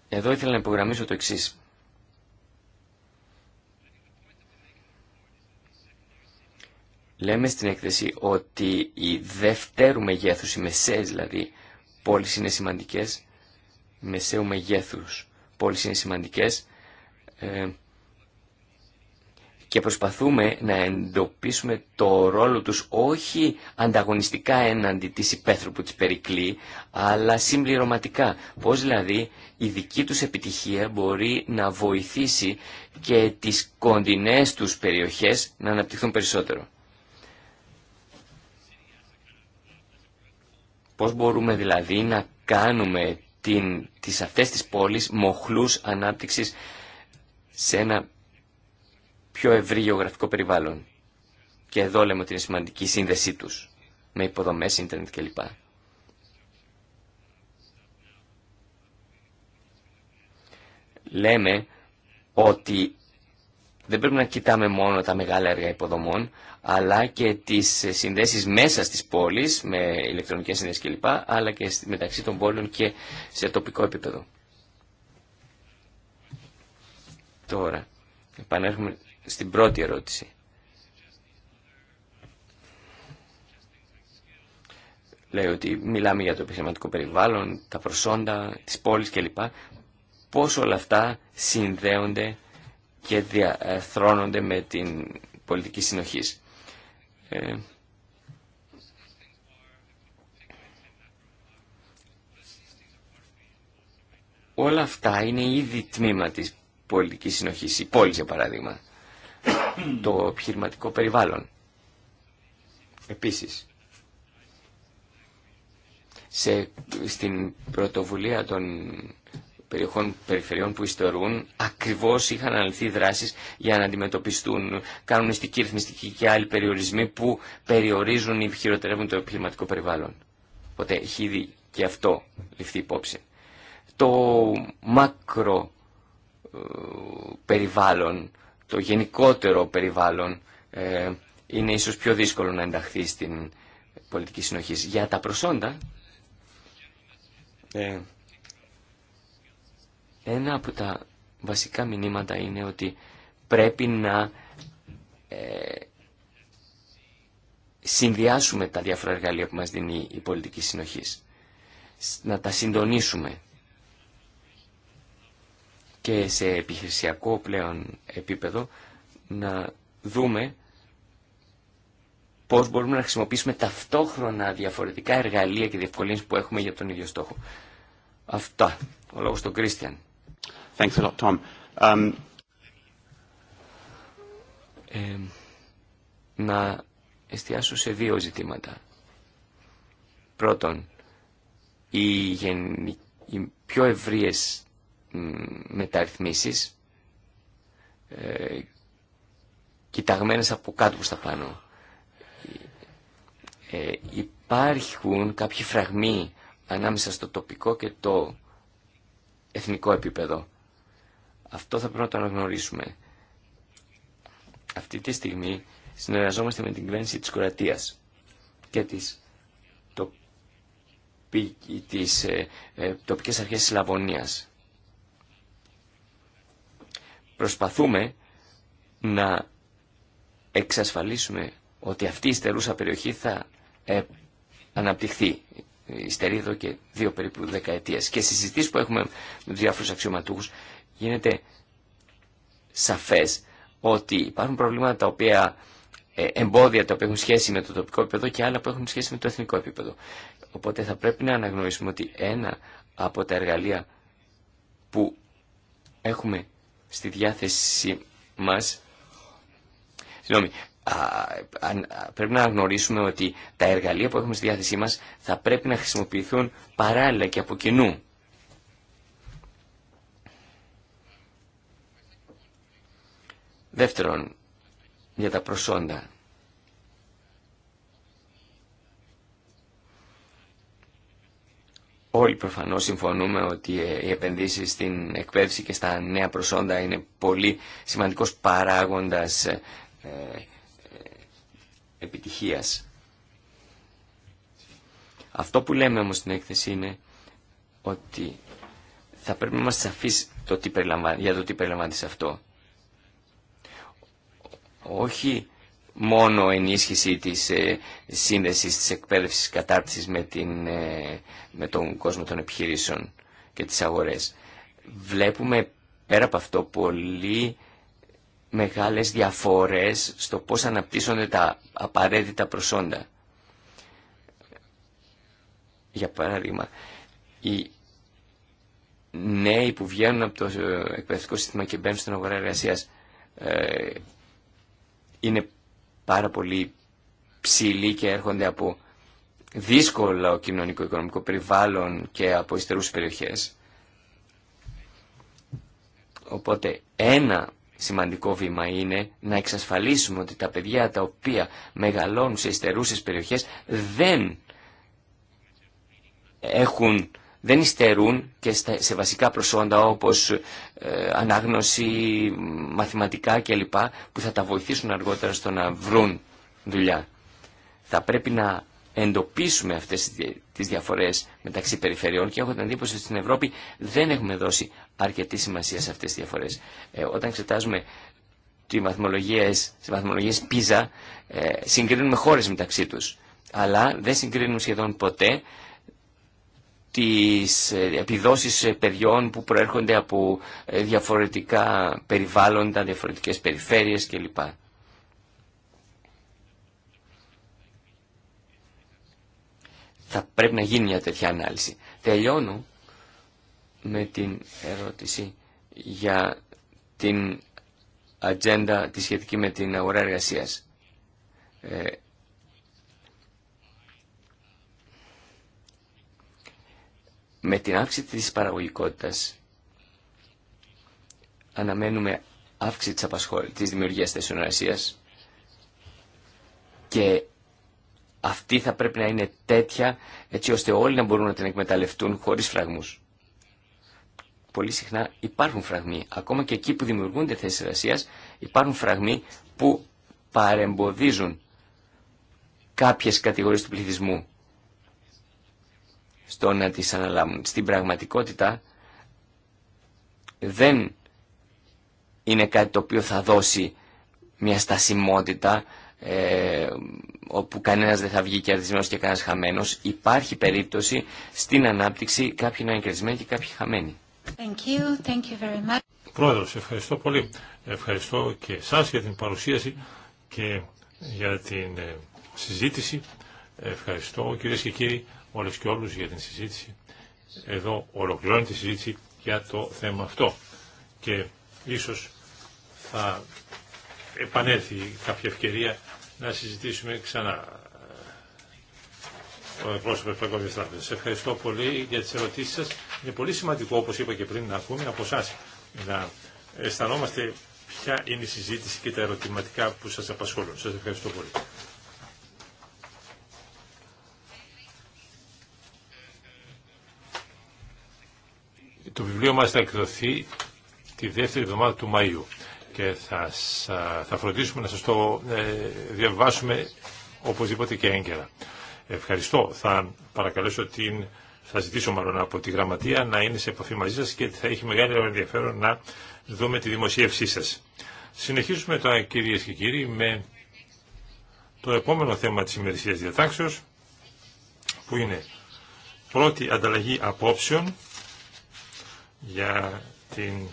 Εδώ ήθελα να υπογραμμίσω το εξής. Λέμε στην έκθεση ότι οι δευτέρου μεγέθους, οι μεσαίες δηλαδή, πόλεις είναι σημαντικές, μεσαίου μεγέθους πόλεις είναι σημαντικές ε, και προσπαθούμε να εντοπίσουμε το ρόλο τους όχι ανταγωνιστικά έναντι της υπαίθρου που τις περικλεί, αλλά συμπληρωματικά. Πώς δηλαδή η δική τους επιτυχία μπορεί να βοηθήσει και τις κοντινές τους περιοχές να αναπτυχθούν περισσότερο. Πώς μπορούμε δηλαδή να κάνουμε την, τις αυτές τις πόλεις μοχλούς ανάπτυξης σε ένα πιο ευρύ γεωγραφικό περιβάλλον. Και εδώ λέμε ότι είναι σημαντική η σύνδεσή τους με υποδομές, ίντερνετ κλπ. Λέμε ότι δεν πρέπει να κοιτάμε μόνο τα μεγάλα έργα υποδομών, αλλά και τις συνδέσεις μέσα στις πόλεις, με ηλεκτρονικές συνδέσεις κλπ, αλλά και μεταξύ των πόλεων και σε τοπικό επίπεδο. Τώρα, επανέρχομαι στην πρώτη ερώτηση. Λέει ότι μιλάμε για το επιχειρηματικό περιβάλλον, τα προσόντα, τις πόλεις κλπ. Πώς όλα αυτά συνδέονται και διαθρώνονται με την πολιτική συνοχής. Ε, όλα αυτά είναι ήδη τμήμα της πολιτικής συνοχής, η πόλη για παράδειγμα, το επιχειρηματικό περιβάλλον. Επίσης, σε, στην πρωτοβουλία των περιοχών, περιφερειών που ιστορούν ακριβώς είχαν αναλυθεί δράσεις για να αντιμετωπιστούν κανονιστικοί, ρυθμιστικοί και άλλοι περιορισμοί που περιορίζουν ή χειροτερεύουν το επιχειρηματικό περιβάλλον. Οπότε έχει ήδη και αυτό ληφθεί υπόψη. Το μάκρο ε, περιβάλλον, το γενικότερο περιβάλλον ε, είναι ίσως πιο δύσκολο να ενταχθεί στην πολιτική συνοχή. Για τα προσόντα... Ε, ένα από τα βασικά μηνύματα είναι ότι πρέπει να ε, συνδυάσουμε τα διάφορα εργαλεία που μας δίνει η πολιτική συνοχής. Να τα συντονίσουμε και σε επιχειρησιακό πλέον επίπεδο να δούμε πώς μπορούμε να χρησιμοποιήσουμε ταυτόχρονα διαφορετικά εργαλεία και διευκολύνσεις που έχουμε για τον ίδιο στόχο. Αυτά. Ο λόγος στον Κρίστιαν. Thanks a lot, Tom. Ε, να εστιάσω σε δύο ζητήματα. Πρώτον, οι, γεν... πιο ευρείες μεταρρυθμίσεις ε, κοιταγμένες από κάτω στα τα πάνω. Ε, υπάρχουν κάποιοι φραγμοί ανάμεσα στο τοπικό και το εθνικό επίπεδο. Αυτό θα πρέπει να το αναγνωρίσουμε. Αυτή τη στιγμή συνεργαζόμαστε με την κυβέρνηση της Κροατίας και της τοπικής τις ε, ε αρχές της Λαβωνίας. Προσπαθούμε να εξασφαλίσουμε ότι αυτή η στερούσα περιοχή θα ε, αναπτυχθεί. Ιστερεί εδώ και δύο περίπου δεκαετίες. Και συζητήσεις που έχουμε με διάφορους αξιωματούχους γίνεται σαφές ότι υπάρχουν προβλήματα τα οποία ε, εμπόδια τα οποία έχουν σχέση με το τοπικό επίπεδο και άλλα που έχουν σχέση με το εθνικό επίπεδο. Οπότε θα πρέπει να αναγνωρίσουμε ότι ένα από τα εργαλεία που έχουμε στη διάθεσή μας πρέπει να αναγνωρίσουμε ότι τα εργαλεία που έχουμε στη διάθεσή μας θα πρέπει να χρησιμοποιηθούν παράλληλα και από κοινού. Δεύτερον, για τα προσόντα. Όλοι προφανώς συμφωνούμε ότι ε, οι επενδύσεις στην εκπαίδευση και στα νέα προσόντα είναι πολύ σημαντικός παράγοντας ε, ε, επιτυχίας. Αυτό που λέμε όμως στην έκθεση είναι ότι θα πρέπει να μας αφήσει το τι για το τι περιλαμβάνεται σε αυτό όχι μόνο ενίσχυση της ε, σύνδεσης της εκπαίδευσης κατάρτισης ε, με, τον κόσμο των επιχειρήσεων και τις αγορές. Βλέπουμε πέρα από αυτό πολύ μεγάλες διαφορές στο πώς αναπτύσσονται τα απαραίτητα προσόντα. Για παράδειγμα, οι νέοι που βγαίνουν από το ε, εκπαιδευτικό σύστημα και μπαίνουν στην αγορά εργασίας ε, είναι πάρα πολύ ψηλοί και έρχονται από δύσκολο κοινωνικό-οικονομικό περιβάλλον και από υστερούς περιοχές. Οπότε ένα σημαντικό βήμα είναι να εξασφαλίσουμε ότι τα παιδιά τα οποία μεγαλώνουν σε υστερούσες περιοχές δεν έχουν δεν υστερούν και σε βασικά προσόντα όπως ε, ανάγνωση, μαθηματικά κλπ. που θα τα βοηθήσουν αργότερα στο να βρουν δουλειά. Θα πρέπει να εντοπίσουμε αυτές τις διαφορές μεταξύ περιφερειών και έχω την εντύπωση ότι στην Ευρώπη δεν έχουμε δώσει αρκετή σημασία σε αυτές τις διαφορές. Ε, όταν εξετάζουμε τις βαθμολογίες, τις PISA, ε, συγκρίνουμε χώρες μεταξύ τους, αλλά δεν συγκρίνουν σχεδόν ποτέ τις ε, επιδόσεις ε, παιδιών που προέρχονται από ε, διαφορετικά περιβάλλοντα, διαφορετικές περιφέρειες κλπ. Θα πρέπει να γίνει μια τέτοια ανάλυση. Τελειώνω με την ερώτηση για την ατζέντα τη σχετική με την αγορά εργασίας. Με την αύξηση της παραγωγικότητας αναμένουμε αύξηση της, απασχόλη, της δημιουργίας θέσεων και αυτή θα πρέπει να είναι τέτοια έτσι ώστε όλοι να μπορούν να την εκμεταλλευτούν χωρίς φραγμούς. Πολύ συχνά υπάρχουν φραγμοί. Ακόμα και εκεί που δημιουργούνται θέσεις εργασία, υπάρχουν φραγμοί που παρεμποδίζουν κάποιες κατηγορίες του πληθυσμού στο να τις αναλάβουν. Στην πραγματικότητα δεν είναι κάτι το οποίο θα δώσει μια στασιμότητα ε, όπου κανένας δεν θα βγει κερδισμένος και κανένας χαμένος. Υπάρχει περίπτωση στην ανάπτυξη κάποιοι να είναι κερδισμένοι και κάποιοι χαμένοι. Thank you. Thank you very much. Πρόεδρος, ευχαριστώ πολύ. Ευχαριστώ και εσάς για την παρουσίαση και για την ε, συζήτηση. Ευχαριστώ κυρίες και κύριοι. Όλε και όλου για την συζήτηση. Εδώ ολοκληρώνει τη συζήτηση για το θέμα αυτό. Και ίσως θα επανέλθει κάποια ευκαιρία να συζητήσουμε ξανά ο εκπρόσωπο τη Παγκόσμια Τράπεζα. Ευχαριστώ πολύ για τι ερωτήσει σα. Είναι πολύ σημαντικό, όπω είπα και πριν, να ακούμε από εσά να αισθανόμαστε ποια είναι η συζήτηση και τα ερωτηματικά που σα απασχολούν. Σα ευχαριστώ πολύ. το βιβλίο μας θα εκδοθεί τη δεύτερη εβδομάδα του Μαΐου και θα, θα φροντίσουμε να σας το ε, διαβάσουμε οπωσδήποτε και έγκαιρα. Ευχαριστώ. Θα παρακαλέσω την... Θα ζητήσω μάλλον από τη γραμματεία να είναι σε επαφή μαζί σας και θα έχει μεγάλο ενδιαφέρον να δούμε τη δημοσίευσή σας. Συνεχίζουμε τώρα κυρίες και κύριοι με το επόμενο θέμα της ημερησίας διατάξεως που είναι πρώτη ανταλλαγή απόψεων για την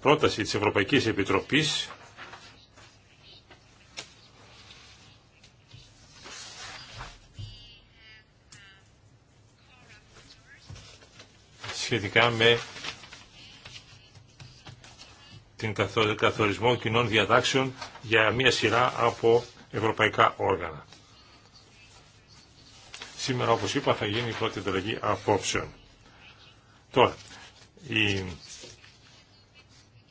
πρόταση της Ευρωπαϊκής Επιτροπής σχετικά με την καθορισμό κοινών διατάξεων για μια σειρά από ευρωπαϊκά όργανα. Σήμερα, όπως είπα, θα γίνει η πρώτη εντολογή απόψεων. Τώρα, η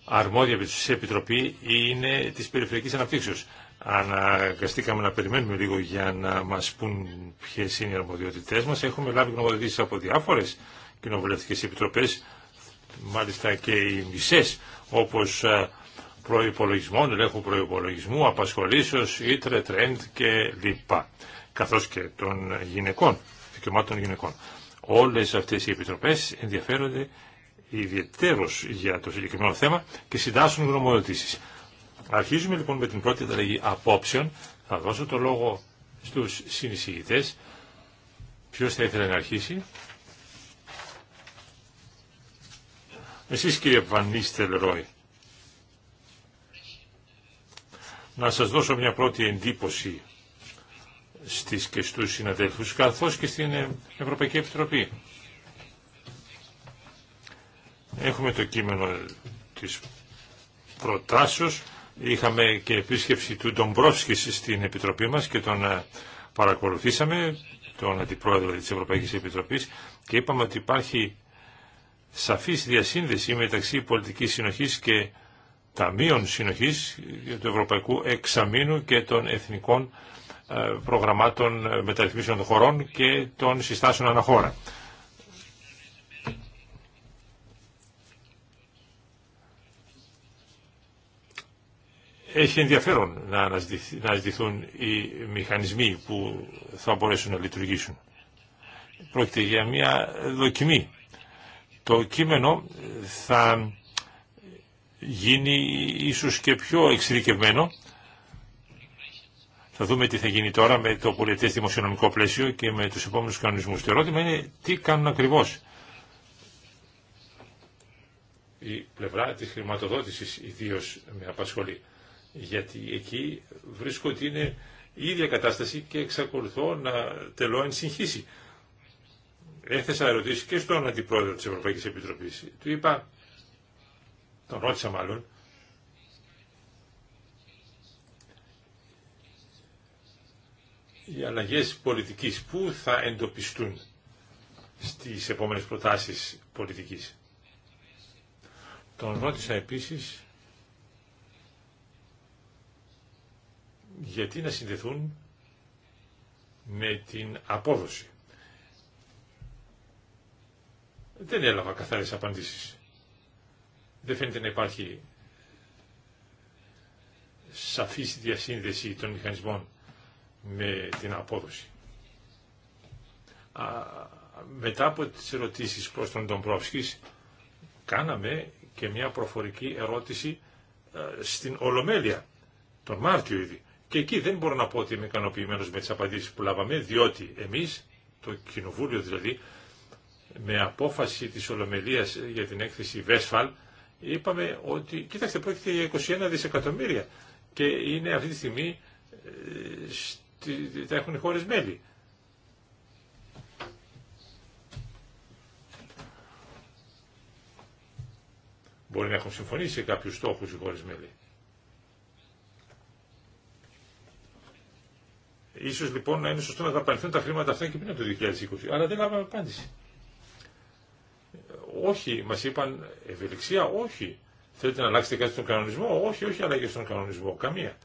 αρμόδια επιτροπή είναι της περιφερειακής αναπτύξεως. Αναγκαστήκαμε να περιμένουμε λίγο για να μας πούν ποιες είναι οι αρμοδιότητές μας. Έχουμε λάβει γνωμοδοτήσεις από διάφορες κοινοβουλευτικές επιτροπές, μάλιστα και οι μισές, όπως ε, προϋπολογισμών, ελέγχου προϋπολογισμού, απασχολήσεως, ήτρε, τρέντ και λοιπά, καθώς και των γυναικών, δικαιωμάτων γυναικών. Όλες αυτές οι επιτροπές ενδιαφέρονται ιδιαίτερω για το συγκεκριμένο θέμα και συντάσσουν γνωμοδοτήσει. Αρχίζουμε λοιπόν με την πρώτη ανταλλαγή απόψεων. Θα δώσω το λόγο στου συνεισηγητέ. ποιο θα ήθελε να αρχίσει. Εσείς κύριε Βανίστελ Ρόι. Να σας δώσω μια πρώτη εντύπωση στις και στους συναδέλφους καθώς και στην ε, Ευρωπαϊκή Επιτροπή. Έχουμε το κείμενο της προτάσεως. Είχαμε και επίσκεψη του Ντομπρόσκης στην Επιτροπή μας και τον ε, παρακολουθήσαμε, τον Αντιπρόεδρο της Ευρωπαϊκής Επιτροπής και είπαμε ότι υπάρχει σαφής διασύνδεση μεταξύ πολιτικής συνοχής και ταμείων συνοχής του Ευρωπαϊκού Εξαμήνου και των εθνικών ε, προγραμμάτων ε, μεταρρυθμίσεων των χωρών και των συστάσεων αναχώρα. έχει ενδιαφέρον να αναζητηθούν οι μηχανισμοί που θα μπορέσουν να λειτουργήσουν. Πρόκειται για μια δοκιμή. Το κείμενο θα γίνει ίσως και πιο εξειδικευμένο. Θα δούμε τι θα γίνει τώρα με το πολιτές δημοσιονομικό πλαίσιο και με τους επόμενους κανονισμούς. Το ερώτημα είναι τι κάνουν ακριβώς. Η πλευρά της χρηματοδότησης ιδίως με απασχολεί γιατί εκεί βρίσκω ότι είναι η ίδια κατάσταση και εξακολουθώ να τελώ εν συγχύσει. Έθεσα ερωτήσει και στον Αντιπρόεδρο της Ευρωπαϊκής Επιτροπής. Του είπα, τον ρώτησα μάλλον, οι αλλαγές πολιτικής που θα εντοπιστούν στις επόμενες προτάσεις πολιτικής. Τον ρώτησα επίσης γιατί να συνδεθούν με την απόδοση. Δεν έλαβα καθαρές απαντήσεις. Δεν φαίνεται να υπάρχει σαφής διασύνδεση των μηχανισμών με την απόδοση. Α, μετά από τις ερωτήσεις προς τον Ντομπρόφσκης, κάναμε και μια προφορική ερώτηση ε, στην Ολομέλεια, τον Μάρτιο ήδη. Και εκεί δεν μπορώ να πω ότι είμαι ικανοποιημένο με τι απαντήσει που λάβαμε, διότι εμεί, το Κοινοβούλιο δηλαδή, με απόφαση της Ολομελία για την έκθεση Βέσφαλ, είπαμε ότι, κοίταξε πρόκειται για 21 δισεκατομμύρια και είναι αυτή τη στιγμή, ε, τα έχουν οι χώρε μέλη. Μπορεί να έχουν συμφωνήσει σε κάποιους στόχους οι χώρες μέλη. Ίσως λοιπόν να είναι σωστό να δαπανηθούν τα χρήματα αυτά και πριν από το 2020. Αλλά δεν λάβαμε απάντηση. Όχι, μα είπαν ευελιξία, όχι. Θέλετε να αλλάξετε κάτι στον κανονισμό, όχι, όχι αλλαγή στον κανονισμό, καμία.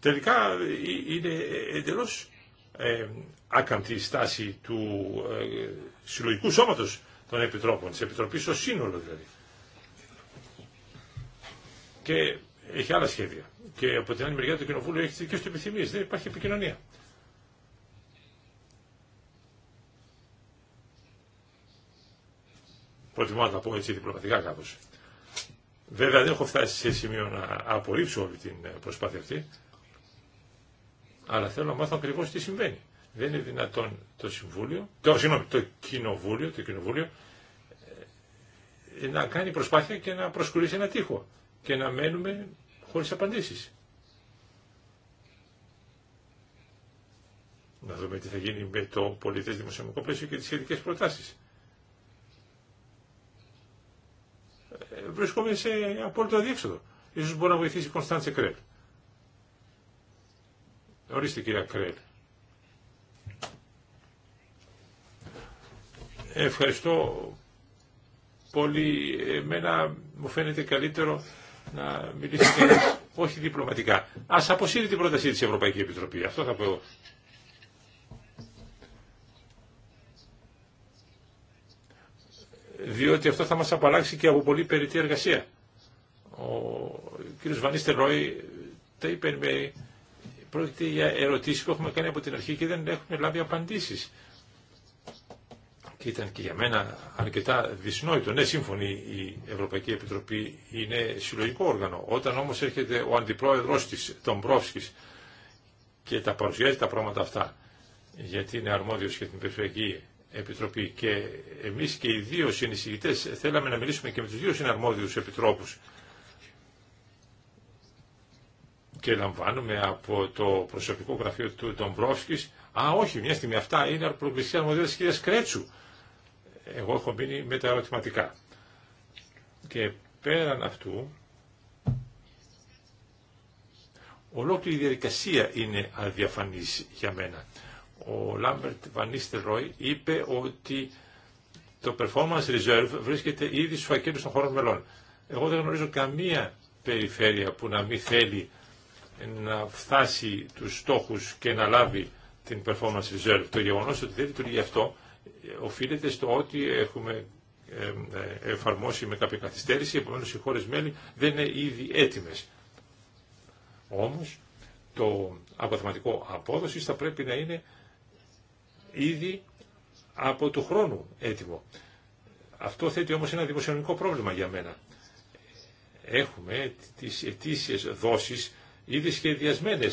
Τελικά είναι εντελώς ε, άκαμπτη στάση του ε, συλλογικού σώματος των επιτρόπων, της Επιτροπής στο σύνολο δηλαδή. Και έχει άλλα σχέδια. Και από την άλλη μεριά το Κοινοβούλιο έχει τις δικές του επιθυμίες. Δεν υπάρχει επικοινωνία. Προτιμώ να τα πω έτσι διπλωματικά κάπως. Βέβαια δεν έχω φτάσει σε σημείο να απορρίψω όλη την ε, προσπάθεια αυτή αλλά θέλω να μάθω ακριβώ τι συμβαίνει. Δεν είναι δυνατόν το Συμβούλιο, το, το Κοινοβούλιο, το κοινοβούλιο ε, να κάνει προσπάθεια και να προσκουρήσει ένα τείχο και να μένουμε χωρί απαντήσει. Να δούμε τι θα γίνει με το πολιτές δημοσιονομικό πλαίσιο και τις σχετικές προτάσεις. Ε, βρίσκομαι σε απόλυτο αδιέξοδο. Ίσως μπορεί να βοηθήσει η Κωνσταντσε Κρέλ. Ορίστε κύριε Κρέλ. Ευχαριστώ πολύ. Εμένα μου φαίνεται καλύτερο να μιλήσει όχι διπλωματικά. Ας αποσύρει την πρότασή της Ευρωπαϊκή Επιτροπή. Αυτό θα πω διότι αυτό θα μας απαλλάξει και από πολύ περιττή εργασία. Ο κ. Βανίστερ Ρόι τα είπε πρόκειται για ερωτήσεις που έχουμε κάνει από την αρχή και δεν έχουν λάβει απαντήσεις. Και ήταν και για μένα αρκετά δυσνόητο. Ναι, σύμφωνη η Ευρωπαϊκή Επιτροπή είναι συλλογικό όργανο. Όταν όμως έρχεται ο αντιπρόεδρος της, τον Πρόφσκης, και τα παρουσιάζει τα πράγματα αυτά, γιατί είναι αρμόδιος για την Περιφερειακή Επιτροπή και εμείς και οι δύο συνεισηγητές θέλαμε να μιλήσουμε και με τους δύο συναρμόδιους επιτρόπους και λαμβάνουμε από το προσωπικό γραφείο του Ντομπρόφσκης «Α, όχι, μια στιγμή αυτά είναι αρπρογκλησία μοντέλα της κυρίας Κρέτσου». Εγώ έχω μείνει με τα ερωτηματικά. Και πέραν αυτού, ολόκληρη η διαδικασία είναι αδιαφανής για μένα. Ο Λάμπερτ Βανίστερ Ρόι είπε ότι το performance reserve βρίσκεται ήδη στους φακέλους των χωρών μελών. Εγώ δεν γνωρίζω καμία περιφέρεια που να μην θέλει να φτάσει τους στόχους και να λάβει την performance reserve. Το γεγονός ότι δεν λειτουργεί αυτό ε, οφείλεται στο ότι έχουμε ε, εφαρμόσει με κάποια καθυστέρηση, επομένως οι χώρες μέλη δεν είναι ήδη έτοιμες. Όμως το αποθεματικό απόδοση θα πρέπει να είναι ήδη από του χρόνου έτοιμο. Αυτό θέτει όμως ένα δημοσιονομικό πρόβλημα για μένα. Έχουμε τις ετήσιες δόσεις ήδη σχεδιασμένε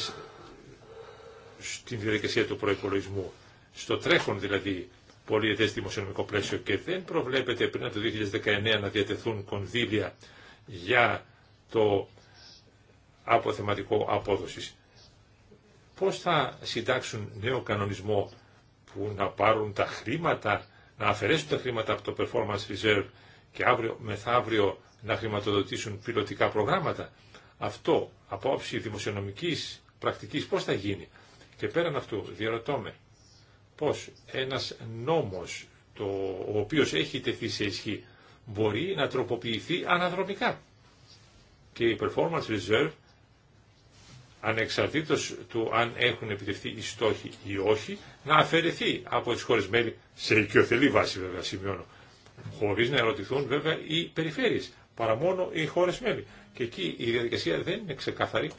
στην διαδικασία του προπολογισμού, στο τρέχον δηλαδή πολιετές δημοσιονομικό πλαίσιο και δεν προβλέπεται πριν από το 2019 να διατεθούν κονδύλια για το αποθεματικό απόδοσης. Πώς θα συντάξουν νέο κανονισμό που να πάρουν τα χρήματα, να αφαιρέσουν τα χρήματα από το Performance Reserve και αύριο μεθαύριο να χρηματοδοτήσουν πιλωτικά προγράμματα. Αυτό από όψη δημοσιονομικής πρακτικής πώς θα γίνει. Και πέραν αυτού διαρωτώ με πώς ένας νόμος ο οποίος έχει τεθεί σε ισχύ μπορεί να τροποποιηθεί αναδρομικά. Και η performance reserve ανεξαρτήτως του αν έχουν επιτευχθεί οι στόχοι ή όχι, να αφαιρεθεί από τις χώρες μέλη, σε οικειοθελή βάση βέβαια σημειώνω, χωρίς να ερωτηθούν βέβαια οι περιφέρειες, παρά μόνο οι χώρες μέλη. Και εκεί η διαδικασία δεν είναι ξεκάθαρη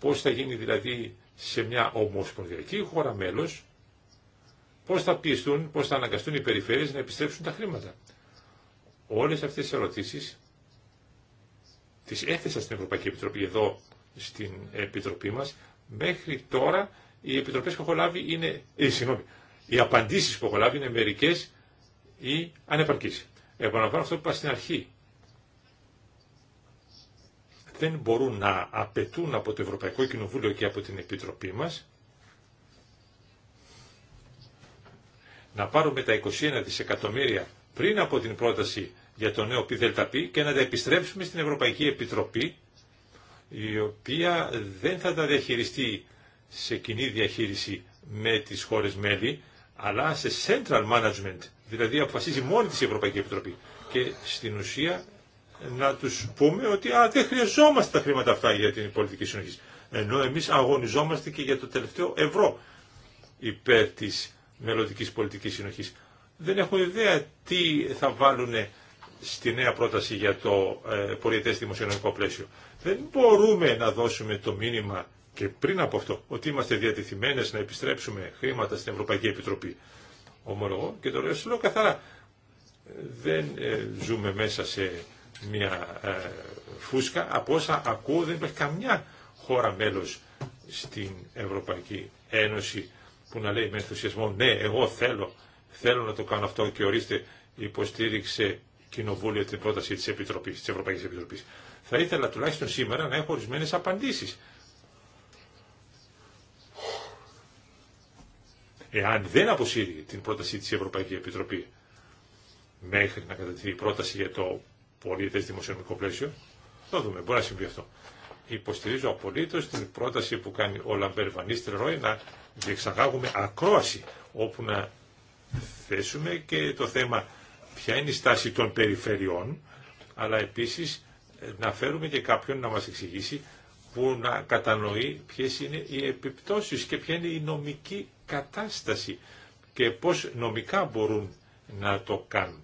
πώς θα γίνει δηλαδή σε μια ομοσπονδιακή χώρα μέλος, πώς θα πιεστούν, πώς θα αναγκαστούν οι περιφέρειες να επιστρέψουν τα χρήματα. Όλες αυτές τις ερωτήσεις τις έθεσα στην Ευρωπαϊκή Επιτροπή εδώ στην Επιτροπή μας. Μέχρι τώρα οι επιτροπές που έχω λάβει είναι, ε, οι απαντήσεις που έχω λάβει είναι μερικές ή ανεπαρκείς. Επαναλαμβάνω αυτό που είπα στην αρχή δεν μπορούν να απαιτούν από το Ευρωπαϊκό Κοινοβούλιο και από την Επιτροπή μας να πάρουμε τα 21 δισεκατομμύρια πριν από την πρόταση για το νέο ΠΔΠ και να τα επιστρέψουμε στην Ευρωπαϊκή Επιτροπή η οποία δεν θα τα διαχειριστεί σε κοινή διαχείριση με τις χώρες μέλη αλλά σε central management, δηλαδή αποφασίζει μόνη της η Ευρωπαϊκή Επιτροπή και στην ουσία να τους πούμε ότι α, δεν χρειαζόμαστε τα χρήματα αυτά για την πολιτική συνοχή. Ενώ εμείς αγωνιζόμαστε και για το τελευταίο ευρώ υπέρ της μελλοντική πολιτικής συνοχής. Δεν έχω ιδέα τι θα βάλουν στη νέα πρόταση για το ε, πολιτέ δημοσιονομικό πλαίσιο. Δεν μπορούμε να δώσουμε το μήνυμα και πριν από αυτό ότι είμαστε διατεθειμένε να επιστρέψουμε χρήματα στην Ευρωπαϊκή Επιτροπή. Ομολογώ και το λέω καθαρά. Δεν ε, ζούμε μέσα σε μια ε, φούσκα. Από όσα ακούω δεν υπάρχει καμιά χώρα μέλος στην Ευρωπαϊκή Ένωση που να λέει με ενθουσιασμό ναι εγώ θέλω, θέλω να το κάνω αυτό και ορίστε υποστήριξε κοινοβούλιο την πρόταση της, Επιτροπής, της Ευρωπαϊκής Επιτροπής. Θα ήθελα τουλάχιστον σήμερα να έχω ορισμένε απαντήσεις. Εάν δεν αποσύρει την πρόταση της Ευρωπαϊκή Επιτροπή μέχρι να κατατηθεί η πρόταση για το πολίτες δημοσιονομικό πλαίσιο. Θα δούμε, μπορεί να συμβεί αυτό. Υποστηρίζω απολύτω την πρόταση που κάνει ο Λαμπέρ Βανίστερ Ρόι να διεξαγάγουμε ακρόαση όπου να θέσουμε και το θέμα ποια είναι η στάση των περιφερειών αλλά επίσης να φέρουμε και κάποιον να μας εξηγήσει που να κατανοεί ποιε είναι οι επιπτώσει και ποια είναι η νομική κατάσταση και πώς νομικά μπορούν να το κάνουν.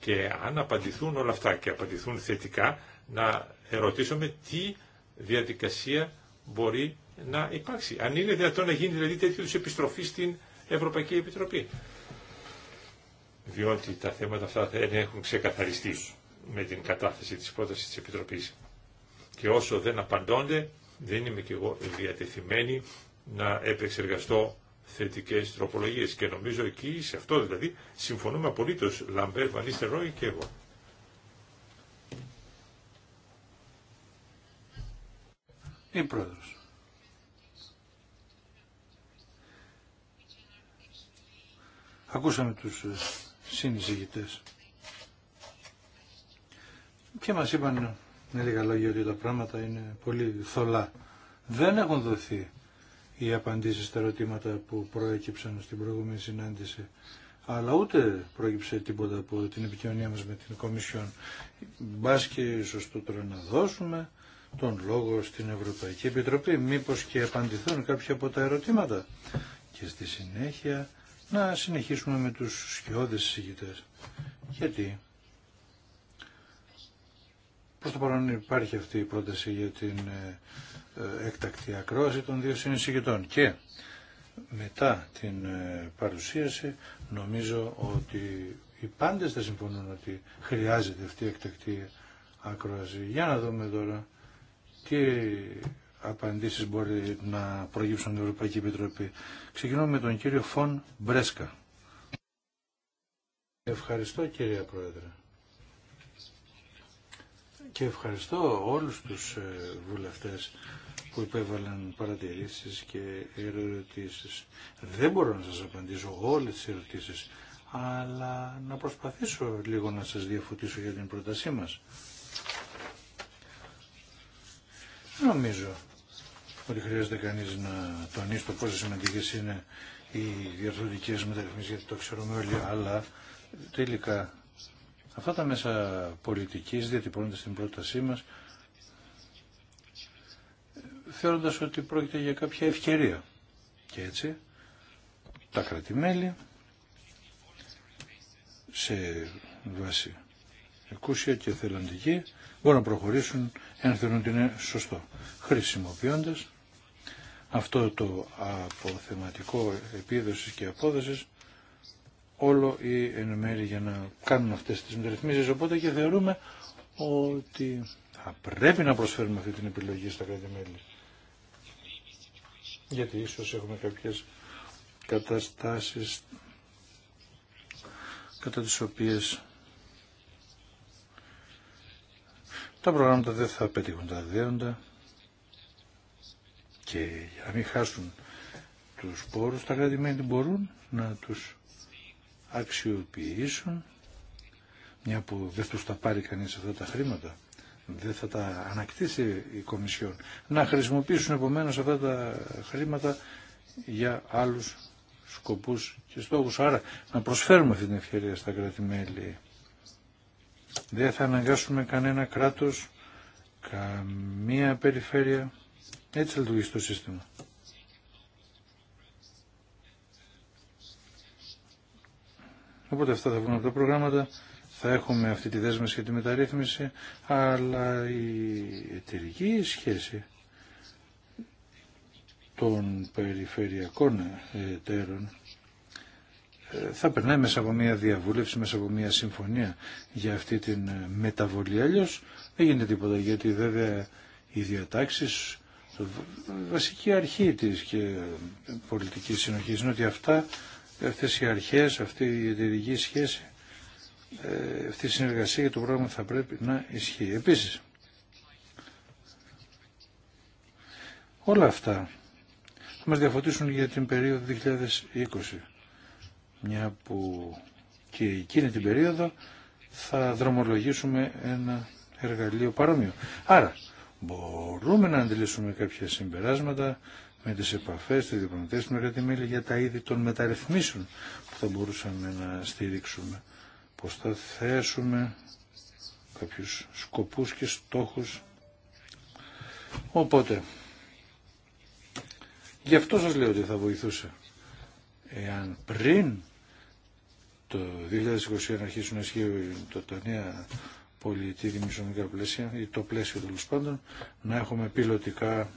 Και αν απαντηθούν όλα αυτά και απαντηθούν θετικά, να ερωτήσουμε τι διαδικασία μπορεί να υπάρξει. Αν είναι δυνατόν να γίνει δηλαδή τέτοιου είδου επιστροφή στην Ευρωπαϊκή Επιτροπή. Διότι τα θέματα αυτά δεν έχουν ξεκαθαριστεί με την κατάθεση της πρότασης της Επιτροπής. Και όσο δεν απαντώνται, δεν είμαι και εγώ διατεθειμένη να επεξεργαστώ θετικές τροπολογίες και νομίζω εκεί σε αυτό δηλαδή συμφωνούμε απολύτως Λαμπέρ Βανίστερ Ρόι και εγώ. Η πρόεδρος. Ακούσαμε τους ε, συνεισηγητές και μας είπαν με λίγα λόγια ότι τα πράγματα είναι πολύ θολά. Δεν έχουν δοθεί οι απαντήσεις στα ερωτήματα που προέκυψαν στην προηγούμενη συνάντηση. Αλλά ούτε προέκυψε τίποτα από την επικοινωνία μας με την Κομισιόν. Μπά και σωστό τώρα να δώσουμε τον λόγο στην Ευρωπαϊκή Επιτροπή. Μήπως και απαντηθούν κάποια από τα ερωτήματα. Και στη συνέχεια να συνεχίσουμε με τους σκιώδες συζητητές. Γιατί Προς το παρόν υπάρχει αυτή η πρόταση για την ε, ε, έκτακτη ακρόαση των δύο συνεισηγητών και μετά την ε, παρουσίαση νομίζω ότι οι πάντες θα συμφωνούν ότι χρειάζεται αυτή η εκτακτή ακρόαση. Για να δούμε τώρα τι απαντήσεις μπορεί να προγύψουν η Ευρωπαϊκή Επιτροπή. Ξεκινώ με τον κύριο Φων Μπρέσκα. Ευχαριστώ κύριε Πρόεδρε και ευχαριστώ όλους τους ε, βουλευτές που υπέβαλαν παρατηρήσεις και ερωτήσεις. Δεν μπορώ να σας απαντήσω όλες τις ερωτήσεις, αλλά να προσπαθήσω λίγο να σας διαφωτίσω για την πρότασή μας. Νομίζω ότι χρειάζεται κανείς να τονίσει το πόσο σημαντικέ είναι οι διαρθρωτικές μεταρρυθμίσεις, γιατί το ξέρουμε όλοι, αλλά τελικά Αυτά τα μέσα πολιτικής διατυπώνονται στην πρότασή μας θεωρώντας ότι πρόκειται για κάποια ευκαιρία. Και έτσι τα κρατημέλη σε βάση εκούσια και θελαντική μπορούν να προχωρήσουν εάν θεωρούν ότι είναι σωστό. Χρησιμοποιώντας αυτό το αποθεματικό επίδοσης και απόδοσης όλο οι εν για να κάνουν αυτές τις μεταρρυθμίσεις. Οπότε και θεωρούμε ότι θα πρέπει να προσφέρουμε αυτή την επιλογή στα κράτη-μέλη. Γιατί ίσως έχουμε κάποιες καταστάσεις κατά τις οποίες τα προγράμματα δεν θα πετύχουν τα δέοντα και για να μην χάσουν τους πόρους τα κράτη-μέλη μπορούν να τους αξιοποιήσουν μια που δεν τους τα πάρει κανείς αυτά τα χρήματα δεν θα τα ανακτήσει η Κομισιόν να χρησιμοποιήσουν επομένως αυτά τα χρήματα για άλλους σκοπούς και στόχους άρα να προσφέρουμε αυτή την ευκαιρία στα κράτη-μέλη δεν θα αναγκάσουμε κανένα κράτος καμία περιφέρεια έτσι λειτουργεί το σύστημα Οπότε αυτά θα βγουν από τα προγράμματα. Θα έχουμε αυτή τη δέσμευση για τη μεταρρύθμιση, αλλά η εταιρική σχέση των περιφερειακών εταίρων ε, θα περνάει μέσα από μια διαβούλευση, μέσα από μια συμφωνία για αυτή την μεταβολή. Αλλιώ δεν γίνεται τίποτα γιατί βέβαια οι διατάξει, βασική αρχή της και πολιτικής συνοχής είναι ότι αυτά αυτές οι αρχές, αυτή η εταιρική σχέση, ε, αυτή η συνεργασία για το πρόγραμμα θα πρέπει να ισχύει. Επίσης, όλα αυτά θα μας διαφωτίσουν για την περίοδο 2020, μια που και εκείνη την περίοδο θα δρομολογήσουμε ένα εργαλείο παρόμοιο. Άρα, μπορούμε να αντιλήσουμε κάποια συμπεράσματα με τις επαφές, τις διπλωματές, με μίλη για τα είδη των μεταρρυθμίσεων που θα μπορούσαμε να στηρίξουμε. Πώς θα θέσουμε κάποιους σκοπούς και στόχους. Οπότε, γι' αυτό σας λέω ότι θα βοηθούσε. Εάν πριν το 2021 αρχίσουν να ισχύουν το, τα πολιτική δημιουργικά πλαίσια ή το πλαίσιο τέλο πάντων, να έχουμε πιλωτικά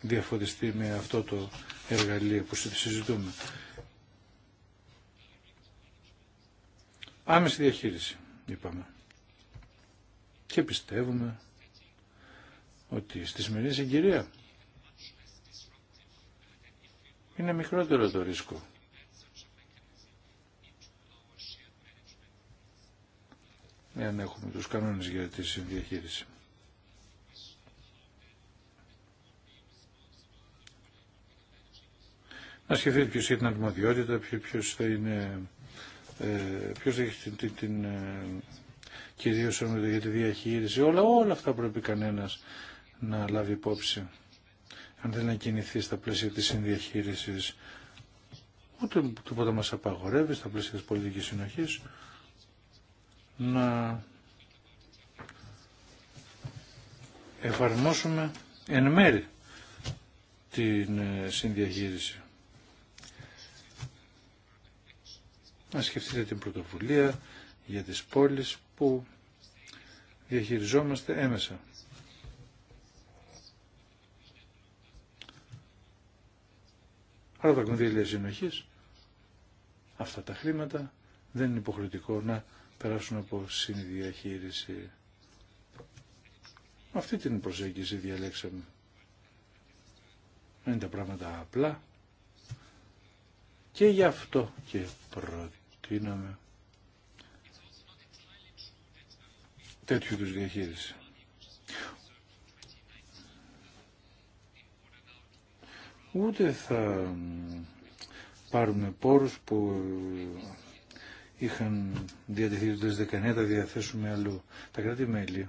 διαφωτιστεί με αυτό το εργαλείο που συζητούμε. Άμεση διαχείριση, είπαμε. Και πιστεύουμε ότι στη σημερινή συγκυρία είναι μικρότερο το ρίσκο. Εάν έχουμε τους κανόνες για τη συνδιαχείριση. να σκεφτείτε ποιος έχει την αρμοδιότητα, ποιος θα είναι, ε, ποιος έχει την, την, ε, κυρίως για τη διαχείριση, όλα, όλα αυτά πρέπει κανένας να λάβει υπόψη. Αν δεν να κινηθεί στα πλαίσια της συνδιαχείρισης, ούτε τίποτα μας απαγορεύει στα πλαίσια της πολιτικής συνοχής, να εφαρμόσουμε εν μέρη την ε, συνδιαχείριση. να σκεφτείτε την πρωτοβουλία για τις πόλεις που διαχειριζόμαστε έμεσα. Άρα τα κονδύλια συνοχής, αυτά τα χρήματα δεν είναι υποχρεωτικό να περάσουν από συνδιαχείριση. Αυτή την προσέγγιση διαλέξαμε. είναι τα πράγματα απλά. Και γι' αυτό και πρώτη προτείναμε τέτοιου τους διαχείριση. Ούτε θα πάρουμε πόρους που είχαν διατεθεί το 2019, θα διαθέσουμε αλλού. Τα κράτη-μέλη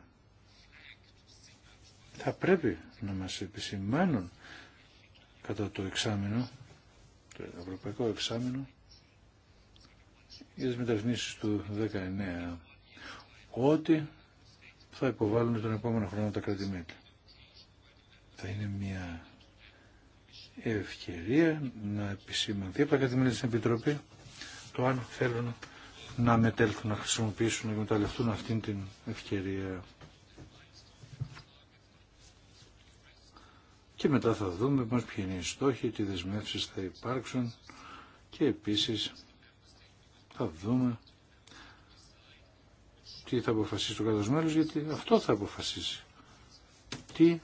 θα πρέπει να μας επισημάνουν κατά το εξάμεινο, το ευρωπαϊκό εξάμεινο, για τις μεταρρυθμίσεις του 19 ότι θα υποβάλουν τον επόμενο χρόνο τα κράτη-μέλη. Θα είναι μια ευκαιρία να επισημανθεί από τα κράτη-μέλη στην Επιτροπή το αν θέλουν να μετέλθουν, να χρησιμοποιήσουν, να εκμεταλλευτούν αυτήν την ευκαιρία. Και μετά θα δούμε μας ποιοι είναι οι στόχοι, τι δεσμεύσεις θα υπάρξουν και επίσης θα δούμε τι θα αποφασίσει το κράτος μέλος, γιατί αυτό θα αποφασίσει. Τι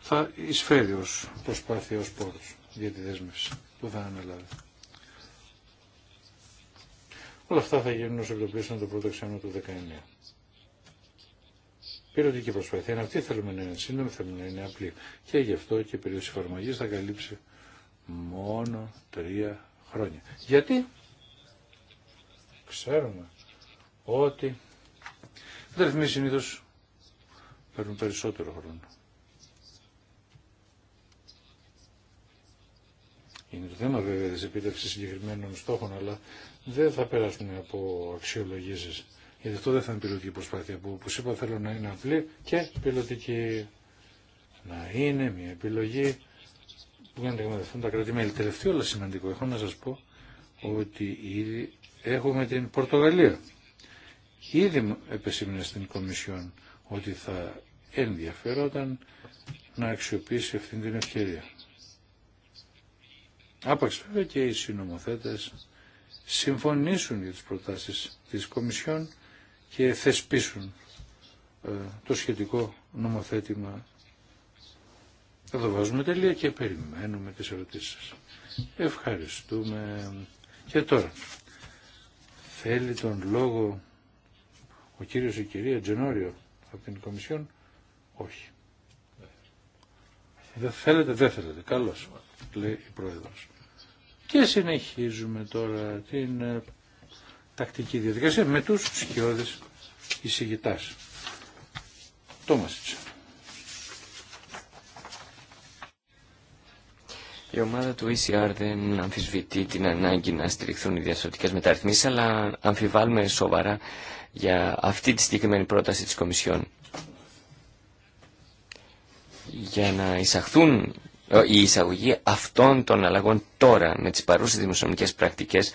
θα εισφέρει ως προσπάθεια, ως πόρος για τη δέσμευση που θα αναλάβει. Όλα αυτά θα γίνουν όσο επιτοπλίσουν το πρώτο Ξένο του 19. Πυρωτική προσπάθεια. Είναι αυτή θέλουμε να είναι σύντομη, θέλουμε να είναι απλή. Και γι' αυτό και η περίοδος εφαρμογή θα καλύψει μόνο τρία χρόνια. Γιατί ξέρουμε ότι οι ρυθμίσεις συνήθω παίρνουν περισσότερο χρόνο. Είναι το θέμα βέβαια της επίτευξης συγκεκριμένων στόχων, αλλά δεν θα περάσουν από αξιολογήσεις. Γιατί αυτό δεν θα είναι πιλωτική προσπάθεια που, όπως είπα, θέλω να είναι απλή και πιλωτική. Να είναι μια επιλογή για να τα κράτη-μέλη. Τελευταίο αλλά σημαντικό, έχω να σας πω ότι ήδη έχουμε την Πορτογαλία. Ήδη επεσήμενε στην Κομισιόν ότι θα ενδιαφερόταν να αξιοποιήσει αυτή την ευκαιρία. Άπαξ βέβαια και οι συνομοθέτες συμφωνήσουν για τις προτάσεις της Κομισιόν και θεσπίσουν ε, το σχετικό νομοθέτημα εδώ βάζουμε τελεία και περιμένουμε τις ερωτήσεις σας. Ευχαριστούμε. Και τώρα, θέλει τον λόγο ο κύριος ή κυρία Τζενόριο από την Κομισιόν. Όχι. Δεν θέλετε, δεν θέλετε. Καλώς, λέει η Πρόεδρος. Και συνεχίζουμε τώρα την ε, τακτική διαδικασία με τους σκιώδεις εισηγητάς. Τόμασιτς. Η ομάδα του ECR δεν αμφισβητεί την ανάγκη να στηριχθούν οι διασωτικές μεταρρυθμίσεις, αλλά αμφιβάλλουμε σοβαρά για αυτή τη συγκεκριμένη πρόταση της Κομισιόν. Για να εισαχθούν ε, η εισαγωγή αυτών των αλλαγών τώρα με τις παρούσες δημοσιονομικές πρακτικές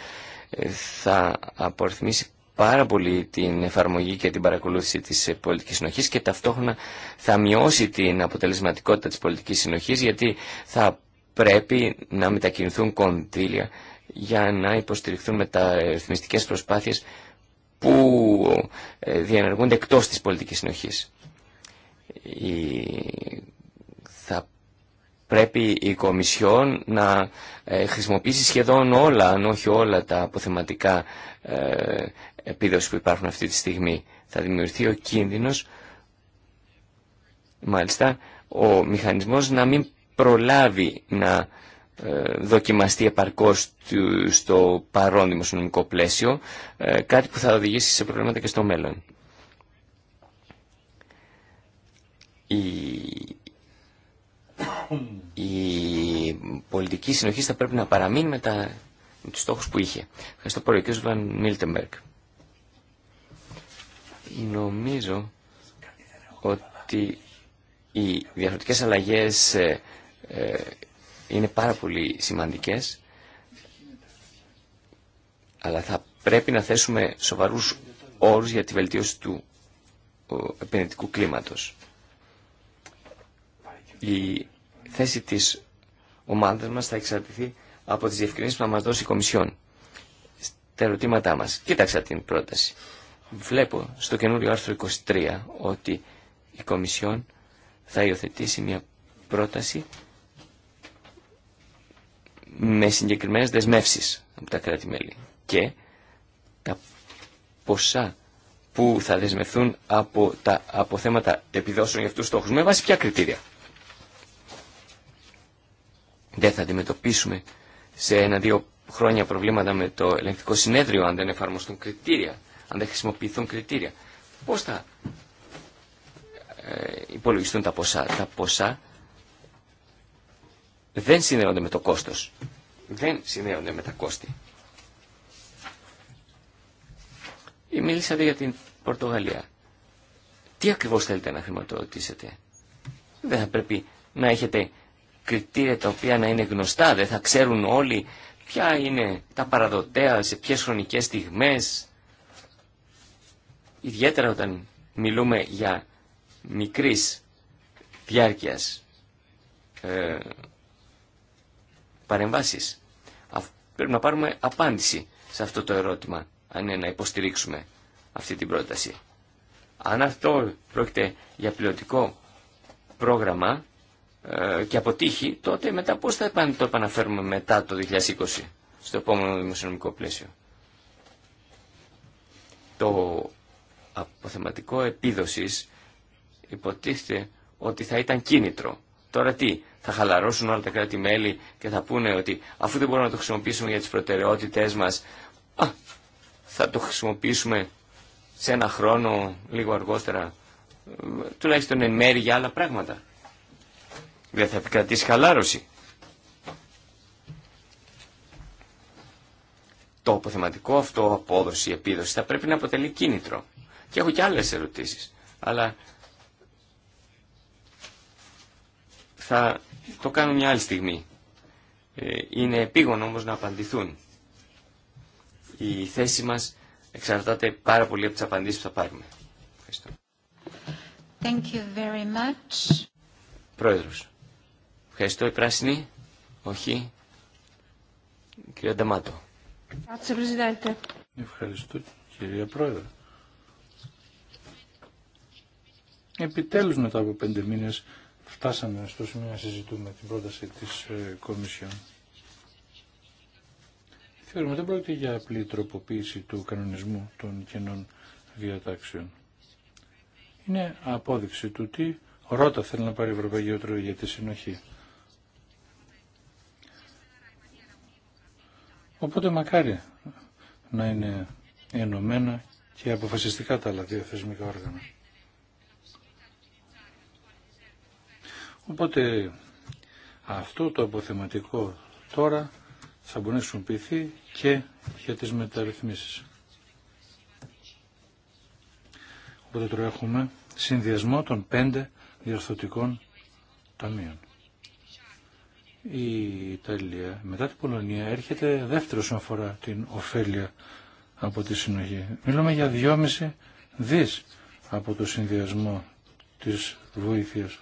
ε, θα απορριθμίσει πάρα πολύ την εφαρμογή και την παρακολούθηση της ε, πολιτικής συνοχής και ταυτόχρονα θα μειώσει την αποτελεσματικότητα της πολιτικής συνοχής γιατί θα πρέπει να μετακινηθούν κονδύλια για να υποστηριχθούν μεταρρυθμιστικές προσπάθειες που ε, διενεργούνται εκτός της πολιτικής συνοχής. Θα πρέπει η Κομισιόν να ε, χρησιμοποιήσει σχεδόν όλα, αν όχι όλα τα αποθεματικά ε, επίδοση που υπάρχουν αυτή τη στιγμή. Θα δημιουργηθεί ο κίνδυνος, μάλιστα, ο μηχανισμός να μην προλάβει να ε, δοκιμαστεί επαρκώς στο παρόν δημοσιονομικό πλαίσιο, ε, κάτι που θα οδηγήσει σε προβλήματα και στο μέλλον. Η, η πολιτική συνοχή θα πρέπει να παραμείνει με, τα... με τους στόχους που είχε. Ευχαριστώ πολύ, ο Βαν Μίλτεμπερκ. Νομίζω ότι οι διαφορετικές αλλαγές ε, είναι πάρα πολύ σημαντικές αλλά θα πρέπει να θέσουμε σοβαρούς όρους για τη βελτίωση του επενδυτικού κλίματος. Η θέση της ομάδας μας θα εξαρτηθεί από τις διευκρινήσεις που θα μας δώσει η Κομισιόν στα ερωτήματά μας. Κοίταξα την πρόταση. Βλέπω στο καινούριο άρθρο 23 ότι η Κομισιόν θα υιοθετήσει μια πρόταση με συγκεκριμένες δεσμεύσεις από τα κράτη-μέλη και τα ποσά που θα δεσμευθούν από τα αποθέματα επιδόσεων για αυτούς τους στόχους με βάση ποια κριτήρια. Δεν θα αντιμετωπίσουμε σε ένα-δύο χρόνια προβλήματα με το ελεγκτικό συνέδριο αν δεν εφαρμοστούν κριτήρια, αν δεν χρησιμοποιηθούν κριτήρια. Πώς θα ε, υπολογιστούν τα ποσά. Τα ποσά δεν συνέονται με το κόστος. Δεν συνέονται με τα κόστη. Ή μίλησατε για την Πορτογαλία. Τι ακριβώς θέλετε να χρηματοδοτήσετε. Δεν θα πρέπει να έχετε κριτήρια τα οποία να είναι γνωστά. Δεν θα ξέρουν όλοι ποια είναι τα παραδοτέα, σε ποιες χρονικές στιγμές. Ιδιαίτερα όταν μιλούμε για μικρής διάρκειας ε, Παρεμβάσει. Πρέπει να πάρουμε απάντηση σε αυτό το ερώτημα, αν είναι να υποστηρίξουμε αυτή την πρόταση. Αν αυτό πρόκειται για πιλωτικό πρόγραμμα ε, και αποτύχει, τότε μετά πώς θα το επαναφέρουμε μετά το 2020, στο επόμενο δημοσιονομικό πλαίσιο. Το αποθεματικό επίδοσης υποτίθεται ότι θα ήταν κίνητρο. Τώρα τι, θα χαλαρώσουν όλα τα κράτη-μέλη και θα πούνε ότι αφού δεν μπορούμε να το χρησιμοποιήσουμε για τις προτεραιότητές μας, α, θα το χρησιμοποιήσουμε σε ένα χρόνο, λίγο αργότερα, τουλάχιστον εν μέρη για άλλα πράγματα. Δεν θα επικρατήσει χαλάρωση. Το αποθεματικό αυτό, απόδοση, επίδοση, θα πρέπει να αποτελεί κίνητρο. Και έχω και άλλες ερωτήσεις, αλλά θα το κάνουμε μια άλλη στιγμή. Ε, είναι επίγον όμως να απαντηθούν. Η θέση μας εξαρτάται πάρα πολύ από τις απαντήσεις που θα πάρουμε. Ευχαριστώ. Thank you very much. Πρόεδρος. Ευχαριστώ. Η πράσινη. Όχι. Κύριε Νταμάτο. Ευχαριστώ κυρία Πρόεδρε. Επιτέλους μετά από πέντε μήνες φτάσαμε στο σημείο να συζητούμε την πρόταση της ε, Κομισιόν. Θεωρούμε ότι δεν πρόκειται για απλή τροποποίηση του κανονισμού των κενών διατάξεων. Είναι απόδειξη του τι ρότα θέλει να πάρει η Ευρωπαϊκή Ευρωπαϊκή για τη συνοχή. Οπότε μακάρι να είναι ενωμένα και αποφασιστικά τα άλλα δύο θεσμικά όργανα. Οπότε αυτό το αποθεματικό τώρα θα μπορεί να χρησιμοποιηθεί και για τις μεταρρυθμίσεις. Οπότε τώρα έχουμε συνδυασμό των πέντε διορθωτικών ταμείων. Η Ιταλία μετά την Πολωνία έρχεται δεύτερο όσον αφορά την ωφέλεια από τη συνοχή. Μιλούμε για 2,5 δις από το συνδυασμό της βοήθειας.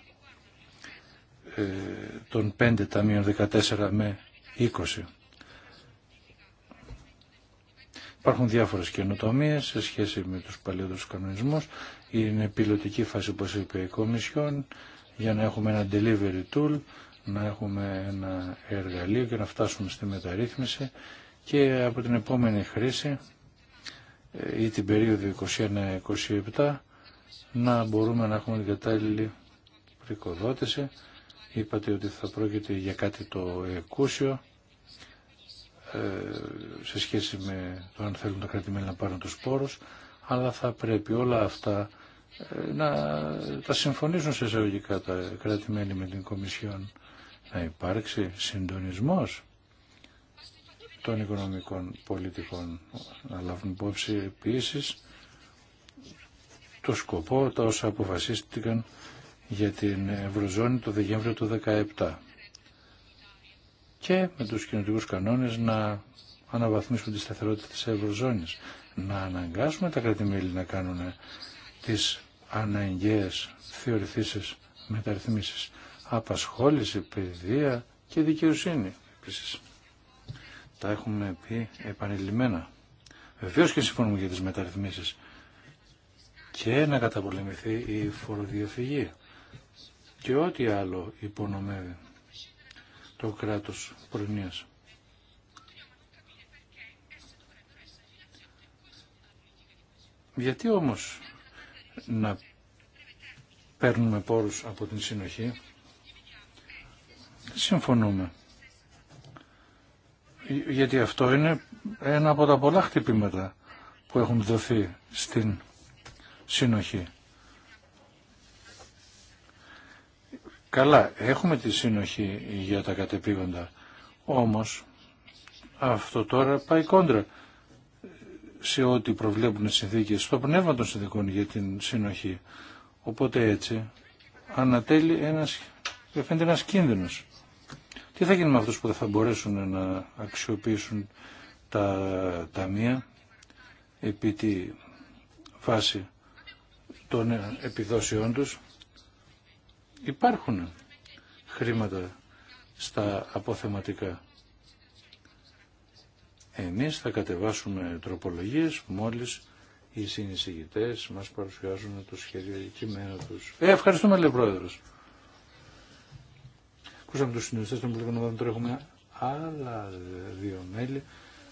Ε, των 5 ταμείων 14 με 20. Υπάρχουν διάφορες καινοτομίες σε σχέση με τους παλιότερους κανονισμούς. Είναι πιλωτική φάση, όπως είπε η Κομισιόν, για να έχουμε ένα delivery tool, να έχουμε ένα εργαλείο και να φτάσουμε στη μεταρρύθμιση και από την επόμενη χρήση ε, ή την περίοδο 21-27 να μπορούμε να έχουμε την κατάλληλη πρικοδότηση Είπατε ότι θα πρόκειται για κάτι το εκούσιο ε, σε σχέση με το αν θέλουν τα κρατημένα να πάρουν τους πόρους, αλλά θα πρέπει όλα αυτά ε, να τα συμφωνήσουν σε εισαγωγικά τα κρατημένη με την Κομισιόν να υπάρξει συντονισμός των οικονομικών πολιτικών να λάβουν υπόψη επίσης το σκοπό τα όσα αποφασίστηκαν για την Ευρωζώνη το Δεκέμβριο του 2017 και με τους κοινωτικούς κανόνες να αναβαθμίσουμε τη σταθερότητα της Ευρωζώνης, να αναγκάσουμε τα κρατημέλη να κάνουν τις αναγκαίες θεωρηθήσεις μεταρρυθμίσεις, απασχόληση, παιδεία και δικαιοσύνη επίσης. Τα έχουμε πει επανειλημμένα. Βεβαίως και συμφωνούμε για τις μεταρρυθμίσεις και να καταπολεμηθεί η φοροδιαφυγή και ό,τι άλλο υπονομεύει το κράτος προνοίας. Γιατί όμως να παίρνουμε πόρους από την συνοχή. Συμφωνούμε. Γιατί αυτό είναι ένα από τα πολλά χτυπήματα που έχουν δοθεί στην συνοχή. Καλά, έχουμε τη συνοχή για τα κατεπήγοντα, όμως αυτό τώρα πάει κόντρα σε ό,τι προβλέπουν οι συνθήκες, στο πνεύμα των συνθήκων για την συνοχή. Οπότε έτσι ανατέλει ένας, φαίνεται ένας κίνδυνος. Τι θα γίνει με αυτούς που δεν θα μπορέσουν να αξιοποιήσουν τα ταμεία επί τη βάση των επιδόσεών τους. Υπάρχουν χρήματα στα αποθεματικά. Εμείς θα κατεβάσουμε τροπολογίες μόλις οι συνεισηγητές μας παρουσιάζουν το σχέδιο κειμένο τους. Ε, ευχαριστούμε λέει πρόεδρος. Ακούσαμε τους συνειδητές των πολιτικών ομάδων, τώρα έχουμε άλλα δύο μέλη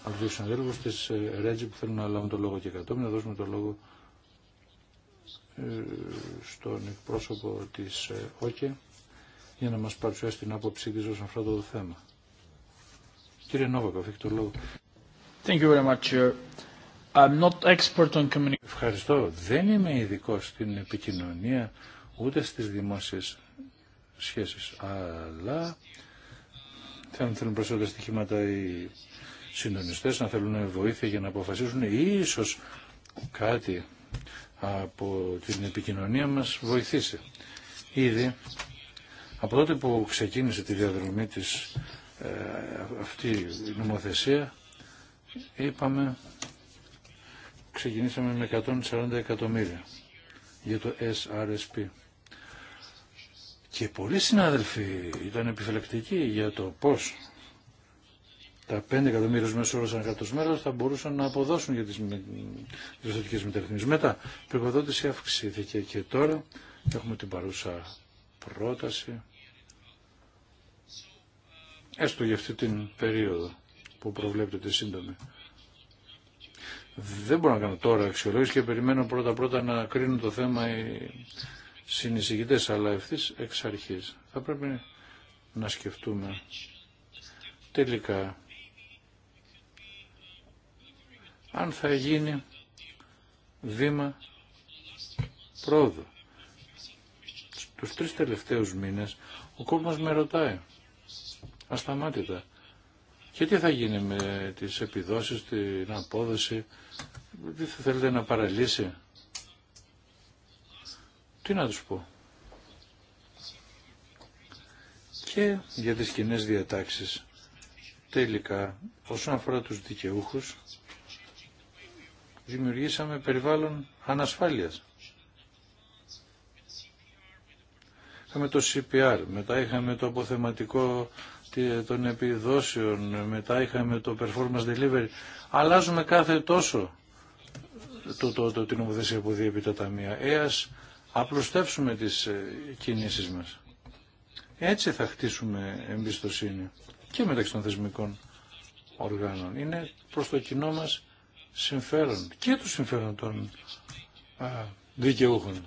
από τους συναδέλφους της ε, Ρέτζη που θέλουν να λάβουν το λόγο και κατόπιν να δώσουμε το λόγο στον εκπρόσωπο της ε, ΟΚΕ για να μας παρουσιάσει την άποψή της όσον αυτό το θέμα. Κύριε Νόβακο, έχει το λόγο. Thank you very much. I'm not expert on communication. Ευχαριστώ. Δεν είμαι ειδικό στην επικοινωνία ούτε στις δημόσιες σχέσεις, αλλά θέλουν, θέλουν περισσότερα στοιχήματα οι συντονιστές, να θέλουν βοήθεια για να αποφασίσουν ίσως κάτι από την επικοινωνία μας βοηθήσει. Ήδη από τότε που ξεκίνησε τη διαδρομή της ε, αυτή η νομοθεσία είπαμε ξεκινήσαμε με 140 εκατομμύρια για το SRSP. Και πολλοί συνάδελφοι ήταν επιφυλακτικοί για το πώς τα 5 εκατομμύρια μέσο όρο μέρο θα μπορούσαν να αποδώσουν για τι δραστηριοτικές μεταρρυθμίσεις. Μετά, η αυξήθηκε και τώρα έχουμε την παρούσα πρόταση έστω για αυτή την περίοδο που προβλέπεται σύντομη. Δεν μπορώ να κάνω τώρα αξιολόγηση και περιμένω πρώτα-πρώτα να κρίνουν το θέμα οι συνεισηγητέ, αλλά ευθύ εξ αρχή Θα πρέπει να σκεφτούμε τελικά αν θα γίνει βήμα πρόοδου. Τους τρεις τελευταίους μήνες ο κόσμος με ρωτάει ασταμάτητα και τι θα γίνει με τις επιδόσεις, την απόδοση, τι θα θέλετε να παραλύσει. Τι να τους πω. Και για τις κοινέ διατάξεις τελικά όσον αφορά τους δικαιούχους δημιουργήσαμε περιβάλλον ανασφάλειας. Είχαμε το CPR, μετά είχαμε το αποθεματικό των επιδόσεων, μετά είχαμε το performance delivery. Αλλάζουμε κάθε τόσο το, το, το, την νομοθεσία που διέπει τα ταμεία. Ε, απλουστεύσουμε τις ε, κινήσεις μας. Έτσι θα χτίσουμε εμπιστοσύνη και μεταξύ των θεσμικών οργάνων. Είναι προς το κοινό μας συμφέρον και του συμφέρον των α, δικαιούχων.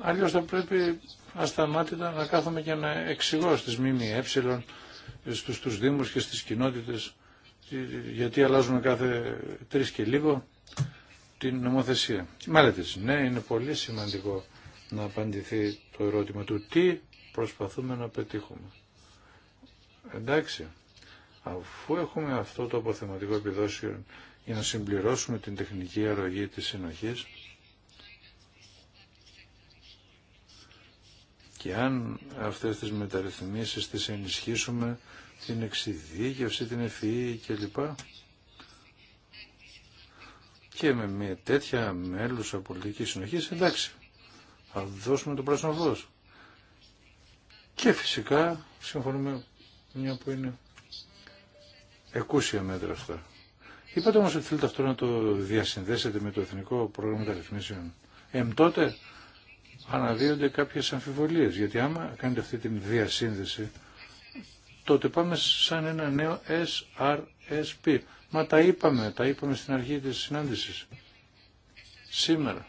Αλλιώς θα πρέπει ασταμάτητα να κάθομαι και να εξηγώ στις ΜΜΕ, στους, στους Δήμους και στις κοινότητες ε, γιατί αλλάζουμε κάθε τρεις και λίγο την νομοθεσία. Μάλιστα, ναι, είναι πολύ σημαντικό να απαντηθεί το ερώτημα του τι προσπαθούμε να πετύχουμε. Εντάξει αφού έχουμε αυτό το αποθεματικό επιδόσιο για να συμπληρώσουμε την τεχνική αρρωγή της συνοχής και αν αυτές τις μεταρρυθμίσεις τις ενισχύσουμε την εξειδίκευση, την και κλπ. Και με μια τέτοια μέλουσα πολιτική συνοχή, εντάξει, θα δώσουμε το πράσινο φως. Και φυσικά συμφωνούμε μια που είναι εκούσια μέτρα αυτά. Είπατε όμως ότι θέλετε αυτό να το διασυνδέσετε με το Εθνικό Πρόγραμμα Μεταρρυθμίσεων. Εμ τότε αναδύονται κάποιες αμφιβολίες, γιατί άμα κάνετε αυτή την διασύνδεση, τότε πάμε σαν ένα νέο SRSP. Μα τα είπαμε, τα είπαμε στην αρχή της συνάντησης. Σήμερα.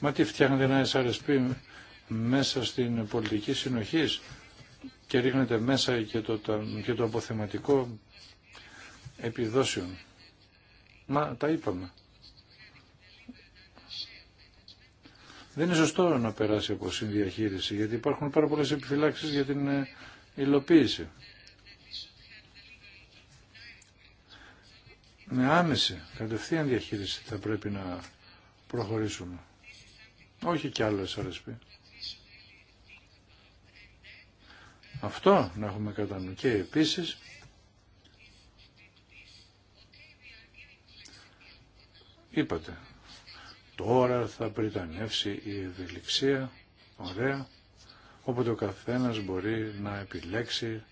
Μα τι φτιάχνετε ένα SRSP μέσα στην πολιτική συνοχής και ρίχνεται μέσα και το, το αποθεματικό επιδόσεων. Μα τα είπαμε. Δεν είναι σωστό να περάσει από συνδιαχείριση, γιατί υπάρχουν πάρα πολλές επιφυλάξεις για την ε, υλοποίηση. Με άμεση, κατευθείαν διαχείριση θα πρέπει να προχωρήσουμε. Όχι κι άλλο πει. Αυτό να έχουμε κατά νου. Και επίσης είπατε τώρα θα πριτανεύσει η ευελιξία ωραία όποτε ο καθένας μπορεί να επιλέξει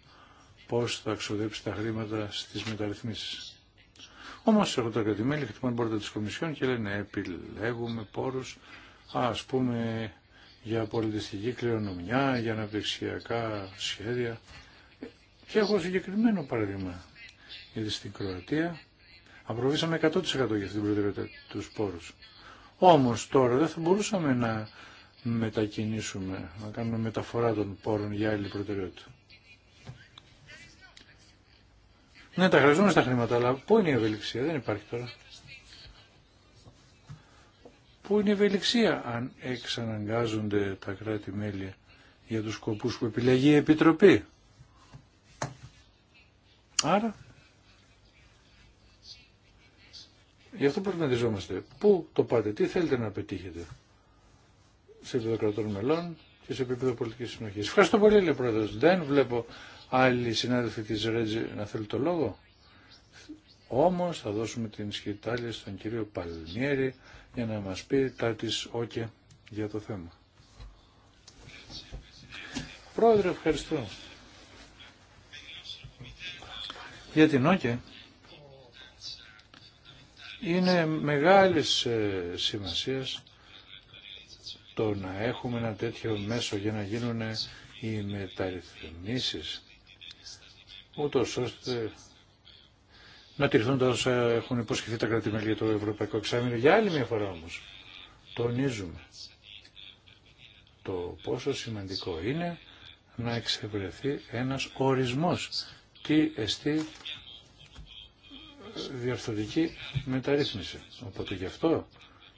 πώς θα ξοδέψει τα χρήματα στις μεταρρυθμίσεις. Όμως έχω τα κρατημέλη, χτυπάνε πόρτα της Κομισιόν και λένε επιλέγουμε πόρους, ας πούμε για πολιτιστική κληρονομιά, για αναπτυξιακά σχέδια. Και έχω συγκεκριμένο παράδειγμα. Γιατί στην Κροατία απροβήσαμε 100% για αυτή την προτεραιότητα του πόρους. Όμως τώρα δεν θα μπορούσαμε να μετακινήσουμε, να κάνουμε μεταφορά των πόρων για άλλη προτεραιότητα. Ναι, τα χρειαζόμαστε τα χρήματα, αλλά πού είναι η ευελιξία, δεν υπάρχει τώρα. Πού είναι η ευελιξία αν εξαναγκάζονται τα κράτη-μέλη για τους σκοπούς που επιλέγει η Επιτροπή. Άρα, γι' αυτό προβληματιζόμαστε. Πού το πάτε, τι θέλετε να πετύχετε σε επίπεδο κρατών μελών και σε επίπεδο πολιτική συνοχή. Ευχαριστώ πολύ, λέει πρόεδρος. Δεν βλέπω άλλοι συνάδελφοι της Ρέτζη να θέλει το λόγο. Όμως θα δώσουμε την σχετάλια στον κύριο Παλνιέρη για να μας πει τα της ΟΚΕ για το θέμα. Πρόεδρε, ευχαριστώ. Για την ΟΚΕ είναι μεγάλης ε, σημασίας το να έχουμε ένα τέτοιο μέσο για να γίνουν οι μεταρρυθμίσεις ούτως ώστε να τηρηθούν τα όσα έχουν υποσχεθεί τα κρατημέλη για το Ευρωπαϊκό Εξάμεινο. Για άλλη μια φορά όμως, τονίζουμε το πόσο σημαντικό είναι να εξευρεθεί ένας ορισμός τι εστί διαρθρωτική μεταρρύθμιση. Οπότε γι' αυτό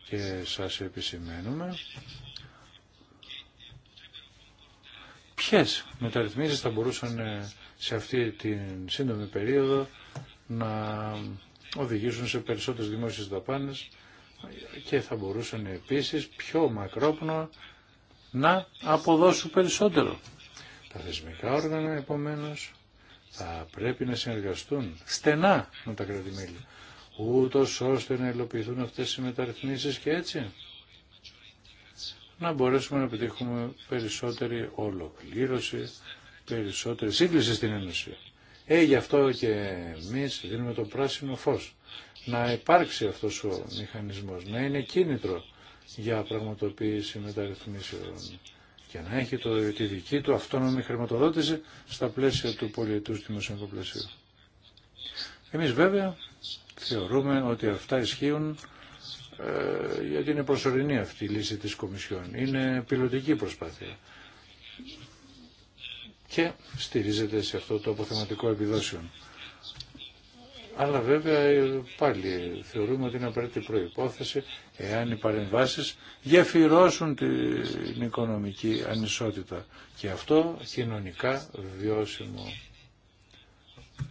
και σας επισημαίνουμε ποιες μεταρρυθμίσεις θα μπορούσαν σε αυτή την σύντομη περίοδο να οδηγήσουν σε περισσότερες δημόσιες δαπάνες και θα μπορούσαν επίσης πιο μακρόπνο να αποδώσουν περισσότερο. Τα θεσμικά όργανα επομένως θα πρέπει να συνεργαστούν στενά με τα κρατημέλη ούτως ώστε να υλοποιηθούν αυτές οι μεταρρυθμίσεις και έτσι να μπορέσουμε να πετύχουμε περισσότερη ολοκλήρωση, περισσότερη σύγκληση στην Ένωση. Ε, γι' αυτό και εμείς δίνουμε το πράσινο φω. Να υπάρξει αυτό ο μηχανισμός, να είναι κίνητρο για πραγματοποίηση μεταρρυθμίσεων και να έχει το, τη δική του αυτόνομη χρηματοδότηση στα πλαίσια του πολιτού δημοσιακού πλαισίου. Εμείς βέβαια θεωρούμε ότι αυτά ισχύουν ε, γιατί είναι προσωρινή αυτή η λύση της Κομισιόν. Είναι πιλωτική προσπάθεια και στηρίζεται σε αυτό το αποθεματικό επιδόσεων. Αλλά βέβαια ε, πάλι θεωρούμε ότι είναι απαραίτητη προϋπόθεση εάν οι παρεμβάσεις γεφυρώσουν την οικονομική ανισότητα και αυτό κοινωνικά βιώσιμο.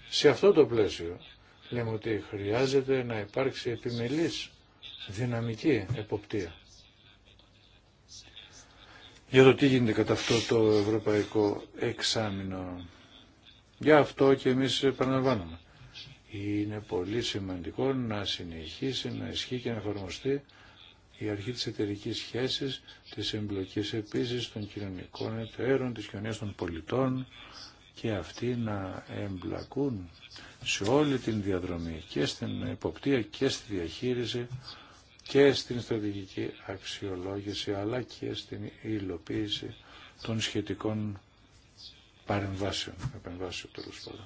Σε αυτό το πλαίσιο λέμε ότι χρειάζεται να υπάρξει επιμελής δυναμική εποπτεία για το τι γίνεται κατά αυτό το ευρωπαϊκό εξάμεινο. Για αυτό και εμείς επαναλαμβάνουμε. Είναι πολύ σημαντικό να συνεχίσει, να ισχύει και να εφαρμοστεί η αρχή της εταιρικής σχέσης, της εμπλοκής επίσης των κοινωνικών εταίρων, της κοινωνίας των πολιτών και αυτοί να εμπλακούν σε όλη την διαδρομή και στην υποπτία και στη διαχείριση και στην στρατηγική αξιολόγηση αλλά και στην υλοποίηση των σχετικών παρεμβάσεων, επεμβάσεων τέλο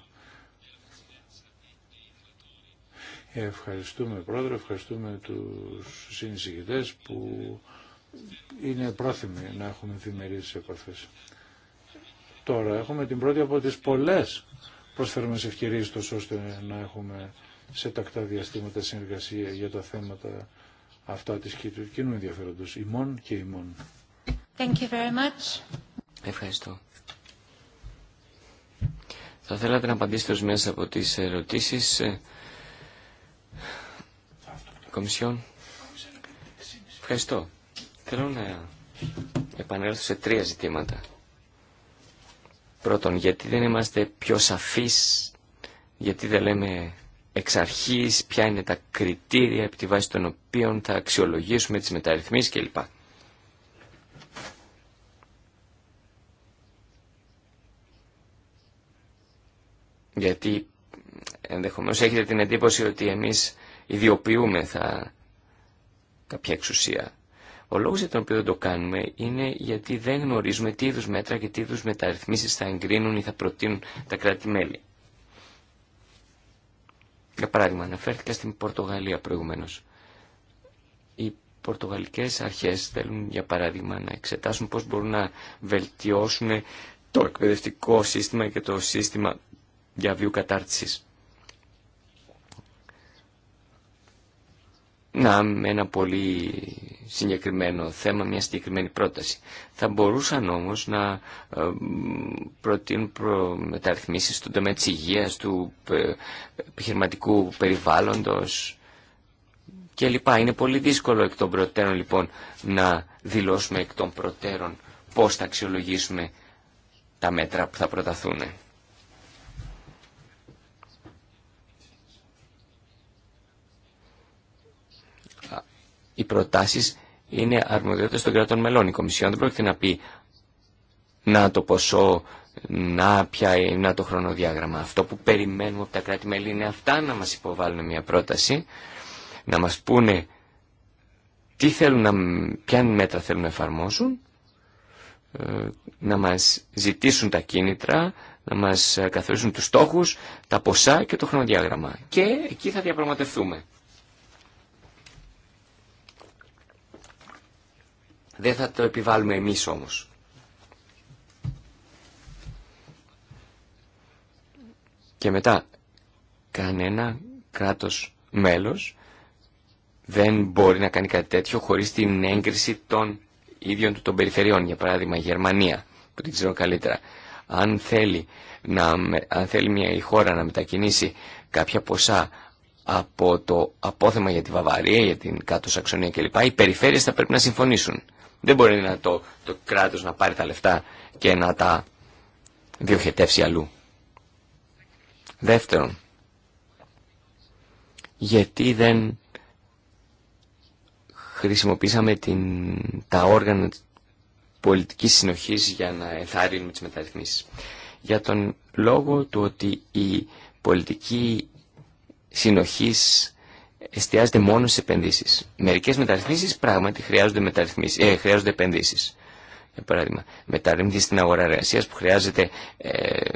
Ευχαριστούμε πρόεδρε, ευχαριστούμε τους συνεισηγητές που είναι πρόθυμοι να έχουμε διμερείς επαφέ. Τώρα έχουμε την πρώτη από τις πολλές προσφέρουμε σε ευκαιρίες τόσο ώστε να έχουμε σε τακτά διαστήματα συνεργασία για τα θέματα αυτά της κοινού ενδιαφέροντος ημών και ημών. Thank you very much. Ευχαριστώ. Θα θέλατε να απαντήσετε ως μέσα από τις ερωτήσεις ε, Κομισιόν. Ευχαριστώ. Θέλω να επανέλθω σε τρία ζητήματα. Πρώτον, γιατί δεν είμαστε πιο σαφείς, γιατί δεν λέμε εξ αρχής ποια είναι τα κριτήρια επί τη βάση των οποίων θα αξιολογήσουμε τις μεταρρυθμίσεις κλπ. Γιατί ενδεχομένως έχετε την εντύπωση ότι εμείς ιδιοποιούμε θα κάποια εξουσία. Ο λόγος για τον οποίο δεν το κάνουμε είναι γιατί δεν γνωρίζουμε τι είδους μέτρα και τι είδους μεταρρυθμίσεις θα εγκρίνουν ή θα προτείνουν τα κράτη-μέλη. Για παράδειγμα, αναφέρθηκα στην Πορτογαλία προηγουμένως. Οι πορτογαλικές αρχές θέλουν, για παράδειγμα, να εξετάσουν πώς μπορούν να βελτιώσουν το εκπαιδευτικό σύστημα και το σύστημα διαβίου κατάρτισης. να, με ένα πολύ συγκεκριμένο θέμα, μια συγκεκριμένη πρόταση. Θα μπορούσαν όμως να ε, προτείνουν προ... μεταρρυθμίσεις στον τομέα της υγείας, του ε, επιχειρηματικού περιβάλλοντος κλπ. Είναι πολύ δύσκολο εκ των προτέρων λοιπόν να δηλώσουμε εκ των προτέρων πώς θα αξιολογήσουμε τα μέτρα που θα προταθούν. οι προτάσει είναι αρμοδιότητα των κρατών μελών. Η Κομισιόν δεν πρόκειται να πει να το ποσό, να, πια, είναι το χρονοδιάγραμμα. Αυτό που περιμένουμε από τα κράτη-μέλη είναι αυτά να μας υποβάλουν μια πρόταση, να μας πούνε τι θέλουν να, ποια μέτρα θέλουν να εφαρμόσουν, ε, να μας ζητήσουν τα κίνητρα, να μας καθορίσουν τους στόχους, τα ποσά και το χρονοδιάγραμμα. Και εκεί θα διαπραγματευτούμε. Δεν θα το επιβάλλουμε εμείς όμως. Και μετά, κανένα κράτος μέλος δεν μπορεί να κάνει κάτι τέτοιο χωρίς την έγκριση των ίδιων του των περιφερειών. Για παράδειγμα, η Γερμανία, που την ξέρω καλύτερα. Αν θέλει, να, αν θέλει μια η χώρα να μετακινήσει κάποια ποσά από το απόθεμα για τη Βαβαρία, για την κάτω Σαξονία κλπ. Οι περιφέρειες θα πρέπει να συμφωνήσουν. Δεν μπορεί να το, το κράτος να πάρει τα λεφτά και να τα διοχετεύσει αλλού. Δεύτερον, γιατί δεν χρησιμοποίησαμε την, τα όργανα πολιτικής συνοχής για να ενθαρρύνουμε τις μεταρρυθμίσεις. Για τον λόγο του ότι η πολιτική συνοχής εστιάζεται μόνο στι επενδύσει. Μερικέ μεταρρυθμίσει πράγματι χρειάζονται, ε, χρειάζονται επενδύσει. Για παράδειγμα, μεταρρύθμιση στην αγορά εργασία που χρειάζεται ε, ε,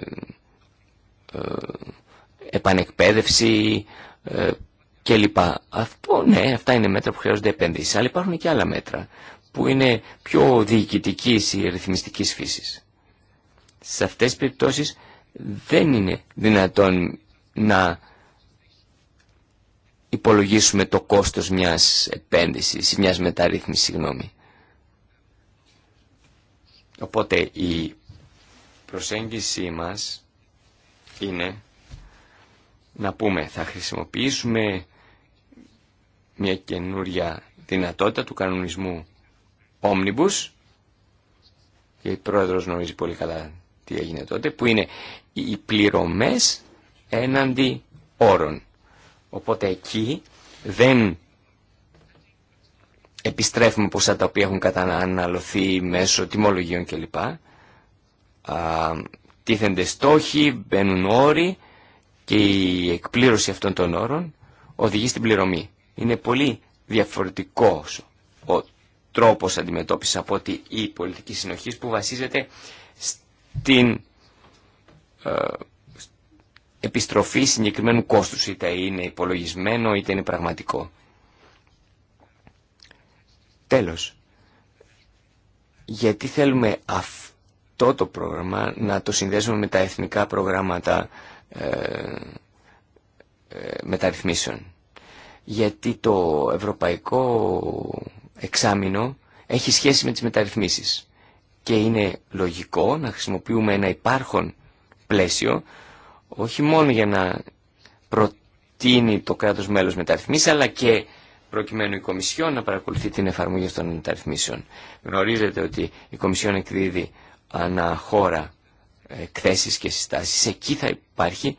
επανεκπαίδευση ε, κλπ. Αυτό, ναι, αυτά είναι μέτρα που χρειάζονται επενδύσει. Αλλά υπάρχουν και άλλα μέτρα που είναι πιο διοικητική ή ρυθμιστική φύση. Σε αυτέ τι περιπτώσει δεν είναι δυνατόν να υπολογίσουμε το κόστος μιας επένδυσης, μιας μεταρρύθμισης, συγγνώμη. Οπότε η προσέγγιση μας είναι να πούμε θα χρησιμοποιήσουμε μια καινούρια δυνατότητα του κανονισμού Omnibus και η πρόεδρος γνωρίζει πολύ καλά τι έγινε τότε που είναι οι πληρωμές έναντι όρων Οπότε εκεί δεν επιστρέφουμε ποσά τα οποία έχουν καταναλωθεί μέσω τιμολογίων κλπ. Τίθενται στόχοι, μπαίνουν όροι και η εκπλήρωση αυτών των όρων οδηγεί στην πληρωμή. Είναι πολύ διαφορετικός ο τρόπος αντιμετώπισης από ότι η πολιτική συνοχής που βασίζεται στην ε, επιστροφή συγκεκριμένου κόστους, είτε είναι υπολογισμένο είτε είναι πραγματικό. Τέλος, γιατί θέλουμε αυτό το πρόγραμμα να το συνδέσουμε με τα εθνικά προγράμματα ε, ε μεταρρυθμίσεων. Γιατί το ευρωπαϊκό εξάμεινο έχει σχέση με τις μεταρρυθμίσεις και είναι λογικό να χρησιμοποιούμε ένα υπάρχον πλαίσιο όχι μόνο για να προτείνει το κράτος μέλος μεταρρυθμίσεις, αλλά και προκειμένου η Κομισιόν να παρακολουθεί την εφαρμογή των μεταρρυθμίσεων. Γνωρίζετε ότι η Κομισιόν εκδίδει ανά χώρα εκθέσεις και συστάσεις. Εκεί θα υπάρχει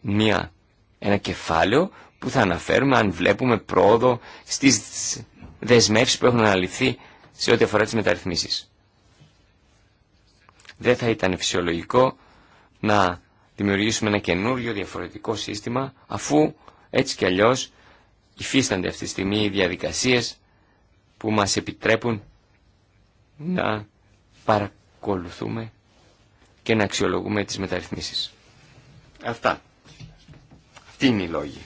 μια, ένα κεφάλαιο που θα αναφέρουμε αν βλέπουμε πρόοδο στις δεσμεύσεις που έχουν αναλυθεί σε ό,τι αφορά τις μεταρρυθμίσεις. Δεν θα ήταν φυσιολογικό να δημιουργήσουμε ένα καινούριο διαφορετικό σύστημα αφού έτσι κι αλλιώς υφίστανται αυτή τη στιγμή οι διαδικασίες που μας επιτρέπουν να παρακολουθούμε και να αξιολογούμε τις μεταρρυθμίσεις. Αυτά. Αυτή είναι η λόγη.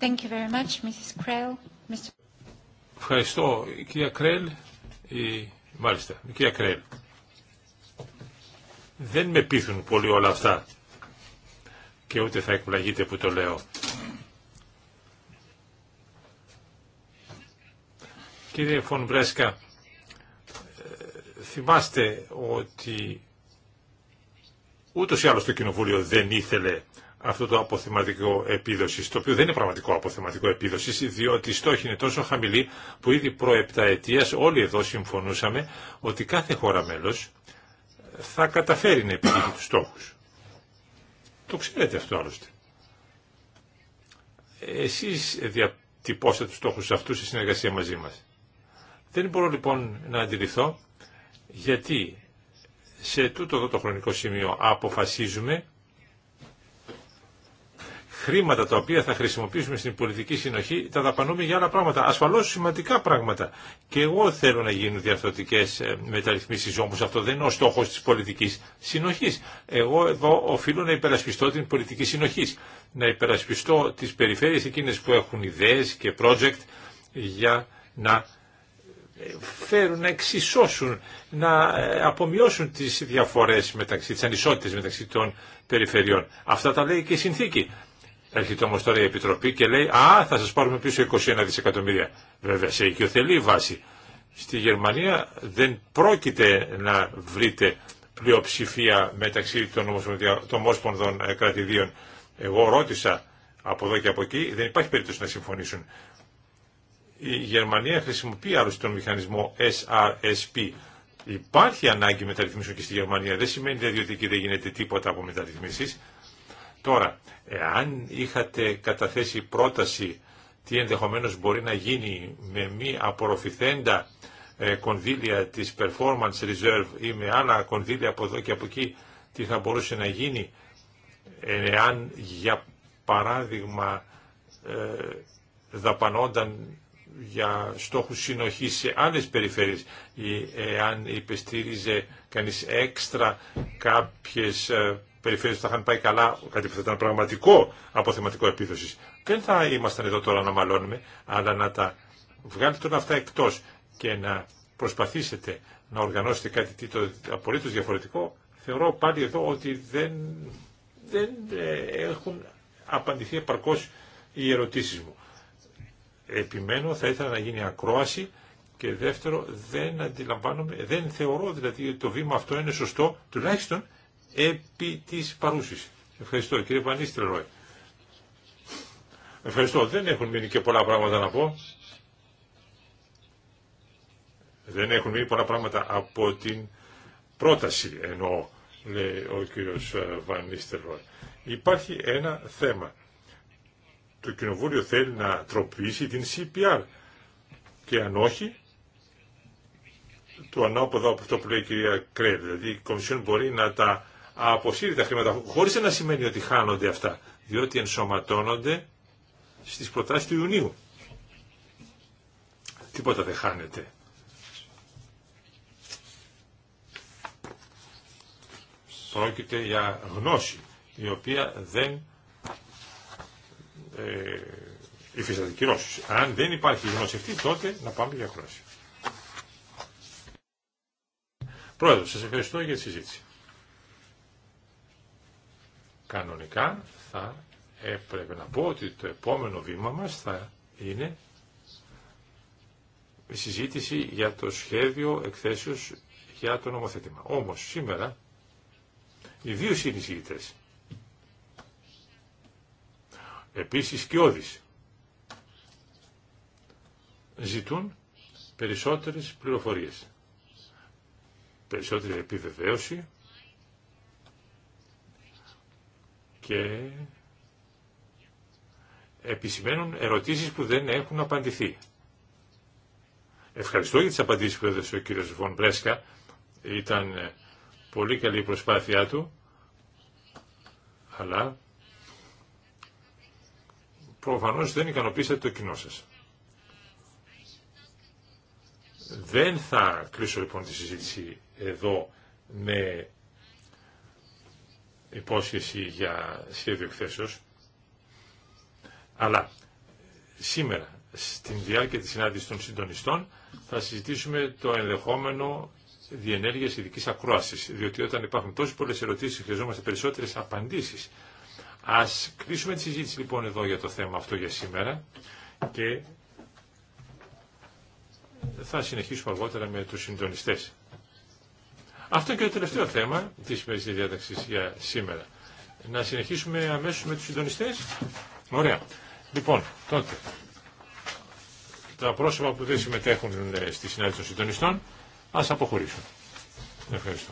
Thank you very much, Mrs. Krell. Mr. Ευχαριστώ, κυρία Κρέλ, Μάλιστα, κυρία Κρέλ. Δεν με πείθουν πολύ όλα αυτά και ούτε θα εκπλαγείτε που το λέω. Κύριε Φον ε, θυμάστε ότι ούτως ή άλλως το Κοινοβούλιο δεν ήθελε αυτό το αποθεματικό επίδοση, το οποίο δεν είναι πραγματικό αποθεματικό επίδοση, διότι η στόχη είναι τόσο χαμηλή που ήδη προ όλοι εδώ συμφωνούσαμε ότι κάθε χώρα μέλο θα καταφέρει να επιτύχει του στόχου. Το ξέρετε αυτό άλλωστε. Εσείς διατυπώσατε τους στόχου αυτούς σε συνεργασία μαζί μα. Δεν μπορώ λοιπόν να αντιληφθώ γιατί σε τούτο εδώ το χρονικό σημείο αποφασίζουμε χρήματα τα οποία θα χρησιμοποιήσουμε στην πολιτική συνοχή τα δαπανούμε για άλλα πράγματα. Ασφαλώς σημαντικά πράγματα. Και εγώ θέλω να γίνουν διαφθορτικές ε, μεταρρυθμίσεις όμως αυτό δεν είναι ο στόχος της πολιτικής συνοχής. Εγώ εδώ οφείλω να υπερασπιστώ την πολιτική συνοχής. Να υπερασπιστώ τις περιφέρειες εκείνες που έχουν ιδέες και project για να ε, φέρουν, να εξισώσουν, να ε, απομειώσουν τις διαφορές μεταξύ, τις ανισότητες μεταξύ των περιφερειών. Αυτά τα λέει και η συνθήκη. Έρχεται όμω τώρα η Επιτροπή και λέει «Α, θα σα πάρουμε πίσω 21 δισεκατομμύρια». Βέβαια, σε οικειοθελή βάση. Στη Γερμανία δεν πρόκειται να βρείτε πλειοψηφία μεταξύ των ομόσπονδων ε, κρατηδίων. Εγώ ρώτησα από εδώ και από εκεί, δεν υπάρχει περίπτωση να συμφωνήσουν. Η Γερμανία χρησιμοποιεί άλλωστε τον μηχανισμό SRSP. Υπάρχει ανάγκη μεταρρυθμίσεων και στη Γερμανία. Δεν σημαίνει δηλαδή ότι εκεί δεν γίνεται τίποτα από μεταρρυθμίσει. Τώρα, Εάν είχατε καταθέσει πρόταση τι ενδεχομένως μπορεί να γίνει με μη απορροφηθέντα ε, κονδύλια της performance reserve ή με άλλα κονδύλια από εδώ και από εκεί, τι θα μπορούσε να γίνει εάν για παράδειγμα ε, δαπανόταν για στόχους συνοχής σε άλλες περιφέρειες ή εάν υπεστήριζε κανείς έξτρα κάποιες ε, περιφέρειε που θα είχαν πάει καλά, κάτι που θα ήταν πραγματικό αποθεματικό επίδοση. Δεν θα ήμασταν εδώ τώρα να μαλώνουμε, αλλά να τα βγάλετε όλα αυτά εκτό και να προσπαθήσετε να οργανώσετε κάτι το απολύτω διαφορετικό, θεωρώ πάλι εδώ ότι δεν, δεν ε, έχουν απαντηθεί επαρκώ οι ερωτήσει μου. Επιμένω, θα ήθελα να γίνει ακρόαση. Και δεύτερο, δεν αντιλαμβάνομαι, δεν θεωρώ δηλαδή ότι το βήμα αυτό είναι σωστό, τουλάχιστον επί της παρούσης. Ευχαριστώ κύριε Πανίστρε Ευχαριστώ. Δεν έχουν μείνει και πολλά πράγματα να πω. Δεν έχουν μείνει πολλά πράγματα από την πρόταση εννοώ, λέει ο κύριος Βανίστερ ε, Υπάρχει ένα θέμα. Το Κοινοβούλιο θέλει να τροποποιήσει την CPR και αν όχι, το ανάποδο από αυτό που λέει η κυρία Κρέλ. Δηλαδή η Κομισιόν μπορεί να τα αποσύρει τα χρήματα, χωρίς να σημαίνει ότι χάνονται αυτά, διότι ενσωματώνονται στις προτάσεις του Ιουνίου. Τίποτα δεν χάνεται. Πρόκειται για γνώση, η οποία δεν ε, υφίσταται κυρώσεις. Αν δεν υπάρχει γνώση αυτή, τότε να πάμε για γνώση. Πρόεδρο, σας ευχαριστώ για τη συζήτηση. Κανονικά θα έπρεπε να πω ότι το επόμενο βήμα μας θα είναι η συζήτηση για το σχέδιο εκθέσεως για το νομοθέτημα. Όμως σήμερα οι δύο συνεισηγητές, επίσης και όδης, ζητούν περισσότερες πληροφορίες, περισσότερη επιβεβαίωση και επισημαίνουν ερωτήσεις που δεν έχουν απαντηθεί. Ευχαριστώ για τις απαντήσεις που έδωσε ο κύριος Βον Ήταν ε, πολύ καλή η προσπάθειά του, αλλά προφανώς δεν ικανοποίησατε το κοινό σας. Δεν θα κλείσω λοιπόν τη συζήτηση εδώ με υπόσχεση για σχέδιο εκθέσεως, αλλά σήμερα στην διάρκεια της συνάντησης των συντονιστών θα συζητήσουμε το ενδεχόμενο διενέργειας ειδικής ακρόασης, διότι όταν υπάρχουν τόσες πολλές ερωτήσεις χρειαζόμαστε περισσότερες απαντήσεις. Ας κλείσουμε τη συζήτηση λοιπόν εδώ για το θέμα αυτό για σήμερα και θα συνεχίσουμε αργότερα με τους συντονιστές. Αυτό και το τελευταίο θέμα τη σημερινή διάταξη για σήμερα. Να συνεχίσουμε αμέσω με τους συντονιστέ. Ωραία. Λοιπόν, τότε, τα πρόσωπα που δεν συμμετέχουν ε, στη συνάντηση των συντονιστών, ας αποχωρήσουν. Ευχαριστώ.